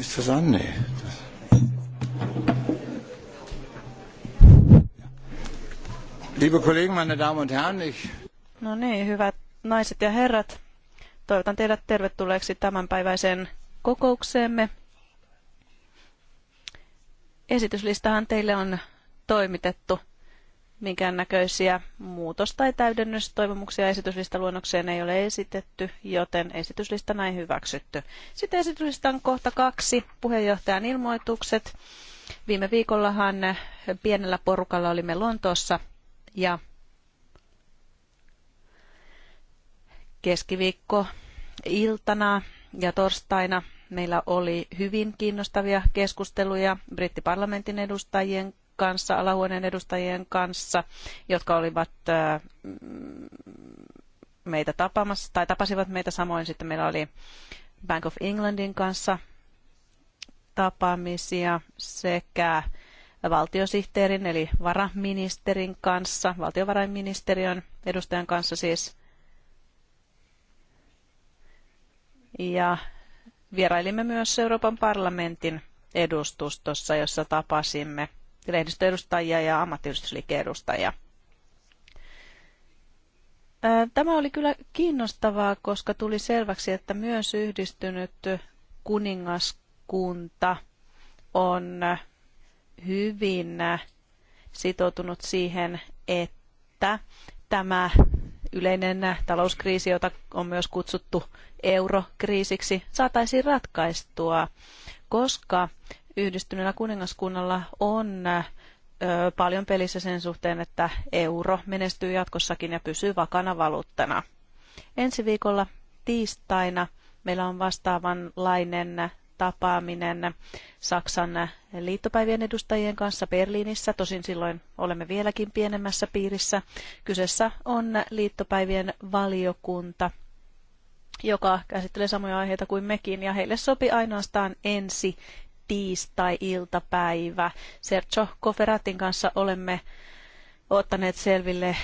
Ist das an? Nee. Liebe Kollegen, meine Damen und Herren, ich... No niin, hyvät naiset ja herrat. Toivotan teidät tervetulleeksi tämänpäiväiseen kokoukseemme. Esityslistahan teille on toimitettu minkäännäköisiä muutos- tai täydennystoimuksia esityslistaluonnokseen ei ole esitetty, joten esityslista näin hyväksytty. Sitten esityslistan kohta kaksi, puheenjohtajan ilmoitukset. Viime viikollahan pienellä porukalla olimme Lontoossa ja keskiviikko iltana ja torstaina meillä oli hyvin kiinnostavia keskusteluja brittiparlamentin edustajien kanssa, alahuoneen edustajien kanssa, jotka olivat mm, meitä tapaamassa tai tapasivat meitä samoin. Sitten meillä oli Bank of Englandin kanssa tapaamisia sekä valtiosihteerin eli varaministerin kanssa, valtiovarainministeriön edustajan kanssa siis. Ja vierailimme myös Euroopan parlamentin edustustossa, jossa tapasimme lehdistöedustajia ja ammattiyhdistysliikkeen edustajia. Tämä oli kyllä kiinnostavaa, koska tuli selväksi, että myös yhdistynyt kuningaskunta on hyvin sitoutunut siihen, että tämä yleinen talouskriisi, jota on myös kutsuttu eurokriisiksi, saataisiin ratkaistua, koska yhdistyneellä kuningaskunnalla on paljon pelissä sen suhteen, että euro menestyy jatkossakin ja pysyy vakana valuuttana. Ensi viikolla tiistaina meillä on vastaavanlainen tapaaminen Saksan liittopäivien edustajien kanssa Berliinissä. Tosin silloin olemme vieläkin pienemmässä piirissä. Kyseessä on liittopäivien valiokunta, joka käsittelee samoja aiheita kuin mekin, ja heille sopi ainoastaan ensi tiistai-iltapäivä. Sergio Koferatin kanssa olemme ottaneet selville,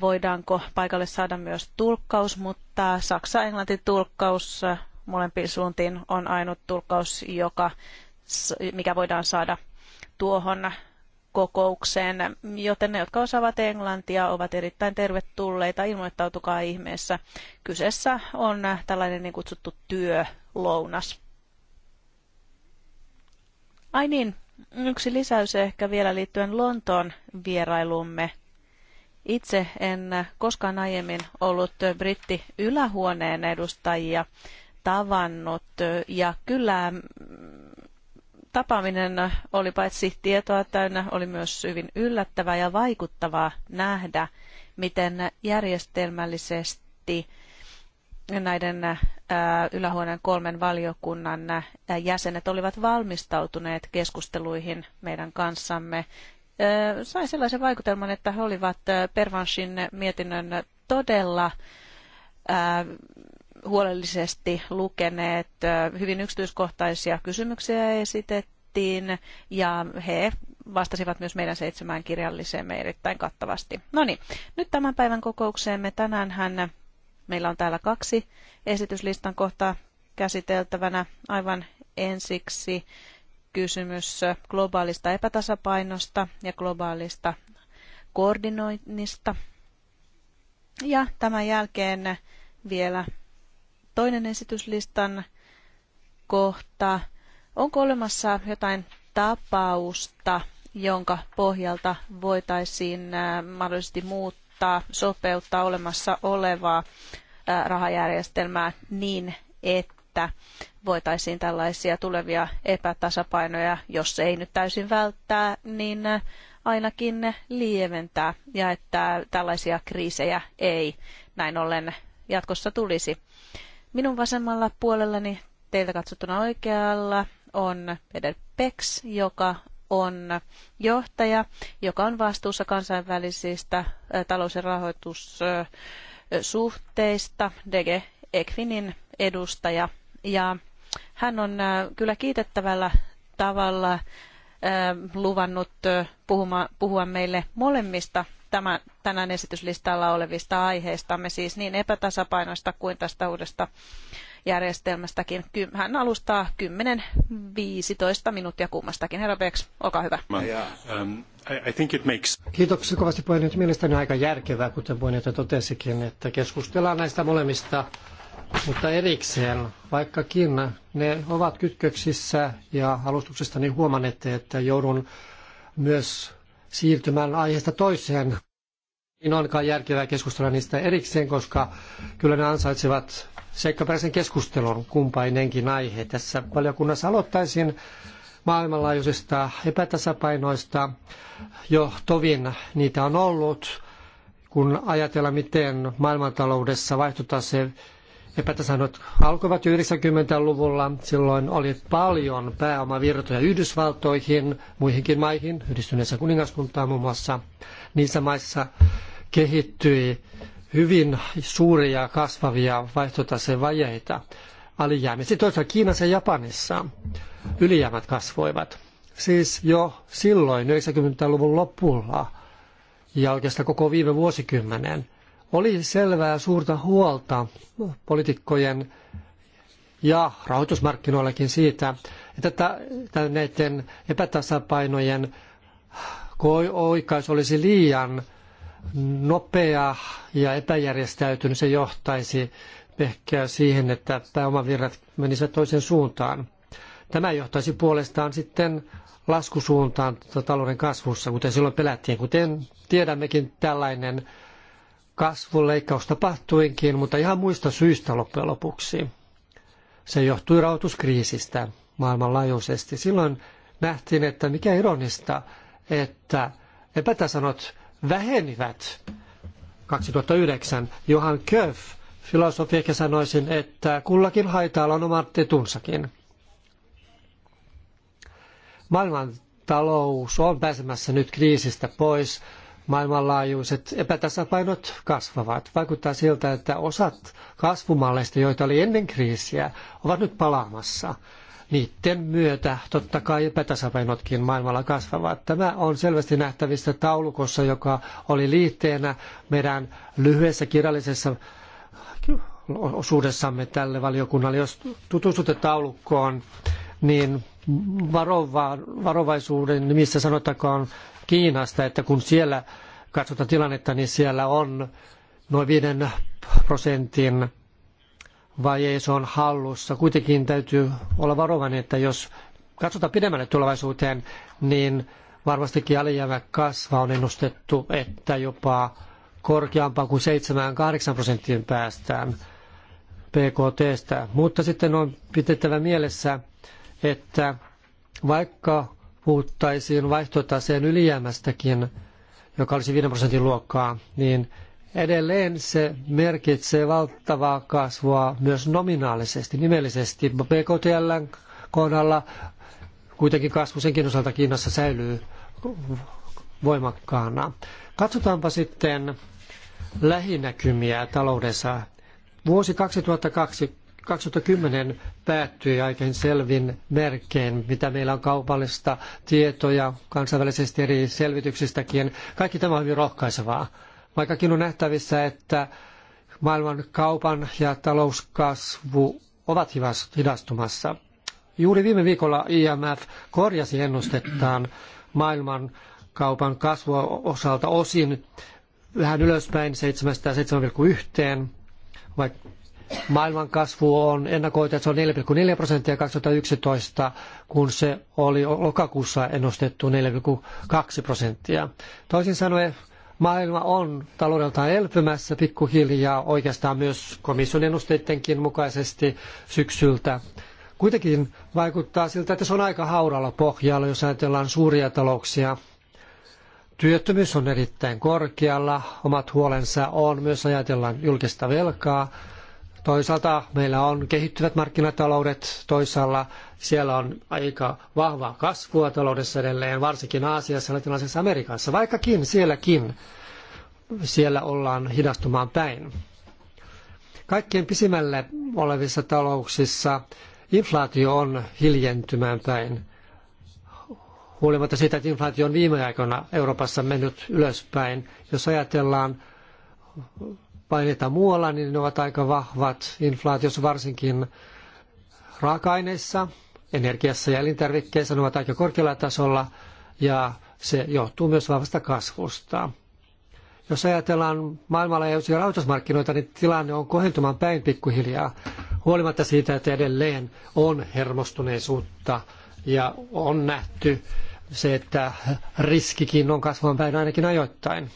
voidaanko paikalle saada myös tulkkaus, mutta Saksa-Englanti tulkkaus molempiin suuntiin on ainut tulkkaus, joka, mikä voidaan saada tuohon kokoukseen, joten ne, jotka osaavat englantia, ovat erittäin tervetulleita. Ilmoittautukaa ihmeessä. Kyseessä on tällainen niin kutsuttu työlounas. Ai niin, yksi lisäys ehkä vielä liittyen Lontoon vierailumme. Itse en koskaan aiemmin ollut britti ylähuoneen edustajia tavannut ja kyllä mm, tapaaminen oli paitsi tietoa täynnä, oli myös hyvin yllättävää ja vaikuttavaa nähdä, miten järjestelmällisesti näiden äh, ylähuoneen kolmen valiokunnan äh, jäsenet olivat valmistautuneet keskusteluihin meidän kanssamme. Äh, sai sellaisen vaikutelman, että he olivat Pervanshin mietinnön todella huolellisesti lukeneet. Hyvin yksityiskohtaisia kysymyksiä esitettiin ja he vastasivat myös meidän seitsemään kirjalliseemme erittäin kattavasti. No niin, nyt tämän päivän kokoukseemme tänään hän Meillä on täällä kaksi esityslistan kohtaa käsiteltävänä. Aivan ensiksi kysymys globaalista epätasapainosta ja globaalista koordinoinnista. Ja tämän jälkeen vielä toinen esityslistan kohta. Onko olemassa jotain tapausta, jonka pohjalta voitaisiin äh, mahdollisesti muuttaa? muuttaa, sopeuttaa olemassa olevaa rahajärjestelmää niin, että voitaisiin tällaisia tulevia epätasapainoja, jos ei nyt täysin välttää, niin ainakin lieventää ja että tällaisia kriisejä ei näin ollen jatkossa tulisi. Minun vasemmalla puolellani teiltä katsottuna oikealla on Peder Peks, joka on johtaja, joka on vastuussa kansainvälisistä talous- ja rahoitussuhteista, DG Ekfinin edustaja. Ja hän on kyllä kiitettävällä tavalla luvannut puhua meille molemmista tämän, tänään esityslistalla olevista aiheistamme, siis niin epätasapainoista kuin tästä uudesta järjestelmästäkin. Hän alustaa 10-15 minuuttia kummastakin. Herra Beks, olkaa hyvä. Um, Kiitoksia kovasti puheenjohtaja. Mielestäni on aika järkevää, kuten puheenjohtaja totesikin, että keskustellaan näistä molemmista, mutta erikseen, vaikkakin ne ovat kytköksissä ja niin huomannette, että joudun myös siirtymään aiheesta toiseen, niin onkaan järkevää keskustella niistä erikseen, koska kyllä ne ansaitsevat seikkaperäisen keskustelun kumpainenkin aihe. Tässä valiokunnassa aloittaisin maailmanlaajuisista epätasapainoista. Jo tovin niitä on ollut, kun ajatellaan, miten maailmantaloudessa vaihtotase epätasainot alkoivat jo 90-luvulla. Silloin oli paljon pääomavirtoja Yhdysvaltoihin, muihinkin maihin, yhdistyneessä kuningaskuntaan muun muassa. Niissä maissa kehittyi hyvin suuria kasvavia vaihtotasevajeita alijäämiä. toisaalta Kiinassa ja Japanissa ylijäämät kasvoivat. Siis jo silloin 90-luvun lopulla ja oikeastaan koko viime vuosikymmenen oli selvää suurta huolta poliitikkojen ja rahoitusmarkkinoillakin siitä, että näiden epätasapainojen oikaisu olisi liian nopea ja epäjärjestäytynyt, se johtaisi ehkä siihen, että pääomavirrat menisivät toiseen suuntaan. Tämä johtaisi puolestaan sitten laskusuuntaan tuota talouden kasvussa, kuten silloin pelättiin. Kuten tiedämmekin, tällainen kasvuleikkaus leikkaus tapahtuinkin, mutta ihan muista syistä loppujen lopuksi. Se johtui rahoituskriisistä maailmanlaajuisesti. Silloin nähtiin, että mikä ironista, että epätasanot vähenivät 2009. Johan Köf, ehkä sanoisin, että kullakin haitaalla on omat etunsakin. Maailman talous on pääsemässä nyt kriisistä pois. Maailmanlaajuiset epätasapainot kasvavat. Vaikuttaa siltä, että osat kasvumalleista, joita oli ennen kriisiä, ovat nyt palaamassa niiden myötä totta kai epätasapainotkin maailmalla kasvavat. Tämä on selvästi nähtävissä taulukossa, joka oli liitteenä meidän lyhyessä kirjallisessa osuudessamme tälle valiokunnalle. Jos tutustutte taulukkoon, niin varova, varovaisuuden nimissä sanottakoon Kiinasta, että kun siellä katsotaan tilannetta, niin siellä on noin 5 prosentin vai ei se on hallussa. Kuitenkin täytyy olla varovainen, että jos katsotaan pidemmälle tulevaisuuteen, niin varmastikin alijäämä kasvaa on ennustettu, että jopa korkeampaa kuin 7-8 prosenttiin päästään PKTstä. Mutta sitten on pidettävä mielessä, että vaikka puhuttaisiin vaihtotaseen ylijäämästäkin, joka olisi 5 prosentin luokkaa, niin Edelleen se merkitsee valtavaa kasvua myös nominaalisesti, nimellisesti. BKTL kohdalla kuitenkin kasvu senkin osalta Kiinassa säilyy voimakkaana. Katsotaanpa sitten lähinäkymiä taloudessa. Vuosi 2002, 2010 päättyi aikain selvin merkein, mitä meillä on kaupallista tietoja kansainvälisesti eri selvityksistäkin. Kaikki tämä on hyvin rohkaisevaa. Vaikkakin on nähtävissä, että maailman kaupan ja talouskasvu ovat hidastumassa. Juuri viime viikolla IMF korjasi ennustettaan maailman kaupan kasvua osalta osin vähän ylöspäin 7,7,1, vaikka maailman kasvu on ennakoitu, että se on 4,4 prosenttia 2011, kun se oli lokakuussa ennustettu 4,2 prosenttia. Toisin sanoen Maailma on taloudeltaan elpymässä pikkuhiljaa, oikeastaan myös komission ennusteidenkin mukaisesti syksyltä. Kuitenkin vaikuttaa siltä, että se on aika hauralla pohjalla, jos ajatellaan suuria talouksia. Työttömyys on erittäin korkealla, omat huolensa on, myös ajatellaan julkista velkaa Toisaalta meillä on kehittyvät markkinataloudet, toisaalla siellä on aika vahvaa kasvua taloudessa edelleen, varsinkin Aasiassa ja Latinalaisessa Amerikassa, vaikkakin sielläkin siellä ollaan hidastumaan päin. Kaikkien pisimmälle olevissa talouksissa inflaatio on hiljentymään päin. Huolimatta siitä, että inflaatio on viime aikoina Euroopassa mennyt ylöspäin, jos ajatellaan paineita muualla, niin ne ovat aika vahvat inflaatiossa varsinkin raaka-aineissa, energiassa ja elintarvikkeissa ne ovat aika korkealla tasolla ja se johtuu myös vahvasta kasvusta. Jos ajatellaan maailmanlaajuisia rahoitusmarkkinoita, niin tilanne on kohentumaan päin pikkuhiljaa, huolimatta siitä, että edelleen on hermostuneisuutta ja on nähty se, että riskikin on kasvamaan päin ainakin ajoittain.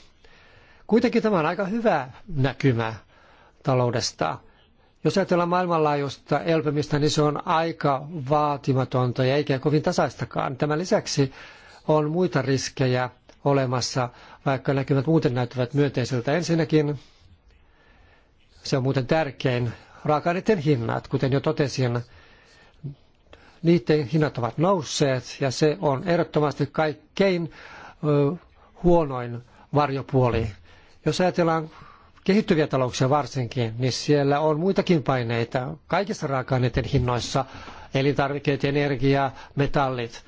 Kuitenkin tämä on aika hyvä näkymä taloudesta. Jos ajatellaan maailmanlaajuista elpymistä, niin se on aika vaatimatonta ja eikä kovin tasaistakaan. Tämän lisäksi on muita riskejä olemassa, vaikka näkymät muuten näyttävät myönteisiltä. Ensinnäkin se on muuten tärkein, raaka-aineiden hinnat, kuten jo totesin, niiden hinnat ovat nousseet ja se on ehdottomasti kaikkein huonoin varjopuoli jos ajatellaan kehittyviä talouksia varsinkin, niin siellä on muitakin paineita kaikissa raaka-aineiden hinnoissa, elintarvikkeet, energia, metallit.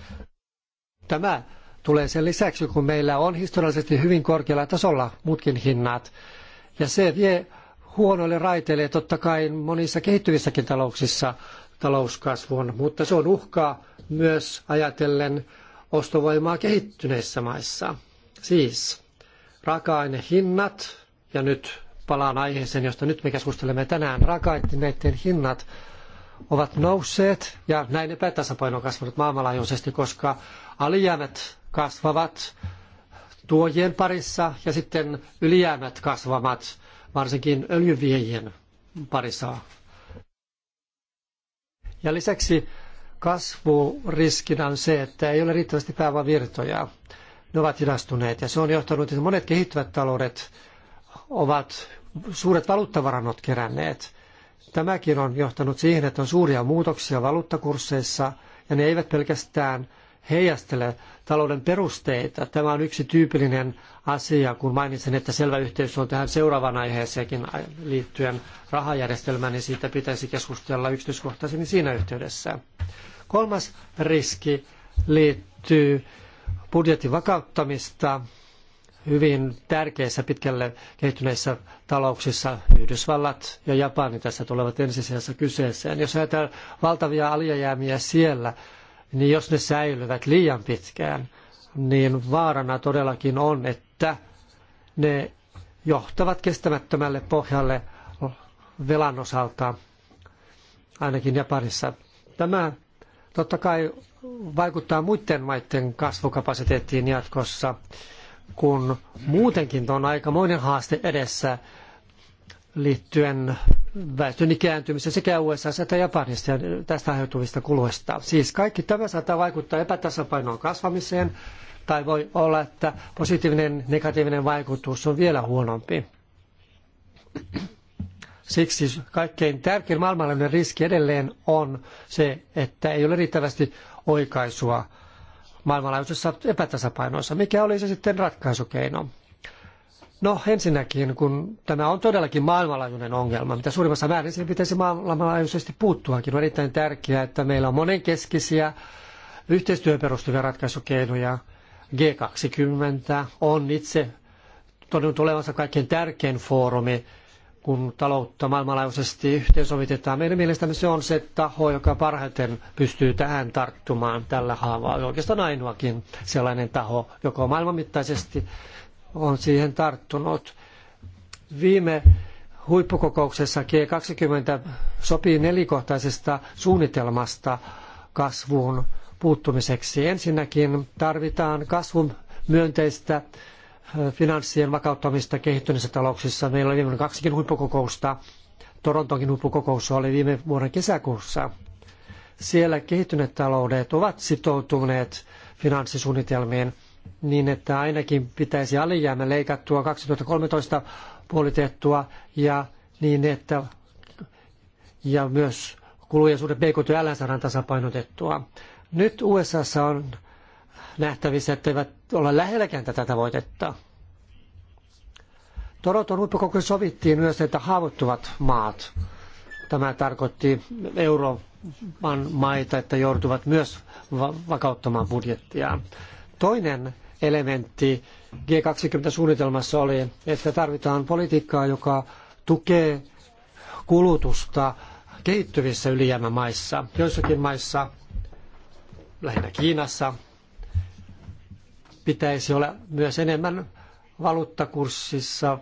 Tämä tulee sen lisäksi, kun meillä on historiallisesti hyvin korkealla tasolla muutkin hinnat. Ja se vie huonoille raiteille totta kai monissa kehittyvissäkin talouksissa talouskasvun, mutta se on uhkaa myös ajatellen ostovoimaa kehittyneissä maissa. Siis Raaka-ainehinnat, ja nyt palaan aiheeseen, josta nyt me keskustelemme tänään, raaka-aineiden hinnat ovat nousseet ja näin epätasapaino on kasvanut maailmanlaajuisesti, koska alijäämät kasvavat tuojien parissa ja sitten ylijäämät kasvavat varsinkin öljyviejien parissa. Ja lisäksi kasvuriskinä on se, että ei ole riittävästi pääomavirtoja ne ovat hidastuneet ja se on johtanut, että monet kehittyvät taloudet ovat suuret valuuttavarannot keränneet. Tämäkin on johtanut siihen, että on suuria muutoksia valuuttakursseissa ja ne eivät pelkästään heijastele talouden perusteita. Tämä on yksi tyypillinen asia, kun mainitsen, että selvä yhteys on tähän seuraavaan aiheeseenkin liittyen rahajärjestelmään, niin siitä pitäisi keskustella yksityiskohtaisemmin siinä yhteydessä. Kolmas riski liittyy budjetin vakauttamista hyvin tärkeissä pitkälle kehittyneissä talouksissa. Yhdysvallat ja Japani tässä tulevat ensisijassa kyseeseen. Jos ajatellaan valtavia alijäämiä siellä, niin jos ne säilyvät liian pitkään, niin vaarana todellakin on, että ne johtavat kestämättömälle pohjalle velan osalta, ainakin Japanissa. Tämä totta kai vaikuttaa muiden maiden kasvukapasiteettiin jatkossa, kun muutenkin on aikamoinen haaste edessä liittyen väestön ikääntymiseen sekä USA että Japanista ja tästä aiheutuvista kuluista. Siis kaikki tämä saattaa vaikuttaa epätasapainoon kasvamiseen, tai voi olla, että positiivinen negatiivinen vaikutus on vielä huonompi. Siksi kaikkein tärkein maailmanlainen riski edelleen on se, että ei ole riittävästi oikaisua maailmanlaajuisessa epätasapainoissa. Mikä olisi sitten ratkaisukeino? No ensinnäkin, kun tämä on todellakin maailmanlaajuinen ongelma, mitä suurimmassa määrin siihen pitäisi maailmanlaajuisesti puuttuakin. On erittäin tärkeää, että meillä on monenkeskisiä yhteistyön perustuvia ratkaisukeinoja. G20 on itse todennut olevansa kaikkein tärkein foorumi kun taloutta maailmanlaajuisesti yhteensovitetaan. Meidän mielestämme se on se taho, joka parhaiten pystyy tähän tarttumaan tällä haavaa. Oikeastaan ainoakin sellainen taho, joka on maailmanmittaisesti on siihen tarttunut. Viime huippukokouksessa G20 sopii nelikohtaisesta suunnitelmasta kasvuun puuttumiseksi. Ensinnäkin tarvitaan kasvun myönteistä finanssien vakauttamista kehittyneissä talouksissa. Meillä oli viimeinen kaksikin huippukokousta. Torontonkin huippukokous oli viime vuoden kesäkuussa. Siellä kehittyneet taloudet ovat sitoutuneet finanssisuunnitelmiin niin, että ainakin pitäisi alijäämä leikattua 2013 puolitettua ja niin, että ja myös kulujen suhde BKTL saadaan tasapainotettua. Nyt USAssa on nähtävissä, että eivät ole lähelläkään tätä tavoitetta. Toronton huippukokouksessa sovittiin myös, että haavoittuvat maat, tämä tarkoitti Euroopan maita, että joutuvat myös vakauttamaan budjettiaan. Toinen elementti G20-suunnitelmassa oli, että tarvitaan politiikkaa, joka tukee kulutusta kehittyvissä ylijäämämaissa. Joissakin maissa, lähinnä Kiinassa, pitäisi olla myös enemmän valuuttakurssissa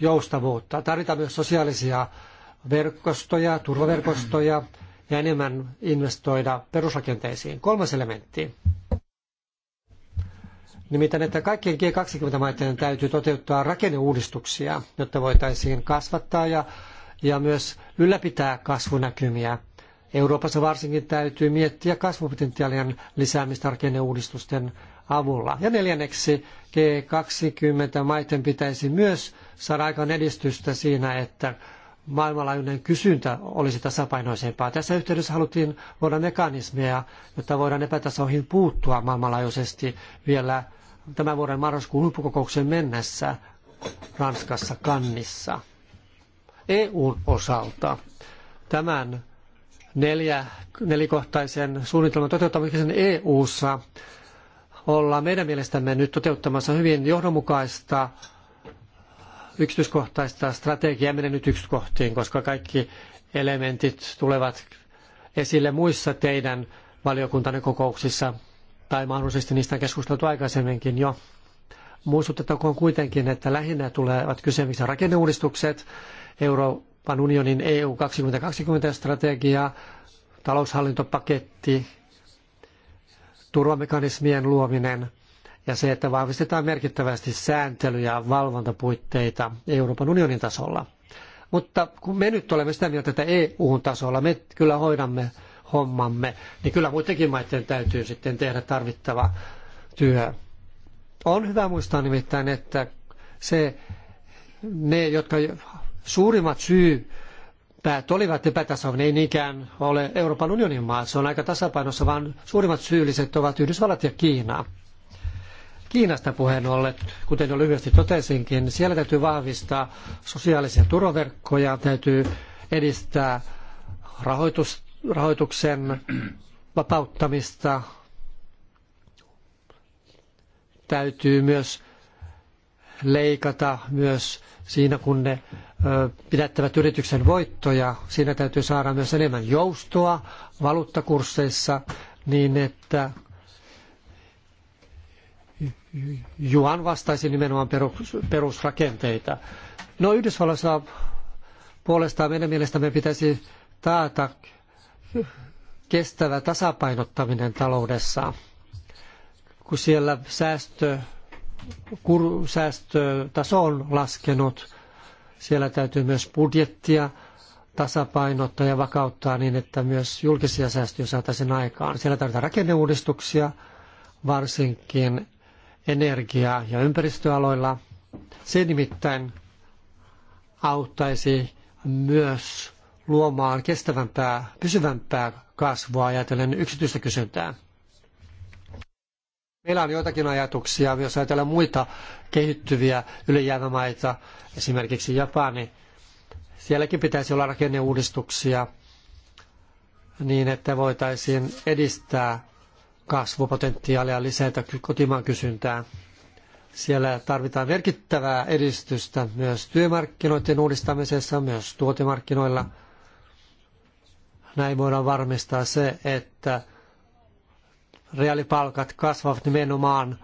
joustavuutta. Tarvitaan myös sosiaalisia verkostoja, turvaverkostoja ja enemmän investoida perusrakenteisiin. Kolmas elementti. Nimittäin, että kaikkien G20-maiden täytyy toteuttaa rakenneuudistuksia, jotta voitaisiin kasvattaa ja, ja myös ylläpitää kasvunäkymiä. Euroopassa varsinkin täytyy miettiä kasvupotentiaalien lisäämistä rakenneuudistusten avulla. Ja neljänneksi G20-maiden pitäisi myös saada aikaan edistystä siinä, että maailmanlaajuinen kysyntä olisi tasapainoisempaa. Tässä yhteydessä haluttiin luoda mekanismeja, jotta voidaan epätasoihin puuttua maailmanlaajuisesti vielä tämän vuoden marraskuun huippukokoukseen mennessä Ranskassa kannissa. EUn osalta tämän neljä, nelikohtaisen suunnitelman toteuttamisen EU-ssa ollaan meidän mielestämme nyt toteuttamassa hyvin johdonmukaista yksityiskohtaista strategiaa. Mene nyt yksityiskohtiin, koska kaikki elementit tulevat esille muissa teidän valiokuntanne kokouksissa tai mahdollisesti niistä on keskusteltu aikaisemminkin jo. Muistutettakoon kuitenkin, että lähinnä tulevat kyseemiksi rakenneuudistukset, Euroopan unionin EU 2020 strategia, taloushallintopaketti turvamekanismien luominen ja se, että vahvistetaan merkittävästi sääntely- ja valvontapuitteita Euroopan unionin tasolla. Mutta kun me nyt olemme sitä mieltä, että EU-tasolla me kyllä hoidamme hommamme, niin kyllä muidenkin maiden täytyy sitten tehdä tarvittava työ. On hyvä muistaa nimittäin, että se, ne, jotka suurimmat syy päät olivat epätasainen, ei niinkään ole Euroopan unionin maa, se on aika tasapainossa, vaan suurimmat syylliset ovat Yhdysvallat ja Kiina. Kiinasta puheen ollen, kuten jo lyhyesti totesinkin, siellä täytyy vahvistaa sosiaalisia turvaverkkoja, täytyy edistää rahoitus, rahoituksen vapauttamista, täytyy myös leikata myös siinä, kun ne pidättävät yrityksen voittoja. Siinä täytyy saada myös enemmän joustoa valuuttakursseissa niin, että Juan vastaisi nimenomaan perusrakenteita. No Yhdysvalloissa puolestaan meidän mielestämme pitäisi taata kestävä tasapainottaminen taloudessa, kun siellä säästö säästötaso on laskenut. Siellä täytyy myös budjettia tasapainottaa ja vakauttaa niin, että myös julkisia säästöjä saataisiin aikaan. Siellä tarvitaan rakenneuudistuksia, varsinkin energia- ja ympäristöaloilla. Se nimittäin auttaisi myös luomaan kestävämpää, pysyvämpää kasvua ajatellen yksityistä kysyntää. Meillä on joitakin ajatuksia, jos ajatellaan muita kehittyviä ylijäämämaita, esimerkiksi Japani. Sielläkin pitäisi olla rakenneuudistuksia niin, että voitaisiin edistää kasvupotentiaalia ja lisätä kotimaan kysyntää. Siellä tarvitaan merkittävää edistystä myös työmarkkinoiden uudistamisessa, myös tuotemarkkinoilla. Näin voidaan varmistaa se, että reaalipalkat kasvavat nimenomaan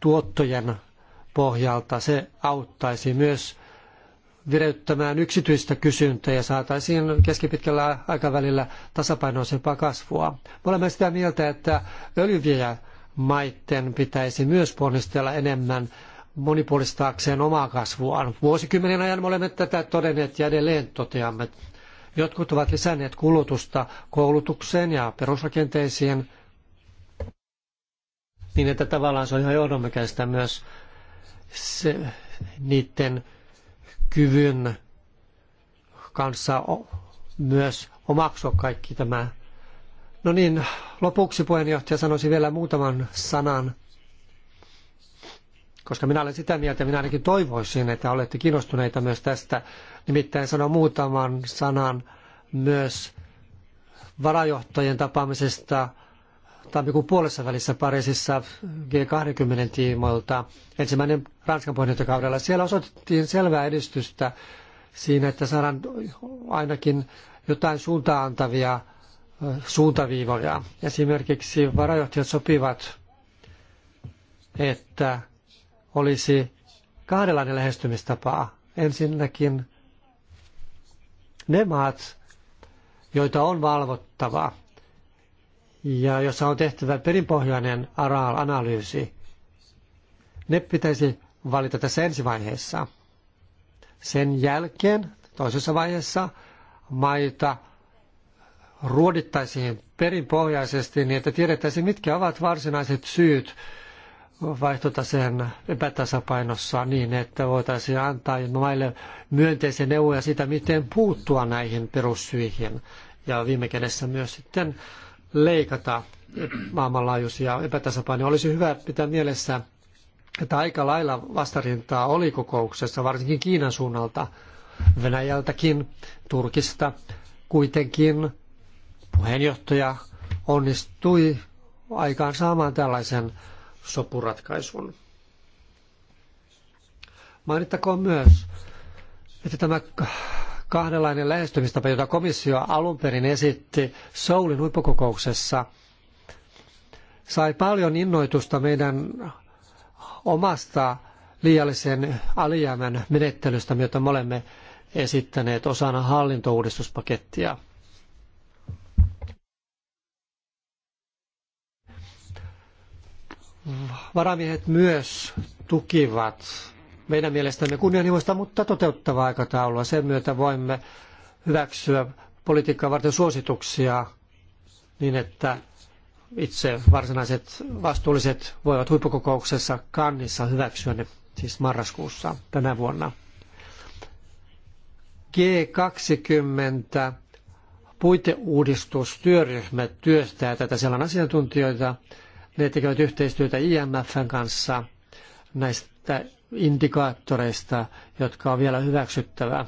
tuottojen pohjalta. Se auttaisi myös vireyttämään yksityistä kysyntää ja saataisiin keskipitkällä aikavälillä tasapainoisempaa kasvua. Me olemme sitä mieltä, että öljyviejä maiden pitäisi myös ponnistella enemmän monipuolistaakseen omaa kasvuaan. Vuosikymmenen ajan me olemme tätä todenneet ja edelleen toteamme. Jotkut ovat lisänneet kulutusta koulutukseen ja perusrakenteisiin, niin että tavallaan se on ihan johdonmukaista myös se, niiden kyvyn kanssa myös omaksua kaikki tämä. No niin, lopuksi puheenjohtaja sanoisi vielä muutaman sanan, koska minä olen sitä mieltä, minä ainakin toivoisin, että olette kiinnostuneita myös tästä. Nimittäin sanon muutaman sanan myös varajohtajien tapaamisesta – tammikuun puolessa välissä Pariisissa G20 tiimoilta ensimmäinen Ranskan puheenjohtajakaudella. Siellä osoitettiin selvää edistystä siinä, että saadaan ainakin jotain suuntaan antavia suuntaviivoja. Esimerkiksi varajohtajat sopivat, että olisi kahdenlainen lähestymistapa. Ensinnäkin ne maat, joita on valvottava, ja jossa on tehtävä perinpohjainen analyysi, ne pitäisi valita tässä ensivaiheessa. Sen jälkeen toisessa vaiheessa maita ruodittaisiin perinpohjaisesti niin, että tiedettäisiin, mitkä ovat varsinaiset syyt vaihtotaseen epätasapainossa niin, että voitaisiin antaa maille myönteisiä neuvoja siitä, miten puuttua näihin perussyihin. Ja viime kädessä myös sitten leikata maailmanlaajuisia epätasapainoja. Olisi hyvä pitää mielessä, että aika lailla vastarintaa oli kokouksessa, varsinkin Kiinan suunnalta, Venäjältäkin, Turkista. Kuitenkin puheenjohtaja onnistui aikaan saamaan tällaisen sopuratkaisun. Mainittakoon myös, että tämä kahdenlainen lähestymistapa, jota komissio alun perin esitti Soulin huippukokouksessa, sai paljon innoitusta meidän omasta liiallisen alijäämän menettelystä, jota me olemme esittäneet osana hallintouudistuspakettia. Varamiehet myös tukivat meidän mielestämme kunnianhimoista, mutta toteuttavaa aikataulua. Sen myötä voimme hyväksyä politiikkaa varten suosituksia niin, että itse varsinaiset vastuulliset voivat huippukokouksessa kannissa hyväksyä ne siis marraskuussa tänä vuonna. G20 puiteuudistustyöryhmä työstää tätä. Siellä on asiantuntijoita. Ne tekevät yhteistyötä IMFn kanssa näistä indikaattoreista, jotka on vielä hyväksyttävää.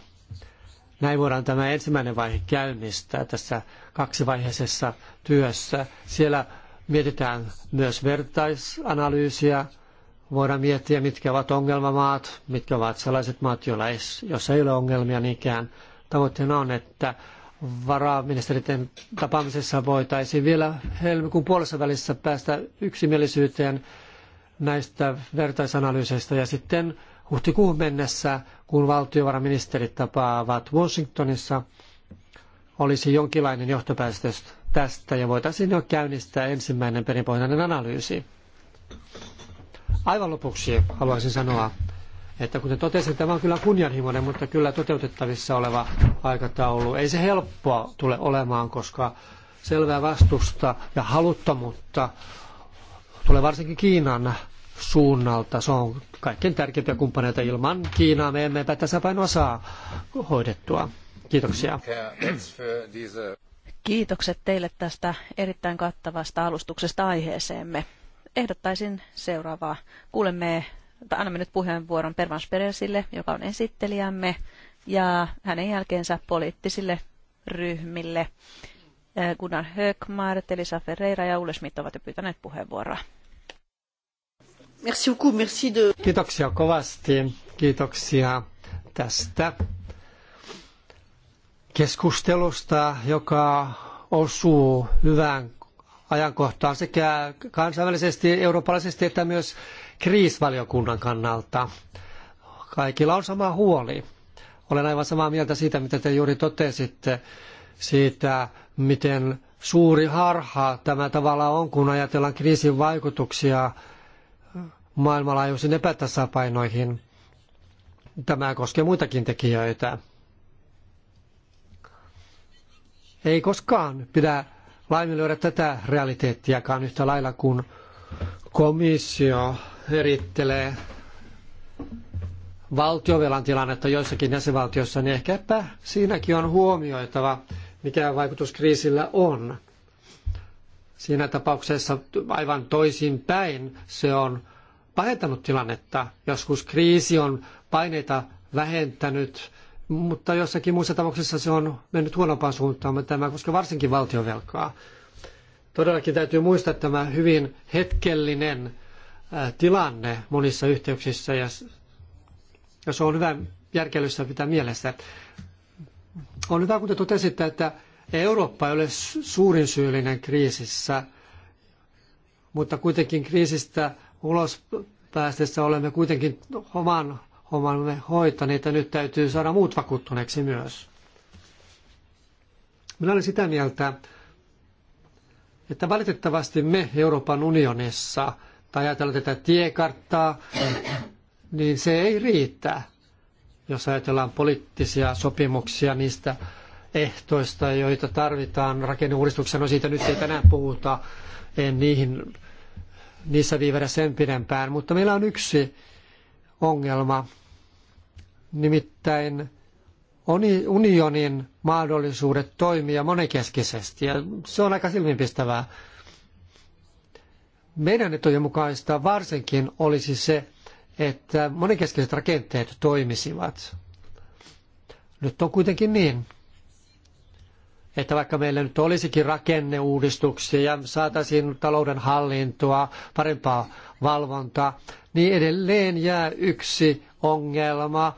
Näin voidaan tämä ensimmäinen vaihe käynnistää tässä kaksivaiheisessa työssä. Siellä mietitään myös vertaisanalyysiä, voidaan miettiä, mitkä ovat ongelmamaat, mitkä ovat sellaiset maat, joilla ei, jos ei ole ongelmia niinkään. Tavoitteena on, että varaministeriön tapaamisessa voitaisiin vielä helmikuun puolessa välissä päästä yksimielisyyteen näistä vertaisanalyyseistä ja sitten huhtikuuhun mennessä, kun valtiovarainministerit tapaavat Washingtonissa, olisi jonkinlainen johtopäätös tästä ja voitaisiin jo käynnistää ensimmäinen perinpohjainen analyysi. Aivan lopuksi haluaisin sanoa, että kuten totesin, tämä on kyllä kunnianhimoinen, mutta kyllä toteutettavissa oleva aikataulu. Ei se helppoa tule olemaan, koska selvää vastusta ja haluttomuutta tulee varsinkin Kiinan suunnalta. Se on kaikkein tärkeimpiä kumppaneita. Ilman Kiinaa me emme tasapainoa saa hoidettua. Kiitoksia. Kiitokset teille tästä erittäin kattavasta alustuksesta aiheeseemme. Ehdottaisin seuraavaa. Kuulemme, annamme nyt puheenvuoron Pervans Peresille, joka on esittelijämme, ja hänen jälkeensä poliittisille ryhmille. Eh, Gunnar Högmark, Elisa Ferreira ja Ulle Schmidt ovat jo pyytäneet puheenvuoroa. Merci beaucoup, merci de... Kiitoksia kovasti. Kiitoksia tästä keskustelusta, joka osuu hyvään ajankohtaan sekä kansainvälisesti, eurooppalaisesti että myös kriisvaliokunnan kannalta. Kaikilla on sama huoli. Olen aivan samaa mieltä siitä, mitä te juuri totesitte, siitä miten suuri harha tämä tavalla on, kun ajatellaan kriisin vaikutuksia maailmanlaajuisiin epätasapainoihin. Tämä koskee muitakin tekijöitä. Ei koskaan pidä laiminlyödä tätä realiteettiakaan yhtä lailla kuin komissio erittelee valtiovelan tilannetta joissakin jäsenvaltioissa, niin ehkäpä siinäkin on huomioitava, mikä vaikutus kriisillä on. Siinä tapauksessa aivan toisinpäin se on pahentanut tilannetta. Joskus kriisi on paineita vähentänyt, mutta jossakin muussa tapauksessa se on mennyt huonompaan suuntaan, tämä koskee varsinkin valtionvelkaa. Todellakin täytyy muistaa tämä hyvin hetkellinen tilanne monissa yhteyksissä ja, ja se on hyvä järkeilyssä pitää mielessä. On hyvä, kun te totesitte, että Eurooppa ei ole suurin syyllinen kriisissä, mutta kuitenkin kriisistä ulos päästessä olemme kuitenkin oman hommamme hoitaneet ja nyt täytyy saada muut vakuuttuneeksi myös. Minä olen sitä mieltä, että valitettavasti me Euroopan unionissa, tai ajatellaan tätä tiekarttaa, niin se ei riitä. Jos ajatellaan poliittisia sopimuksia niistä ehtoista, joita tarvitaan rakenneuudistuksen, no siitä nyt ei tänään puhuta, en niihin niissä viivähdä sen pidempään, mutta meillä on yksi ongelma, nimittäin unionin mahdollisuudet toimia monenkeskisesti, ja se on aika silmiinpistävää. Meidän etujen mukaista varsinkin olisi se, että monenkeskiset rakenteet toimisivat. Nyt on kuitenkin niin, että vaikka meillä nyt olisikin rakenneuudistuksia ja saataisiin talouden hallintoa, parempaa valvontaa, niin edelleen jää yksi ongelma,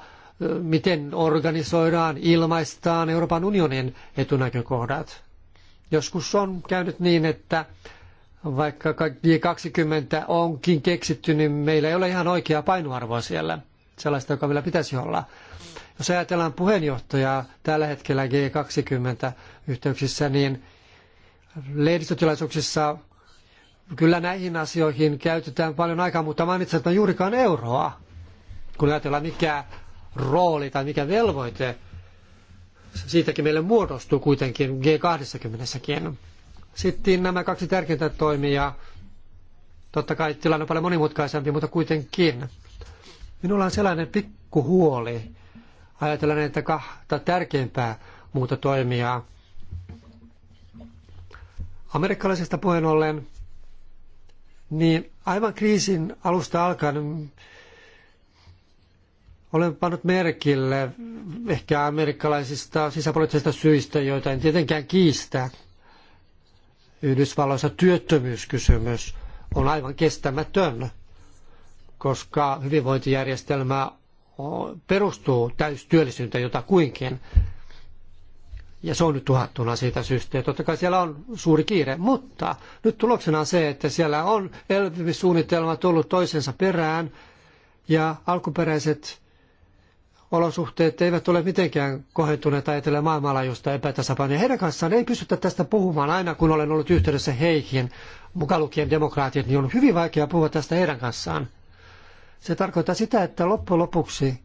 miten organisoidaan, ilmaistaan Euroopan unionin etunäkökohdat. Joskus on käynyt niin, että vaikka G20 onkin keksitty, niin meillä ei ole ihan oikeaa painoarvoa siellä, sellaista, joka meillä pitäisi olla. Jos ajatellaan puheenjohtajaa tällä hetkellä G20-yhteyksissä, niin lehdistötilaisuuksissa kyllä näihin asioihin käytetään paljon aikaa, mutta mainitsematta juurikaan euroa. Kun ajatellaan mikä rooli tai mikä velvoite siitäkin meille muodostuu kuitenkin G20-säkin. Sitten nämä kaksi tärkeintä toimijaa. Totta kai tilanne on paljon monimutkaisempi, mutta kuitenkin. Minulla on sellainen pikkuhuoli, ajatellaan näitä kahta tärkeimpää muuta toimijaa. Amerikkalaisesta puheen ollen, niin aivan kriisin alusta alkaen olen pannut merkille ehkä amerikkalaisista sisäpoliittisista syistä, joita en tietenkään kiistä. Yhdysvalloissa työttömyyskysymys on aivan kestämätön, koska hyvinvointijärjestelmä perustuu täystyöllisyyteen jota kuinkin. Ja se on nyt tuhattuna siitä syystä. Ja totta kai siellä on suuri kiire, mutta nyt tuloksena on se, että siellä on elpymissuunnitelma tullut toisensa perään ja alkuperäiset olosuhteet eivät ole mitenkään kohentuneet ajatellen maailmanlaajuista epätasapainoa. Heidän kanssaan ei pystytä tästä puhumaan aina, kun olen ollut yhteydessä heihin, mukaan lukien demokraatit, niin on hyvin vaikea puhua tästä heidän kanssaan. Se tarkoittaa sitä, että loppujen lopuksi,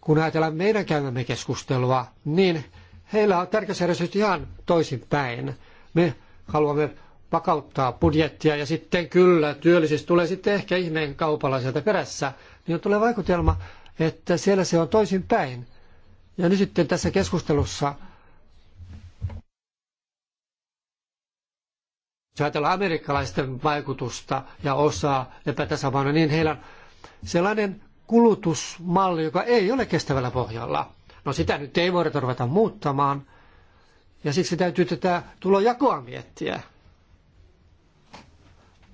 kun ajatellaan meidän käymämme keskustelua, niin heillä on tärkeysjärjestys ihan toisinpäin. Me haluamme vakauttaa budjettia ja sitten kyllä työllisyys tulee sitten ehkä ihmeen kaupalla sieltä perässä, niin tulee vaikutelma, että siellä se on toisinpäin. Ja nyt sitten tässä keskustelussa, jos ajatellaan amerikkalaisten vaikutusta ja osaa epätasapainoa, niin heillä on sellainen kulutusmalli, joka ei ole kestävällä pohjalla. No sitä nyt ei voida ruveta muuttamaan, ja siksi täytyy tätä tulojakoa miettiä.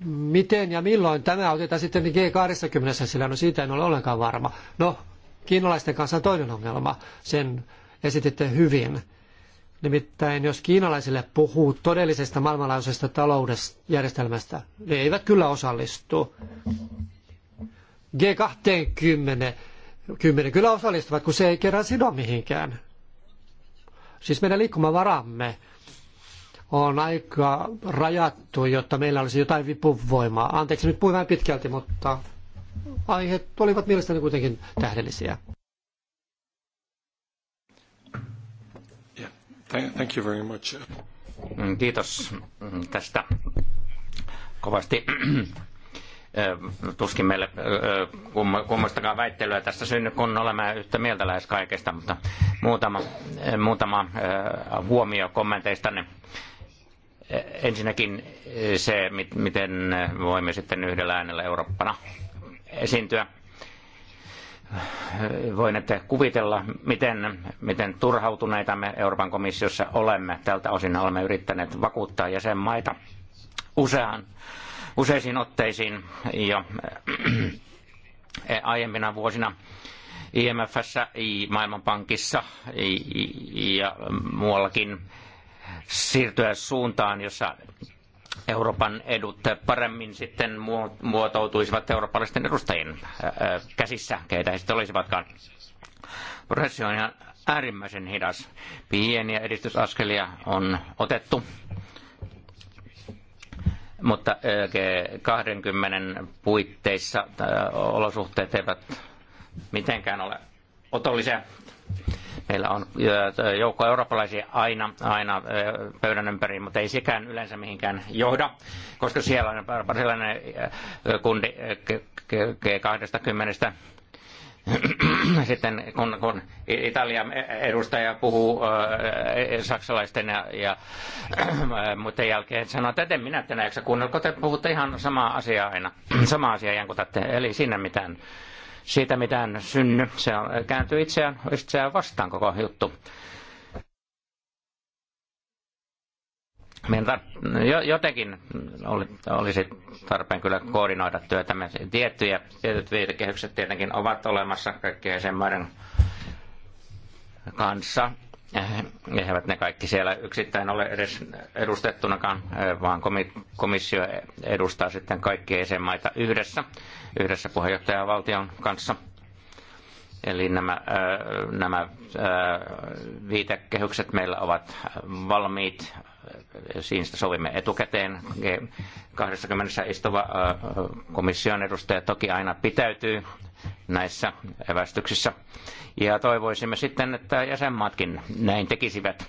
Miten ja milloin tämä otetaan sitten niin G20, sillä no siitä en ole ollenkaan varma. No, kiinalaisten kanssa on toinen ongelma, sen esititte hyvin. Nimittäin jos kiinalaisille puhuu todellisesta maailmanlaajuisesta talousjärjestelmästä, He ne eivät kyllä osallistu. G20 kymmenen kyllä osallistuvat, kun se ei kerran sido mihinkään. Siis meidän liikkumavaramme on aika rajattu, jotta meillä olisi jotain vipuvoimaa. Anteeksi, nyt puhuin vähän pitkälti, mutta aiheet olivat mielestäni kuitenkin tähdellisiä. Thank you very much. Mm, kiitos tästä kovasti tuskin meille kummastakaan väittelyä tässä synny, kun olemme yhtä mieltä lähes kaikesta, mutta muutama, muutama huomio kommenteistanne. Ensinnäkin se, miten voimme sitten yhdellä äänellä Eurooppana esiintyä. Voin ette kuvitella, miten, miten turhautuneita me Euroopan komissiossa olemme. Tältä osin olemme yrittäneet vakuuttaa jäsenmaita useaan useisiin otteisiin jo aiempina vuosina. IMFssä, Maailmanpankissa ja muuallakin siirtyä suuntaan, jossa Euroopan edut paremmin sitten muotoutuisivat eurooppalaisten edustajien äh, äh, käsissä, keitä he sitten olisivatkaan. Prosessi on ihan äärimmäisen hidas. Pieniä edistysaskelia on otettu mutta G20 puitteissa olosuhteet eivät mitenkään ole otollisia. Meillä on joukko eurooppalaisia aina, aina pöydän ympäri, mutta ei sekään yleensä mihinkään johda, koska siellä on varsinainen kundi G20 Sitten kun, kun Italian edustaja puhuu äh, saksalaisten ja, ja muiden jälkeen, sanoo, että eten minä tänään jaksa kuunnella, te puhutte ihan samaa asiaa aina, samaa asiaa jankutatte, eli siinä mitään siitä mitään synny. Se on, kääntyy itseään, itseään vastaan koko juttu. meidän jotenkin olisi tarpeen kyllä koordinoida työtämme. Tiettyjä, tietyt viitekehykset tietenkin ovat olemassa kaikkien jäsenmaiden kanssa. Eivät ne kaikki siellä yksittäin ole edes edustettunakaan, vaan komissio edustaa sitten kaikkia jäsenmaita yhdessä, yhdessä puheenjohtajavaltion kanssa – Eli nämä, nämä viitekehykset meillä ovat valmiit. siinä sovimme etukäteen. 20 istuva komission edustaja toki aina pitäytyy näissä evästyksissä. Ja toivoisimme sitten, että jäsenmaatkin näin tekisivät.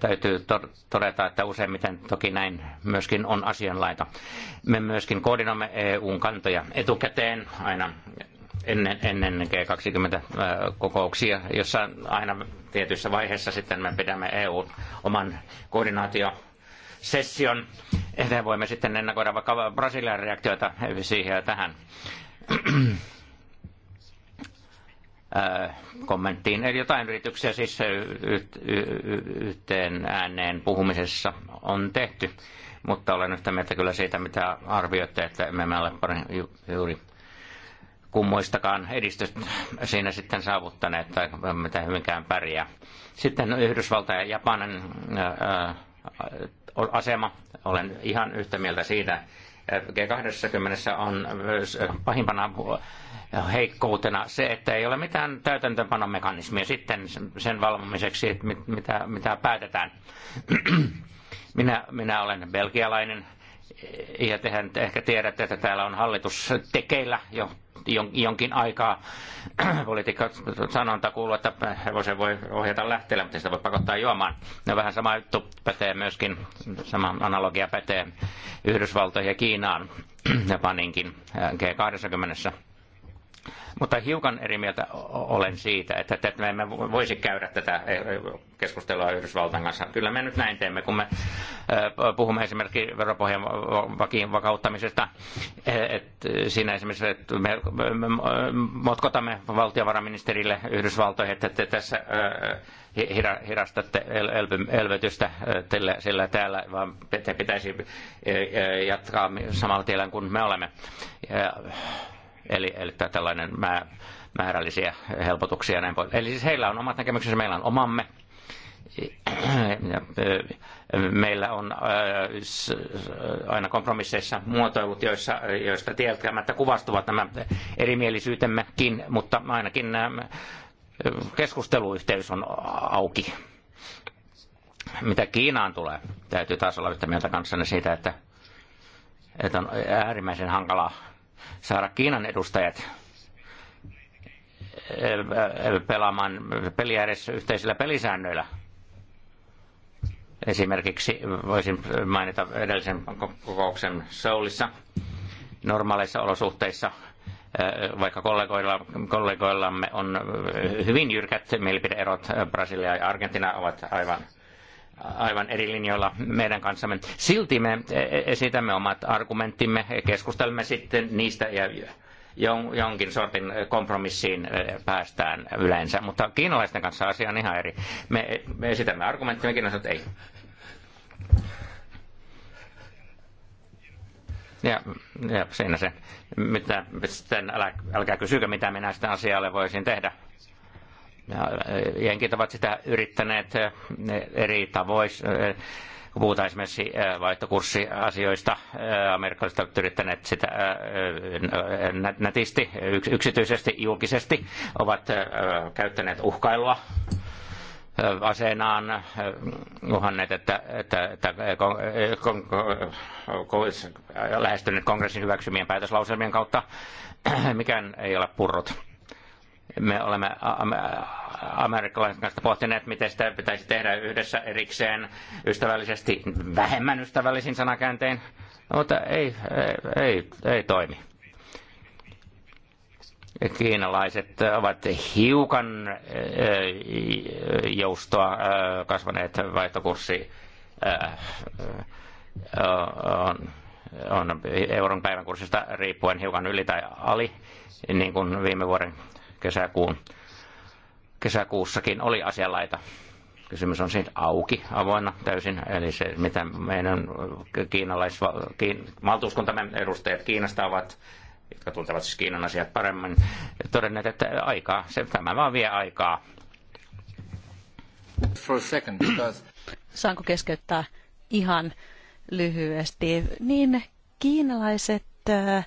Täytyy todeta, että useimmiten toki näin myöskin on asianlaita. Me myöskin koordinoimme EUn kantoja etukäteen aina ennen, ennen G20-kokouksia, jossa aina tietyissä vaiheissa sitten me pidämme EU oman koordinaatiosession, Ehkä voimme sitten ennakoida vaikka Brasilian reaktioita siihen ja tähän äh, kommenttiin. Eli jotain yrityksiä siis yhteen ääneen puhumisessa on tehty, mutta olen yhtä mieltä kyllä siitä, mitä arvioitte, että me emme ole juuri kummoistakaan edistystä siinä sitten saavuttaneet tai mitä hyvinkään pärjää. Sitten Yhdysvaltain ja Japanin asema. Olen ihan yhtä mieltä siitä. G20 on myös pahimpana heikkoutena se, että ei ole mitään täytäntöönpanomekanismia sitten sen valvomiseksi, että mit, mitä, mitä päätetään. minä, minä olen belgialainen ja tehän ehkä tiedätte, että täällä on hallitus tekeillä jo jonkin aikaa. politiikka sanonta kuuluu, että hevosen voi ohjata lähteelle, mutta sitä voi pakottaa juomaan. No vähän sama juttu pätee myöskin, sama analogia pätee Yhdysvaltoihin ja Kiinaan, Japaninkin äh, G20. Mutta hiukan eri mieltä olen siitä, että, että me emme voisi käydä tätä eh, keskustelua Yhdysvaltain kanssa. Kyllä me nyt näin teemme, kun me eh, puhumme esimerkiksi veropohjan vakiin vakauttamisesta. Eh, että siinä esimerkiksi että me motkotamme valtiovarainministerille Yhdysvaltoihin, että te tässä hidastatte elvytystä sillä täällä, vaan te pitäisi jatkaa samalla tiellä kuin me olemme eli, eli tällainen mä määrällisiä helpotuksia ja näin pois. Eli siis heillä on omat näkemyksensä, meillä on omamme. Meillä on aina kompromisseissa muotoilut, joissa, joista tieltämättä kuvastuvat nämä erimielisyytemmekin, mutta ainakin keskusteluyhteys on auki. Mitä Kiinaan tulee, täytyy taas olla yhtä mieltä kanssanne siitä, että, että on äärimmäisen hankalaa saada Kiinan edustajat pelaamaan peliä edes yhteisillä pelisäännöillä. Esimerkiksi voisin mainita edellisen kokouksen Soulissa normaaleissa olosuhteissa, vaikka kollegoilla, kollegoillamme on hyvin jyrkät mielipideerot, Brasilia ja Argentina ovat aivan aivan eri linjoilla meidän kanssamme. Silti me e- e- esitämme omat argumenttimme, keskustelemme sitten niistä ja jonkin sortin kompromissiin e- päästään yleensä, mutta kiinalaisten kanssa asia on ihan eri. Me, esitämme argumenttimme, kiinalaiset ei. Ja, ja siinä se. Mitä, sitten älä, älkää kysykö, mitä minä sitä asialle voisin tehdä. Äh, jenkit ovat sitä yrittäneet äh, eri tavoin äh, kun puhutaan esimerkiksi vaihtokurssiasioista, amerikkalaiset ovat yrittäneet sitä nätisti, yksityisesti, julkisesti, ovat käyttäneet uhkailua aseenaan uhanneet, että, että, että kon, kon, kon, lähestyneet kongressin hyväksymien päätöslauselmien kautta. Mikään ei ole purrut me olemme amerikkalaisen kanssa pohtineet, miten sitä pitäisi tehdä yhdessä erikseen ystävällisesti, vähemmän ystävällisin sanakääntein, mutta ei, ei, ei, ei toimi. Kiinalaiset ovat hiukan eh, joustoa eh, kasvaneet vaihtokurssi eh, on, on euron päivän kurssista riippuen hiukan yli tai ali, niin kuin viime vuoden kesäkuun. Kesäkuussakin oli asianlaita. Kysymys on siitä auki, avoinna täysin. Eli se, mitä meidän kiinalais, kiin, valtuuskuntamme edustajat Kiinasta ovat, jotka tuntevat siis Kiinan asiat paremmin, todenneet, että aikaa, se, tämä vaan vie aikaa. For a second, because... Saanko keskeyttää ihan lyhyesti? Niin kiinalaiset äh,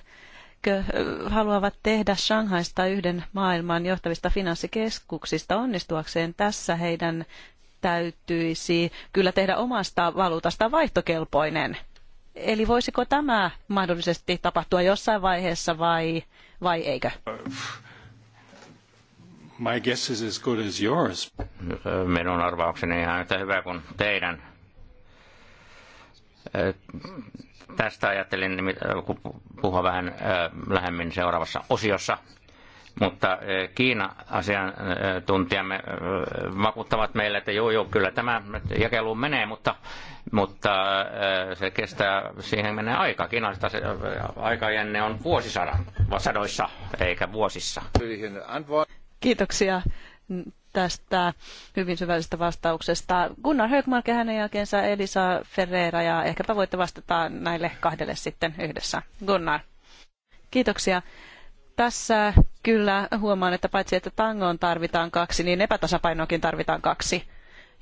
haluavat tehdä Shanghaista yhden maailman johtavista finanssikeskuksista onnistuakseen tässä heidän täytyisi kyllä tehdä omasta valuutasta vaihtokelpoinen. Eli voisiko tämä mahdollisesti tapahtua jossain vaiheessa vai, vai eikö? My guess is as good as yours. Minun arvaukseni ihan yhtä hyvä kuin teidän Tästä ajattelin puhua vähän lähemmin seuraavassa osiossa mutta Kiina-asiantuntijamme vakuuttavat meille, että joo, joo, kyllä tämä jakelu menee, mutta, mutta se kestää, siihen menee aika. Kiinasta se aikajänne on vuosisadan, sadoissa eikä vuosissa. Kiitoksia tästä hyvin syvällisestä vastauksesta. Gunnar Högmark ja hänen jälkeensä Elisa Ferreira ja ehkäpä voitte vastata näille kahdelle sitten yhdessä. Gunnar. Kiitoksia. Tässä kyllä huomaan, että paitsi että tangoon tarvitaan kaksi, niin epätasapainoakin tarvitaan kaksi.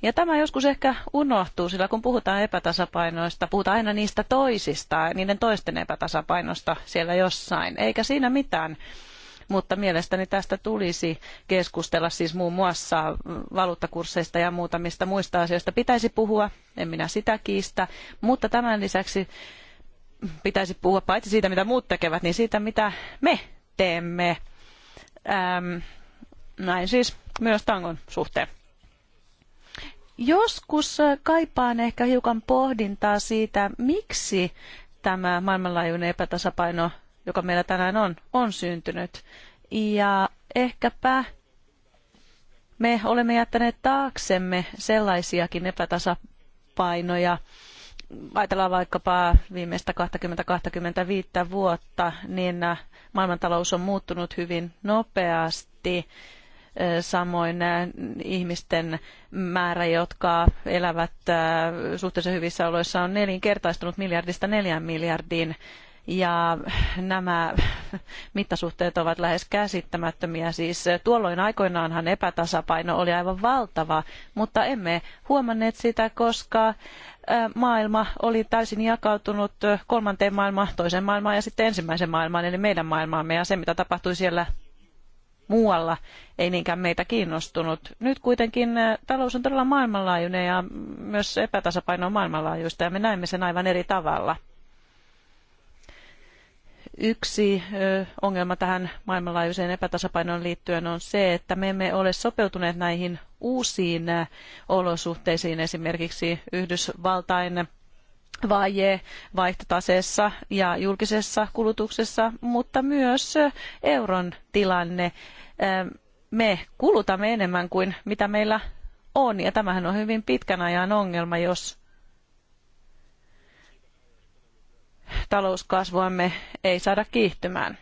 Ja tämä joskus ehkä unohtuu, sillä kun puhutaan epätasapainoista, puhutaan aina niistä toisista, niiden toisten epätasapainosta siellä jossain, eikä siinä mitään mutta mielestäni tästä tulisi keskustella siis muun muassa valuuttakursseista ja muutamista muista asioista pitäisi puhua, en minä sitä kiistä, mutta tämän lisäksi pitäisi puhua paitsi siitä, mitä muut tekevät, niin siitä, mitä me teemme. Ähm, näin siis myös tangon suhteen. Joskus kaipaan ehkä hiukan pohdintaa siitä, miksi tämä maailmanlaajuinen epätasapaino joka meillä tänään on, on syntynyt. Ja ehkäpä me olemme jättäneet taaksemme sellaisiakin epätasapainoja, ajatellaan vaikkapa viimeistä 20-25 vuotta, niin maailmantalous on muuttunut hyvin nopeasti. Samoin äh, ihmisten määrä, jotka elävät äh, suhteellisen hyvissä oloissa, on nelinkertaistunut miljardista neljään miljardiin ja nämä mittasuhteet ovat lähes käsittämättömiä. Siis tuolloin aikoinaanhan epätasapaino oli aivan valtava, mutta emme huomanneet sitä, koska maailma oli täysin jakautunut kolmanteen maailmaan, toiseen maailmaan ja sitten ensimmäiseen maailmaan, eli meidän maailmaamme ja se, mitä tapahtui siellä muualla ei niinkään meitä kiinnostunut. Nyt kuitenkin talous on todella maailmanlaajuinen ja myös epätasapaino on maailmanlaajuista ja me näemme sen aivan eri tavalla. Yksi ongelma tähän maailmanlaajuiseen epätasapainoon liittyen on se, että me emme ole sopeutuneet näihin uusiin olosuhteisiin, esimerkiksi Yhdysvaltain vaje vaihtotaseessa ja julkisessa kulutuksessa, mutta myös euron tilanne. Me kulutamme enemmän kuin mitä meillä on, ja tämähän on hyvin pitkän ajan ongelma, jos talouskasvuamme ei saada kiihtymään.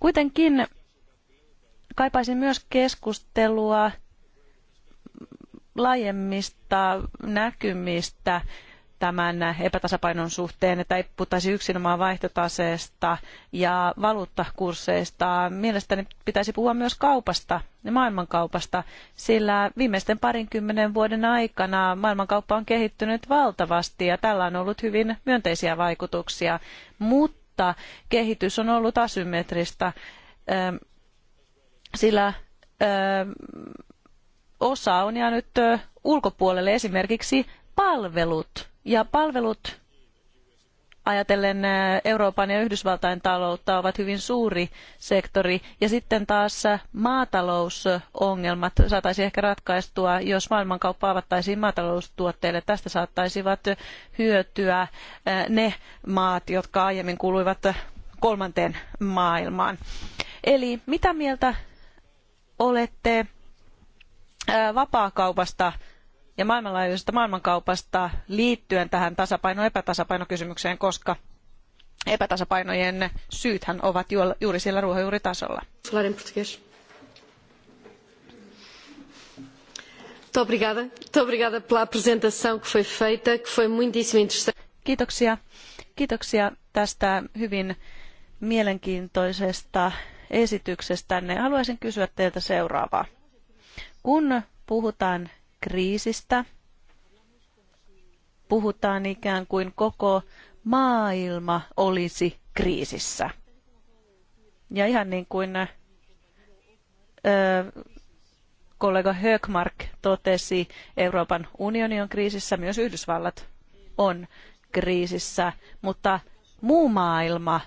Kuitenkin kaipaisin myös keskustelua laajemmista näkymistä tämän epätasapainon suhteen, että ei puhuttaisi yksinomaan vaihtotaseesta ja valuuttakursseista. Mielestäni pitäisi puhua myös kaupasta ja maailmankaupasta, sillä viimeisten parinkymmenen vuoden aikana maailmankauppa on kehittynyt valtavasti ja tällä on ollut hyvin myönteisiä vaikutuksia, mutta kehitys on ollut asymmetristä, ähm, sillä ähm, osa on jäänyt äh, ulkopuolelle esimerkiksi palvelut ja palvelut ajatellen äh, Euroopan ja Yhdysvaltain taloutta ovat hyvin suuri sektori. Ja sitten taas äh, maatalousongelmat saataisi ehkä ratkaistua, jos maailmankauppa avattaisiin maataloustuotteille. Tästä saattaisivat hyötyä äh, ne maat, jotka aiemmin kuuluivat kolmanteen maailmaan. Eli mitä mieltä olette vapaakaupasta kaupasta ja maailmanlaajuisesta maailmankaupasta liittyen tähän tasapaino-epätasapainokysymykseen, koska epätasapainojen syythän ovat juuri siellä ruohonjuuritasolla. Kiitoksia. Kiitoksia tästä hyvin mielenkiintoisesta esityksestänne. Haluaisin kysyä teiltä seuraavaa. Kun puhutaan kriisistä puhutaan ikään kuin koko maailma olisi kriisissä. Ja ihan niin kuin ö, kollega Högmark totesi, Euroopan unioni on kriisissä, myös Yhdysvallat on kriisissä, mutta muu maailma,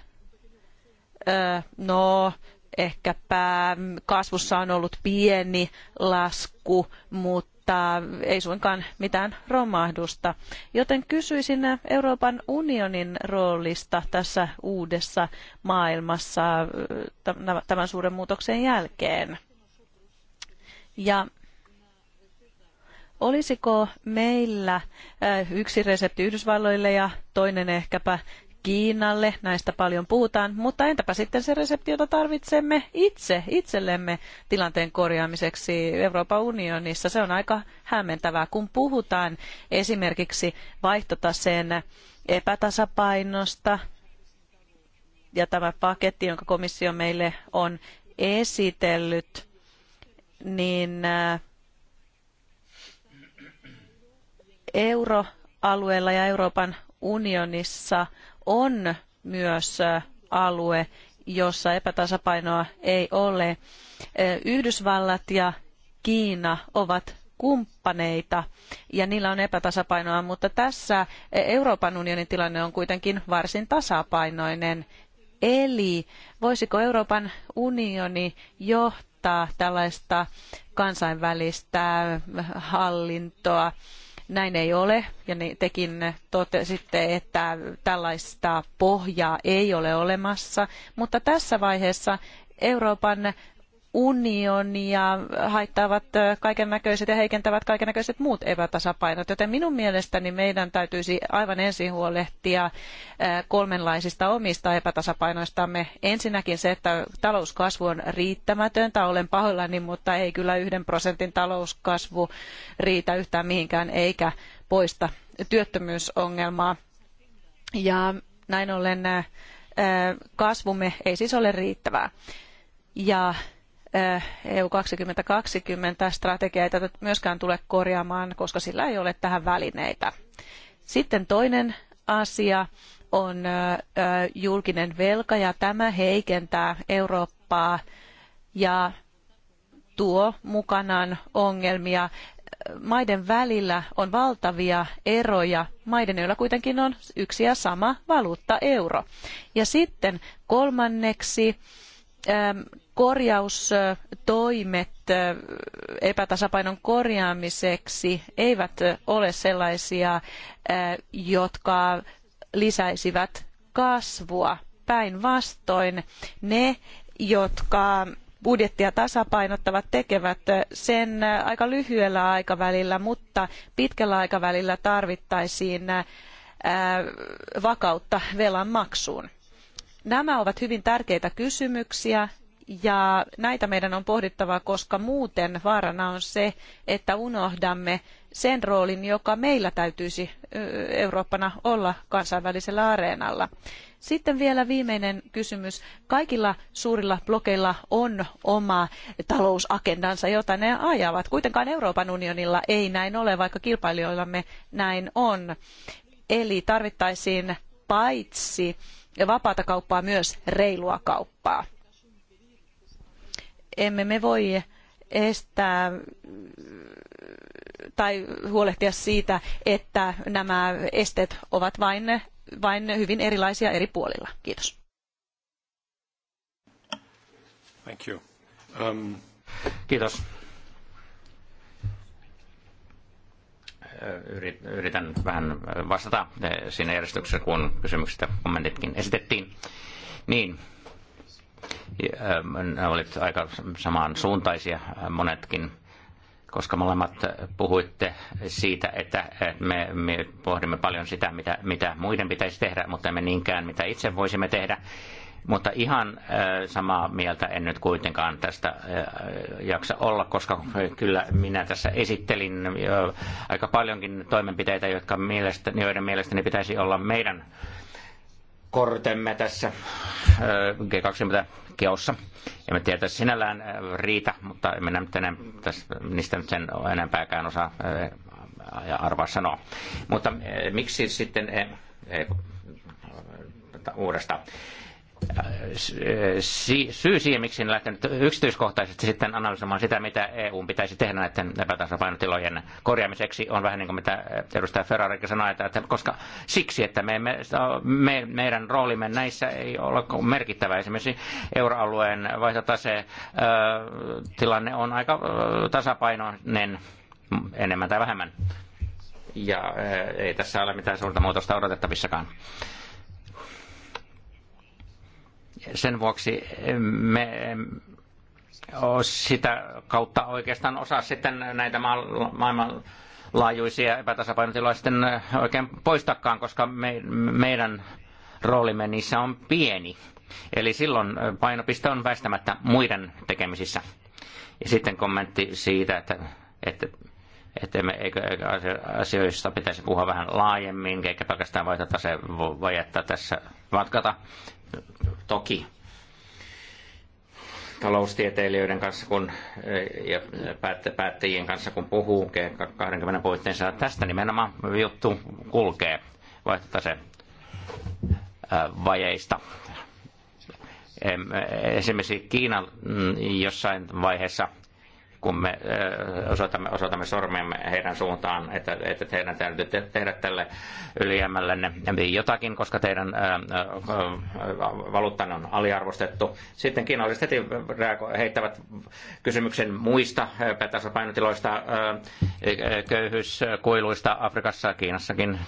ö, no ehkäpä kasvussa on ollut pieni lasku, mutta mutta ei suinkaan mitään romahdusta. Joten kysyisin Euroopan unionin roolista tässä uudessa maailmassa äh, tämän suuren muutoksen jälkeen. Ja olisiko meillä äh, yksi resepti Yhdysvalloille ja toinen ehkäpä Kiinalle, näistä paljon puhutaan, mutta entäpä sitten se resepti, jota tarvitsemme itse, itsellemme tilanteen korjaamiseksi Euroopan unionissa. Se on aika hämmentävää, kun puhutaan esimerkiksi vaihtotaseen epätasapainosta, ja tämä paketti, jonka komissio meille on esitellyt, niin äh, euroalueella ja Euroopan unionissa on myös alue, jossa epätasapainoa ei ole. Yhdysvallat ja Kiina ovat kumppaneita ja niillä on epätasapainoa, mutta tässä Euroopan unionin tilanne on kuitenkin varsin tasapainoinen. Eli voisiko Euroopan unioni johtaa tällaista kansainvälistä hallintoa näin ei ole, ja tekin totesitte, että tällaista pohjaa ei ole olemassa, mutta tässä vaiheessa Euroopan unionia haittaavat kaiken näköiset ja heikentävät kaiken näköiset muut epätasapainot. Joten minun mielestäni meidän täytyisi aivan ensin huolehtia kolmenlaisista omista epätasapainoistamme. Ensinnäkin se, että talouskasvu on riittämätöntä. Olen pahoillani, mutta ei kyllä yhden prosentin talouskasvu riitä yhtään mihinkään eikä poista työttömyysongelmaa. Ja näin ollen kasvumme ei siis ole riittävää. Ja Äh, EU 2020 strategia ei tätä myöskään tule korjaamaan, koska sillä ei ole tähän välineitä. Sitten toinen asia on äh, äh, julkinen velka ja tämä heikentää Eurooppaa ja tuo mukanaan ongelmia. Maiden välillä on valtavia eroja, maiden joilla kuitenkin on yksi ja sama valuutta euro. Ja sitten kolmanneksi ähm, korjaustoimet epätasapainon korjaamiseksi eivät ole sellaisia, jotka lisäisivät kasvua. Päinvastoin ne, jotka budjettia tasapainottavat tekevät sen aika lyhyellä aikavälillä, mutta pitkällä aikavälillä tarvittaisiin vakautta velan maksuun. Nämä ovat hyvin tärkeitä kysymyksiä ja näitä meidän on pohdittava, koska muuten vaarana on se, että unohdamme sen roolin, joka meillä täytyisi Eurooppana olla kansainvälisellä areenalla. Sitten vielä viimeinen kysymys. Kaikilla suurilla blokeilla on oma talousagendansa, jota ne ajavat. Kuitenkaan Euroopan unionilla ei näin ole, vaikka kilpailijoillamme näin on. Eli tarvittaisiin paitsi vapaata kauppaa myös reilua kauppaa emme me voi estää tai huolehtia siitä, että nämä esteet ovat vain, vain hyvin erilaisia eri puolilla. Kiitos. Thank you. Um... Kiitos. Yritän vähän vastata eh, siinä järjestyksessä, kun kysymykset ja kommentitkin esitettiin. Niin, ne olivat aika samansuuntaisia monetkin, koska molemmat puhuitte siitä, että me, me pohdimme paljon sitä, mitä, mitä muiden pitäisi tehdä, mutta emme niinkään, mitä itse voisimme tehdä. Mutta ihan äh, samaa mieltä en nyt kuitenkaan tästä äh, jaksa olla, koska kyllä minä tässä esittelin äh, aika paljonkin toimenpiteitä, jotka mielestä, joiden mielestäni pitäisi olla meidän kortemme tässä äh, G20-keossa. Emme tiedä sinällään äh, riitä, mutta emme nyt enää, tässä, niistä nyt sen enempääkään osaa äh, ja arvaa sanoa. Mutta miksi sitten ei, ei, uudesta Äh, syy siihen, miksi en lähtenyt yksityiskohtaisesti sitten analysoimaan sitä, mitä EU pitäisi tehdä näiden epätasapainotilojen korjaamiseksi, on vähän niin kuin mitä edustaja Ferrari sanoi, että, koska siksi, että me, me, meidän roolimme näissä ei ole merkittävä. Esimerkiksi euroalueen vaihtotase äh, tilanne on aika äh, tasapainoinen enemmän tai vähemmän. Ja ei tässä ole mitään suurta muutosta odotettavissakaan sen vuoksi me sitä kautta oikeastaan osaa sitten näitä maailman laajuisia epätasapainotiloja sitten oikein poistakaan, koska me, meidän roolimme niissä on pieni. Eli silloin painopiste on väistämättä muiden tekemisissä. Ja sitten kommentti siitä, että, että, että me, eikö, eikö asioista pitäisi puhua vähän laajemmin, eikä pelkästään se vajetta tässä vatkata toki taloustieteilijöiden kanssa kun, eh, ja päättäjien kanssa, kun puhuu 20 puitteissa. Tästä nimenomaan juttu kulkee se eh, vajeista. Eh, esimerkiksi Kiina mm, jossain vaiheessa kun me äh, osoitamme, osoitamme sormemme heidän suuntaan, että, että teidän täytyy tehdä tälle ylijäämällenne jotakin, koska teidän äh, äh, valuuttanne on aliarvostettu. Sitten kiinalaiset heti heittävät kysymyksen muista tasapainotiloista, köyhyyskuiluista Afrikassa, ja Kiinassakin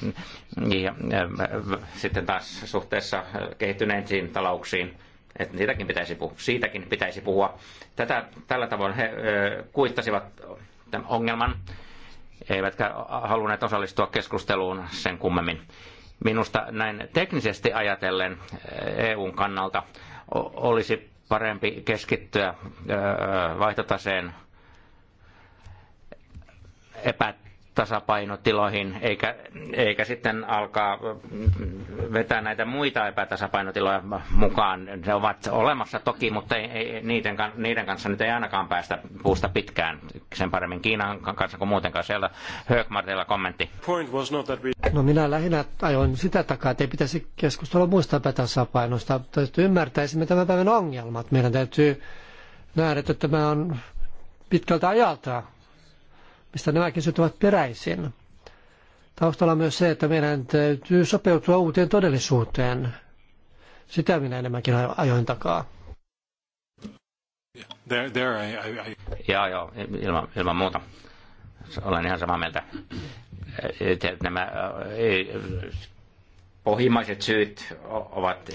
ja sitten taas suhteessa kehittyneisiin talouksiin että niitäkin pitäisi puhua, siitäkin pitäisi puhua. Tätä, tällä tavoin he ö, kuittasivat tämän ongelman, eivätkä halunneet osallistua keskusteluun sen kummemmin. Minusta näin teknisesti ajatellen EUn kannalta olisi parempi keskittyä vaihtotaseen epä, tasapainotiloihin, eikä, eikä sitten alkaa vetää näitä muita epätasapainotiloja mukaan. Ne ovat olemassa toki, mutta ei, ei, niiden, niiden kanssa nyt ei ainakaan päästä puusta pitkään, sen paremmin Kiinan kanssa kuin muutenkaan. Siellä Höökmartilla kommentti. No minä lähinnä ajoin sitä takaa, että ei pitäisi keskustella muista epätasapainoista. Täytyy ymmärtäisimme tämän päivän ongelmat. Meidän täytyy nähdä, että tämä on pitkältä ajalta mistä nämä kysyt ovat peräisin. Taustalla on myös se, että meidän täytyy sopeutua uuteen todellisuuteen. Sitä minä enemmänkin ajoin takaa. There, there, I, I, I... Joo, joo, ilman, ilman muuta. Olen ihan samaa mieltä. Nämä pohjimmaiset syyt ovat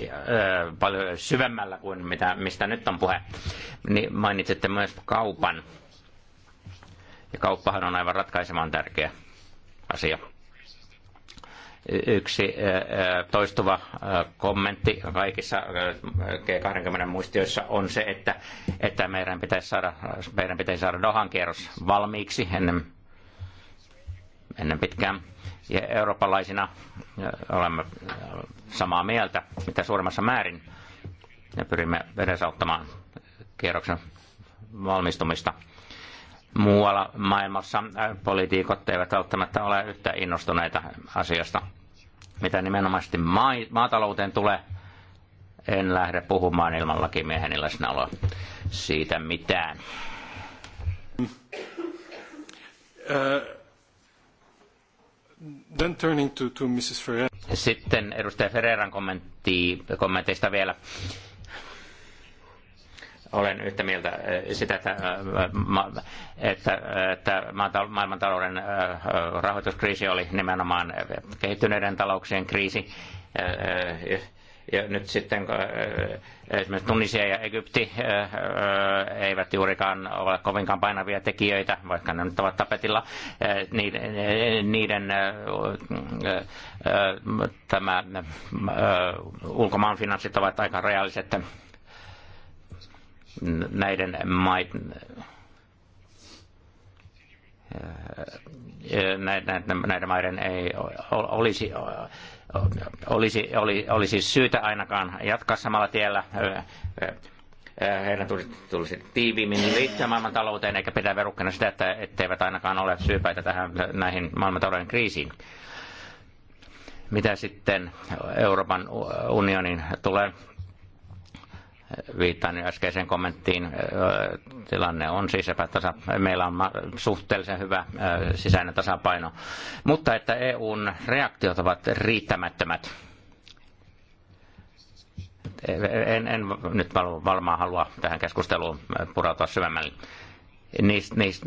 paljon syvemmällä kuin mitä, mistä nyt on puhe. Niin mainitsette myös kaupan ja kauppahan on aivan ratkaisemaan tärkeä asia. Yksi toistuva kommentti kaikissa G20 muistioissa on se, että, että meidän, pitäisi saada, meidän pitäisi saada Dohan kierros valmiiksi ennen, ennen pitkään. Ja eurooppalaisina olemme samaa mieltä, mitä suuremmassa määrin ja pyrimme edesauttamaan kierroksen valmistumista muualla maailmassa äh, poliitikot eivät välttämättä ole yhtä innostuneita asiasta. Mitä nimenomaisesti maatalouteen tulee, en lähde puhumaan ilman lakimiehen läsnäoloa siitä mitään. Uh, then turning to, to Mrs. Sitten edustaja Ferreran kommentti, kommenteista vielä olen yhtä mieltä äh, sitä, että, äh, että, äh, että maailmantalouden rahoituskriisi oli nimenomaan kehittyneiden talouksien kriisi. Ja nyt sitten esimerkiksi Tunisia ja Egypti eivät juurikaan ole kovinkaan painavia tekijöitä, vaikka ne nyt ovat tapetilla. Niiden, tämä, ulkomaan finanssit ovat aika rajalliset näiden maiden näiden näiden maiden ei olisi, olisi, olisi olisi syytä ainakaan jatkaa samalla tiellä. Heidän tulisi, tulisi tiiviimmin liittyä maailmantalouteen, eikä pidä verukkana sitä, että etteivät ainakaan ole syypäitä tähän, näihin maailmantalouden kriisiin. Mitä sitten Euroopan unionin tulee viittaan äskeiseen kommenttiin. Tilanne on siis epätasa. Meillä on suhteellisen hyvä sisäinen tasapaino, mutta että EUn reaktiot ovat riittämättömät. En, en nyt valmaa halua tähän keskusteluun purautua syvemmälle. Niis, niis,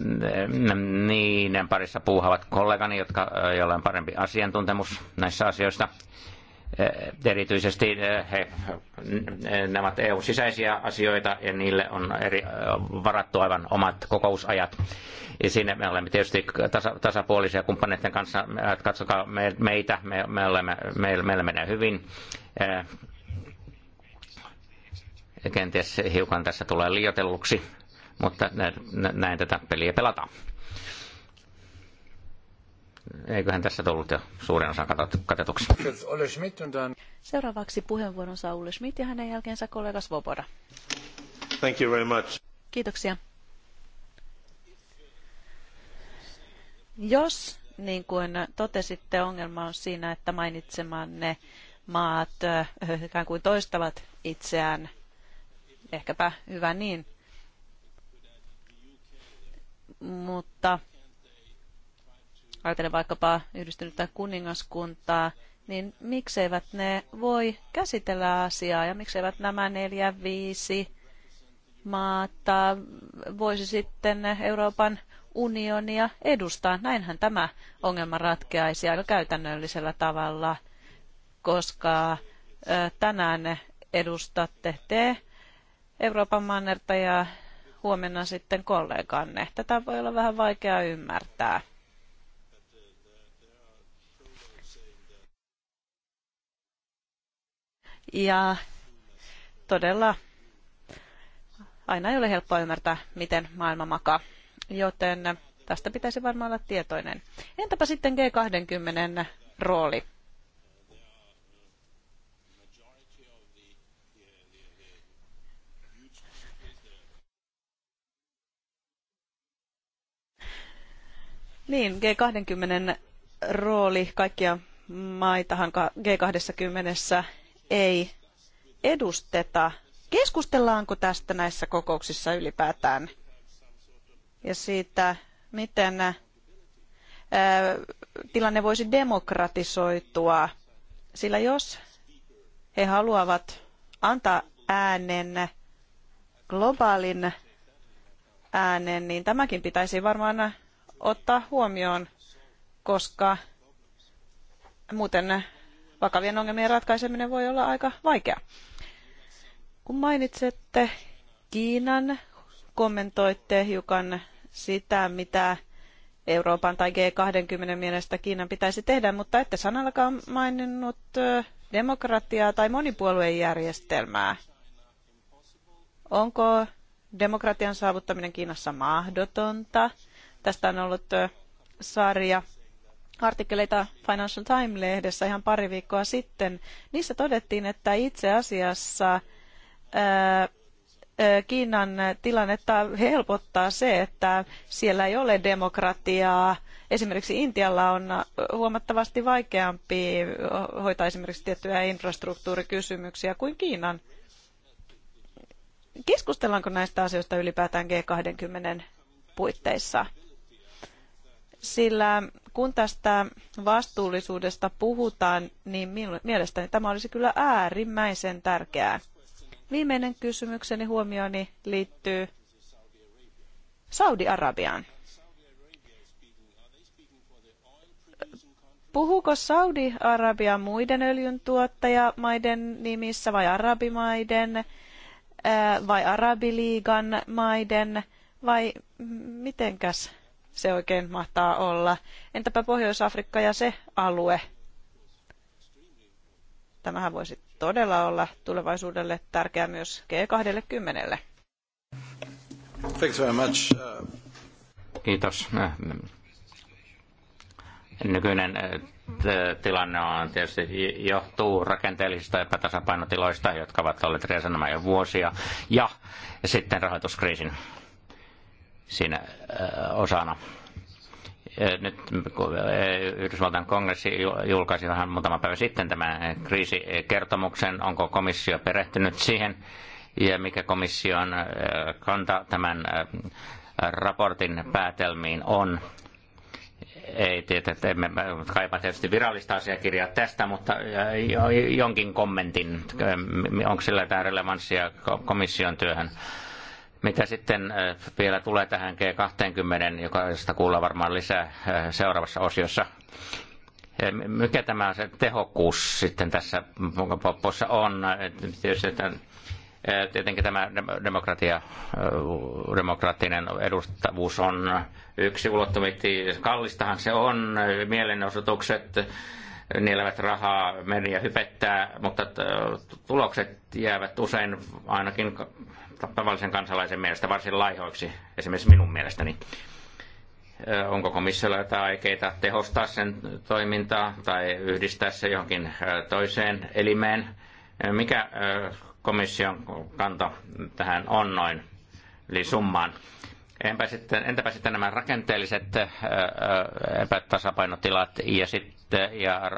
niiden parissa puuhavat kollegani, jotka, joilla on parempi asiantuntemus näissä asioissa Eh, erityisesti eh, he, nämä ovat sisäisiä asioita ja niille on eri, varattu aivan omat kokousajat. Ja siinä me olemme tietysti tasa, tasapuolisia kumppaneiden kanssa, katsokaa me, meitä, me, me olemme, meillä, meillä menee hyvin. Eh, kenties hiukan tässä tulee liiotelluksi, mutta näin tätä peliä pelataan. Eiköhän tässä tullut jo suurin osa katetuksi. Seuraavaksi puheenvuoron saa Ulle Schmidt ja hänen jälkeensä kollega Svoboda. Thank you very much. Kiitoksia. Jos, niin kuin totesitte, ongelma on siinä, että mainitsemanne maat ikään kuin toistavat itseään, ehkäpä hyvä niin, mutta ajatellen vaikkapa yhdistynyttä kuningaskuntaa, niin mikseivät ne voi käsitellä asiaa ja mikseivät nämä neljä, viisi maata voisi sitten Euroopan unionia edustaa. Näinhän tämä ongelma ratkeaisi aika käytännöllisellä tavalla, koska tänään edustatte te Euroopan mannerta ja huomenna sitten kolleganne. Tätä voi olla vähän vaikea ymmärtää. Ja todella aina ei ole helppoa ymmärtää, miten maailma makaa. Joten tästä pitäisi varmaan olla tietoinen. Entäpä sitten G20 rooli? Niin, G20 rooli, kaikkia maitahan G20 ei edusteta. Keskustellaanko tästä näissä kokouksissa ylipäätään? Ja siitä, miten äh, tilanne voisi demokratisoitua, sillä jos he haluavat antaa äänen, globaalin äänen, niin tämäkin pitäisi varmaan ottaa huomioon, koska muuten vakavien ongelmien ratkaiseminen voi olla aika vaikeaa. Kun mainitsette Kiinan, kommentoitte hiukan sitä, mitä Euroopan tai G20 mielestä Kiinan pitäisi tehdä, mutta ette sanallakaan maininnut demokratiaa tai monipuoluejärjestelmää. Onko demokratian saavuttaminen Kiinassa mahdotonta? Tästä on ollut sarja artikkeleita Financial Times-lehdessä ihan pari viikkoa sitten. Niissä todettiin, että itse asiassa ää, Kiinan tilannetta helpottaa se, että siellä ei ole demokratiaa. Esimerkiksi Intialla on huomattavasti vaikeampi hoitaa esimerkiksi tiettyjä infrastruktuurikysymyksiä kuin Kiinan. Keskustellaanko näistä asioista ylipäätään G20 puitteissa? Sillä kun tästä vastuullisuudesta puhutaan, niin mielestäni tämä olisi kyllä äärimmäisen tärkeää. Viimeinen kysymykseni huomioni liittyy Saudi-Arabiaan. Puhuuko Saudi-Arabia muiden öljyntuottajamaiden nimissä vai arabimaiden äh, vai arabiliigan maiden vai mitenkäs se oikein mahtaa olla. Entäpä Pohjois-Afrikka ja se alue? Tämähän voisi todella olla tulevaisuudelle tärkeä myös G20. Thanks very much. Kiitos. Nykyinen tilanne on tietysti johtuu rakenteellisista epätasapainotiloista, jotka ovat olleet resonoimaan jo vuosia, ja sitten rahoituskriisin siinä äh, osana. Nyt Yhdysvaltain kongressi julkaisi vähän muutama päivä sitten tämän kriisikertomuksen. Onko komissio perehtynyt siihen ja mikä komission äh, kanta tämän äh, raportin päätelmiin on? ei tietä, emme kaipaa tietysti virallista asiakirjaa tästä, mutta jonkin kommentin, onko sillä jotain relevanssia komission työhön mitä sitten äh, vielä tulee tähän G20, joka, josta kuullaan varmaan lisää äh, seuraavassa osiossa, äh, mikä tämä se tehokkuus sitten tässä poppossa on? että tietenkin tämä demokratia, demokraattinen edustavuus on yksi ulottumitti. Kallistahan se on, mielenosoitukset nielevät rahaa, media hypettää, mutta tulokset jäävät usein ainakin tavallisen kansalaisen mielestä varsin laihoiksi, esimerkiksi minun mielestäni. Onko komissiolla jotain aikeita tehostaa sen toimintaa tai yhdistää se johonkin toiseen elimeen? Mikä komission kanta tähän on noin, eli summaan? sitten, entäpä sitten nämä rakenteelliset epätasapainotilat ja sitten ja äh,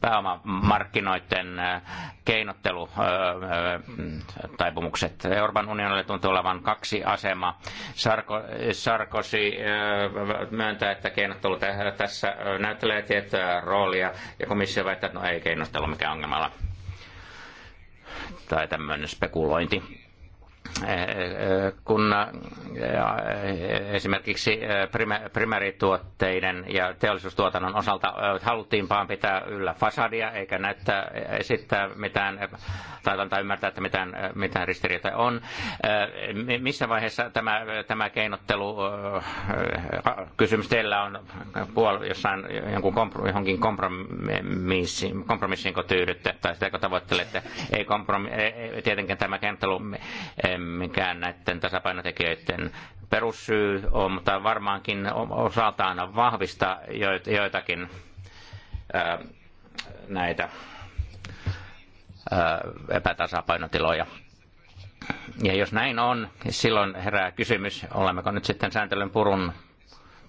pääomamarkkinoiden äh, keinottelu äh, taipumukset. Euroopan unionille tuntuu olevan kaksi asemaa. Sarko, Sarkosi myöntää, että keinottelu eh, tässä näyttelee tiettyä roolia ja komissio väittää, että no ei keinottelu mikään ongelmalla tai tämmöinen spekulointi kun esimerkiksi primärituotteiden ja teollisuustuotannon osalta haluttiin vaan pitää yllä fasadia, eikä näyttää esittää mitään, tai antaa ymmärtää, että mitään, mitään ristiriita on. Missä vaiheessa tämä, tämä keinottelu, kysymys teillä on puol, jossain jonkun komprom, johonkin kompromissiin, kun tyydytte, tai kun tavoittelette? Ei, kompromi, ei tietenkin tämä keinottelu mikään näiden tasapainotekijöiden perussyy on, mutta varmaankin osaltaan vahvistaa joitakin näitä epätasapainotiloja. Ja jos näin on, niin silloin herää kysymys, olemmeko nyt sitten sääntelyn purun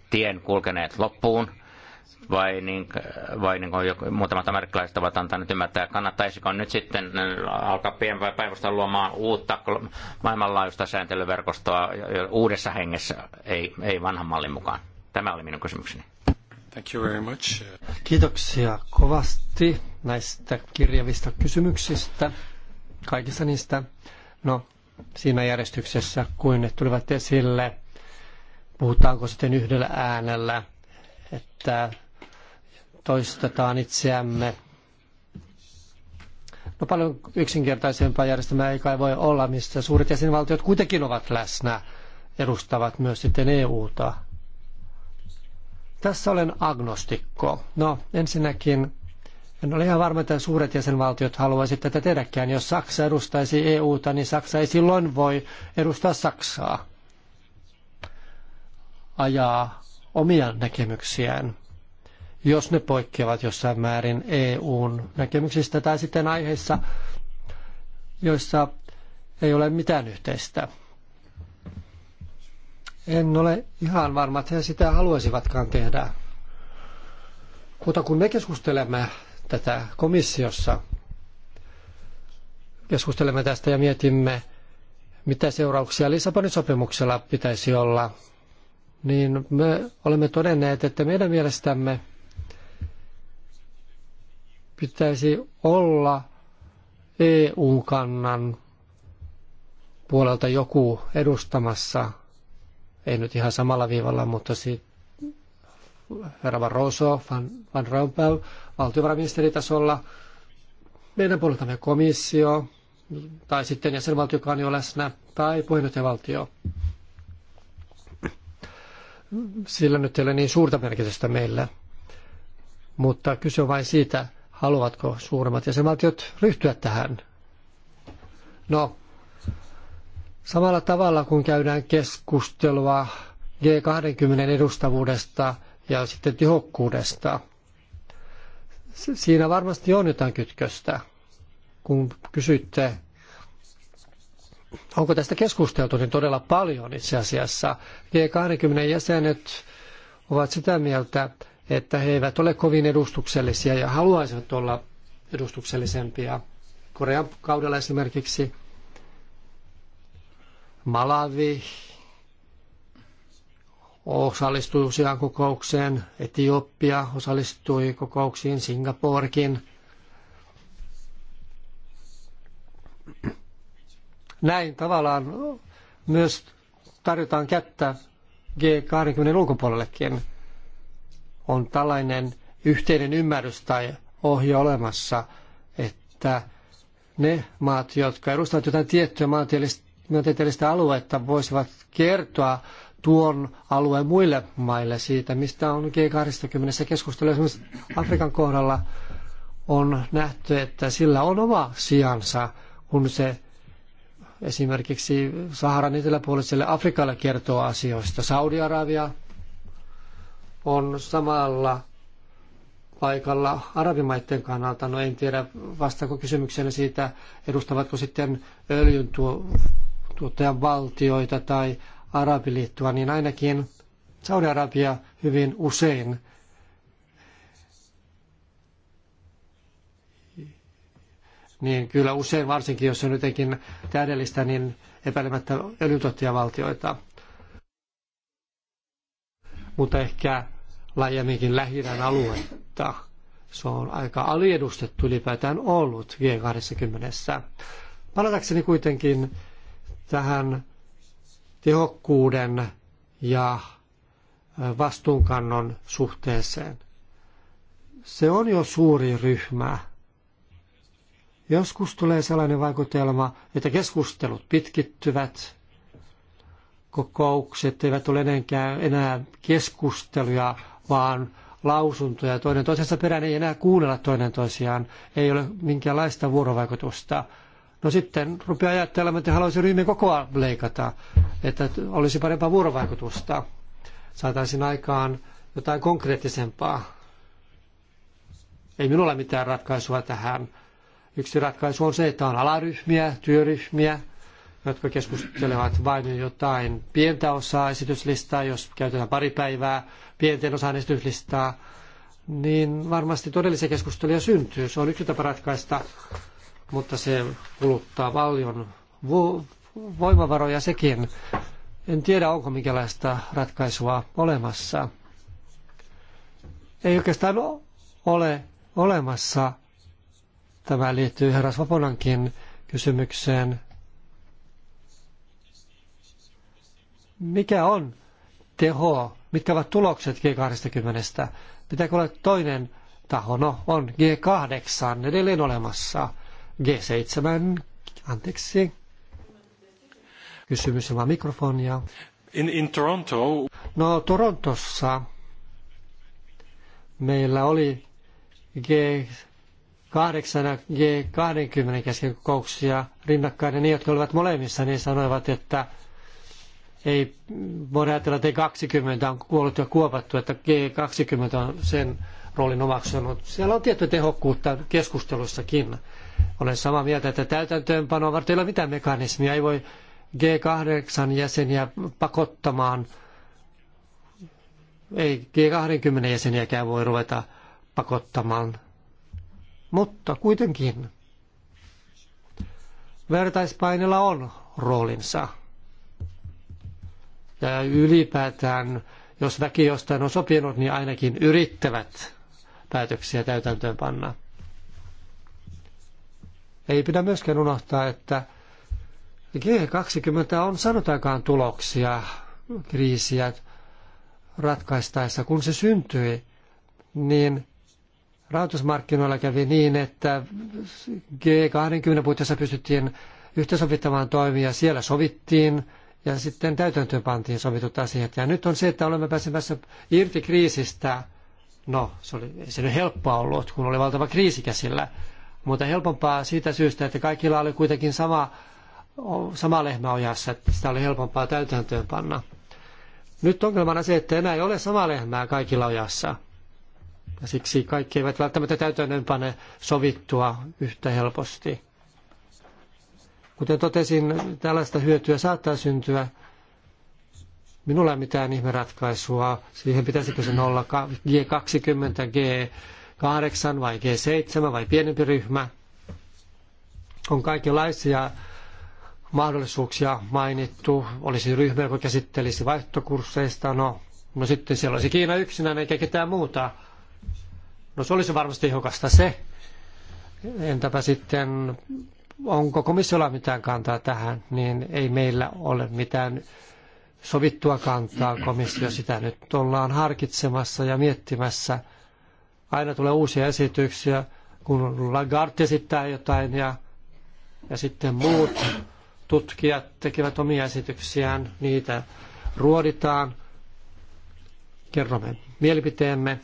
tien kulkeneet loppuun – vai niin, vai niin kuin muutamat amerikkalaiset ovat antaneet ymmärtää, kannattaisiko nyt sitten äh, alkaa pien päivästä luomaan uutta maailmanlaajuista sääntelyverkostoa uudessa hengessä, ei, ei vanhan mallin mukaan. Tämä oli minun kysymykseni. Thank you very much. Kiitoksia kovasti näistä kirjavista kysymyksistä, kaikista niistä. No, siinä järjestyksessä, kuin ne tulivat esille, puhutaanko sitten yhdellä äänellä, että toistetaan itseämme. No paljon yksinkertaisempaa järjestelmää ei kai voi olla, missä suuret jäsenvaltiot kuitenkin ovat läsnä, edustavat myös sitten EUta. Tässä olen agnostikko. No ensinnäkin en ole ihan varma, että suuret jäsenvaltiot haluaisivat tätä tehdäkään. Jos Saksa edustaisi EUta, niin Saksa ei silloin voi edustaa Saksaa. Ajaa omia näkemyksiään jos ne poikkeavat jossain määrin EUn näkemyksistä tai sitten aiheissa, joissa ei ole mitään yhteistä. En ole ihan varma, että he sitä haluaisivatkaan tehdä. Mutta kun me keskustelemme tätä komissiossa, keskustelemme tästä ja mietimme, mitä seurauksia Lissabonin sopimuksella pitäisi olla, niin me olemme todenneet, että meidän mielestämme – pitäisi olla EU-kannan puolelta joku edustamassa, ei nyt ihan samalla viivalla, mutta sitten herra Barroso, Van, Van Rompuy, valtiovarainministeritasolla, meidän puoleltamme komissio, tai sitten jäsenvaltio, joka on jo läsnä, tai puheenjohtajavaltio. Sillä nyt ei ole niin suurta merkitystä meillä, mutta kyse on vain siitä, Haluavatko suuremmat jäsenvaltiot ryhtyä tähän? No, samalla tavalla kun käydään keskustelua G20 edustavuudesta ja sitten tehokkuudesta, siinä varmasti on jotain kytköstä. Kun kysytte, onko tästä keskusteltu, niin todella paljon itse asiassa. G20 jäsenet ovat sitä mieltä, että he eivät ole kovin edustuksellisia ja haluaisivat olla edustuksellisempia. Korean kaudella esimerkiksi Malawi osallistui useaan kokoukseen, Etiopia osallistui kokouksiin, Singaporekin. Näin tavallaan myös tarjotaan kättä G20 ulkopuolellekin on tällainen yhteinen ymmärrys tai ohje olemassa, että ne maat, jotka edustavat jotain tiettyä maantieteellistä aluetta, voisivat kertoa tuon alueen muille maille siitä, mistä on G20 keskustelu. Esimerkiksi Afrikan kohdalla on nähty, että sillä on oma sijansa, kun se esimerkiksi Saharan eteläpuoliselle Afrikalle kertoo asioista. Saudi-Arabia on samalla paikalla arabimaiden kannalta. No en tiedä, vastaako kysymykseen siitä, edustavatko sitten öljyn tuottajan valtioita tai Arabiliittoa, niin ainakin Saudi-Arabia hyvin usein niin kyllä usein, varsinkin jos on jotenkin täydellistä, niin epäilemättä öljyntuottajavaltioita. Mutta ehkä laajemminkin lähi aluetta. Se on aika aliedustettu ylipäätään ollut G20. Palatakseni kuitenkin tähän tehokkuuden ja vastuunkannon suhteeseen. Se on jo suuri ryhmä. Joskus tulee sellainen vaikutelma, että keskustelut pitkittyvät, kokoukset eivät ole enää keskusteluja, vaan lausuntoja toinen toisensa perään, ei enää kuunnella toinen toisiaan, ei ole minkäänlaista vuorovaikutusta. No sitten rupeaa ajattelemaan, että haluaisin ryhmän kokoa leikata, että olisi parempaa vuorovaikutusta. Saataisiin aikaan jotain konkreettisempaa. Ei minulla mitään ratkaisua tähän. Yksi ratkaisu on se, että on alaryhmiä, työryhmiä, jotka keskustelevat vain jotain pientä osaa esityslistaa, jos käytetään pari päivää pienten osan esityslistaa, niin varmasti todellisia keskusteluja syntyy. Se on yksi tapa ratkaista, mutta se kuluttaa paljon voimavaroja sekin. En tiedä, onko minkälaista ratkaisua olemassa. Ei oikeastaan ole olemassa. Tämä liittyy herra Svoponankin kysymykseen. Mikä on teho mitkä ovat tulokset G20. Pitääkö olla toinen taho? No, on G8 edelleen olemassa. G7, anteeksi. Kysymys ilman mikrofonia. In, in Toronto. No, Torontossa meillä oli G8 ja G20 kesken kokouksia rinnakkain, ja ne, jotka olivat molemmissa, niin sanoivat, että ei voida ajatella, että G20 on kuollut ja kuopattu, että G20 on sen roolin omaksunut. Siellä on tiettyä tehokkuutta keskustelussakin. Olen samaa mieltä, että täytäntöönpanoa varten ei ole mitään mekanismia. Ei voi G8 jäseniä pakottamaan, ei G20 jäseniäkään voi ruveta pakottamaan. Mutta kuitenkin vertaispainilla on roolinsa ja ylipäätään, jos väki jostain on sopinut, niin ainakin yrittävät päätöksiä täytäntöön panna. Ei pidä myöskään unohtaa, että G20 on sanotaankaan tuloksia kriisiä ratkaistaessa. Kun se syntyi, niin rahoitusmarkkinoilla kävi niin, että G20 puitteissa pystyttiin yhteensovittamaan toimia. Siellä sovittiin ja sitten täytäntöön pantiin sovitut asiat. Ja nyt on se, että olemme pääsemässä irti kriisistä. No, se oli, ei se nyt helppoa ollut, kun oli valtava kriisi käsillä. Mutta helpompaa siitä syystä, että kaikilla oli kuitenkin sama, sama lehmä ojassa, että sitä oli helpompaa täytäntöön panna. Nyt ongelmana se, että enää ei ole sama lehmää kaikilla ojassa. Ja siksi kaikki eivät välttämättä täytäntöön pane sovittua yhtä helposti. Kuten totesin, tällaista hyötyä saattaa syntyä. Minulla ei mitään ratkaisua. Siihen pitäisikö sen olla G20, G8 vai G7 vai pienempi ryhmä. On kaikenlaisia mahdollisuuksia mainittu. Olisi ryhmä, joka käsittelisi vaihtokursseista. No, no sitten siellä olisi Kiina yksinään eikä ketään muuta. No se olisi varmasti ihokasta se. Entäpä sitten onko komissiolla mitään kantaa tähän, niin ei meillä ole mitään sovittua kantaa. Komissio sitä nyt ollaan harkitsemassa ja miettimässä. Aina tulee uusia esityksiä, kun Lagarde esittää jotain ja, ja sitten muut tutkijat tekevät omia esityksiään, niitä ruoditaan, kerromme mielipiteemme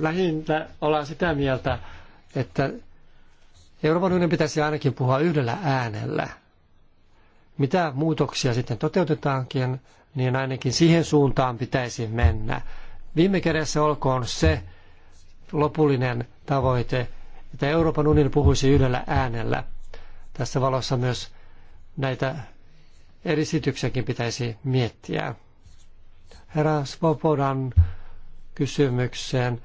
lähintä ollaan sitä mieltä, että Euroopan unionin pitäisi ainakin puhua yhdellä äänellä. Mitä muutoksia sitten toteutetaankin, niin ainakin siihen suuntaan pitäisi mennä. Viime kädessä olkoon se lopullinen tavoite, että Euroopan unioni puhuisi yhdellä äänellä. Tässä valossa myös näitä esityksiäkin pitäisi miettiä. Herra Svobodan kysymykseen.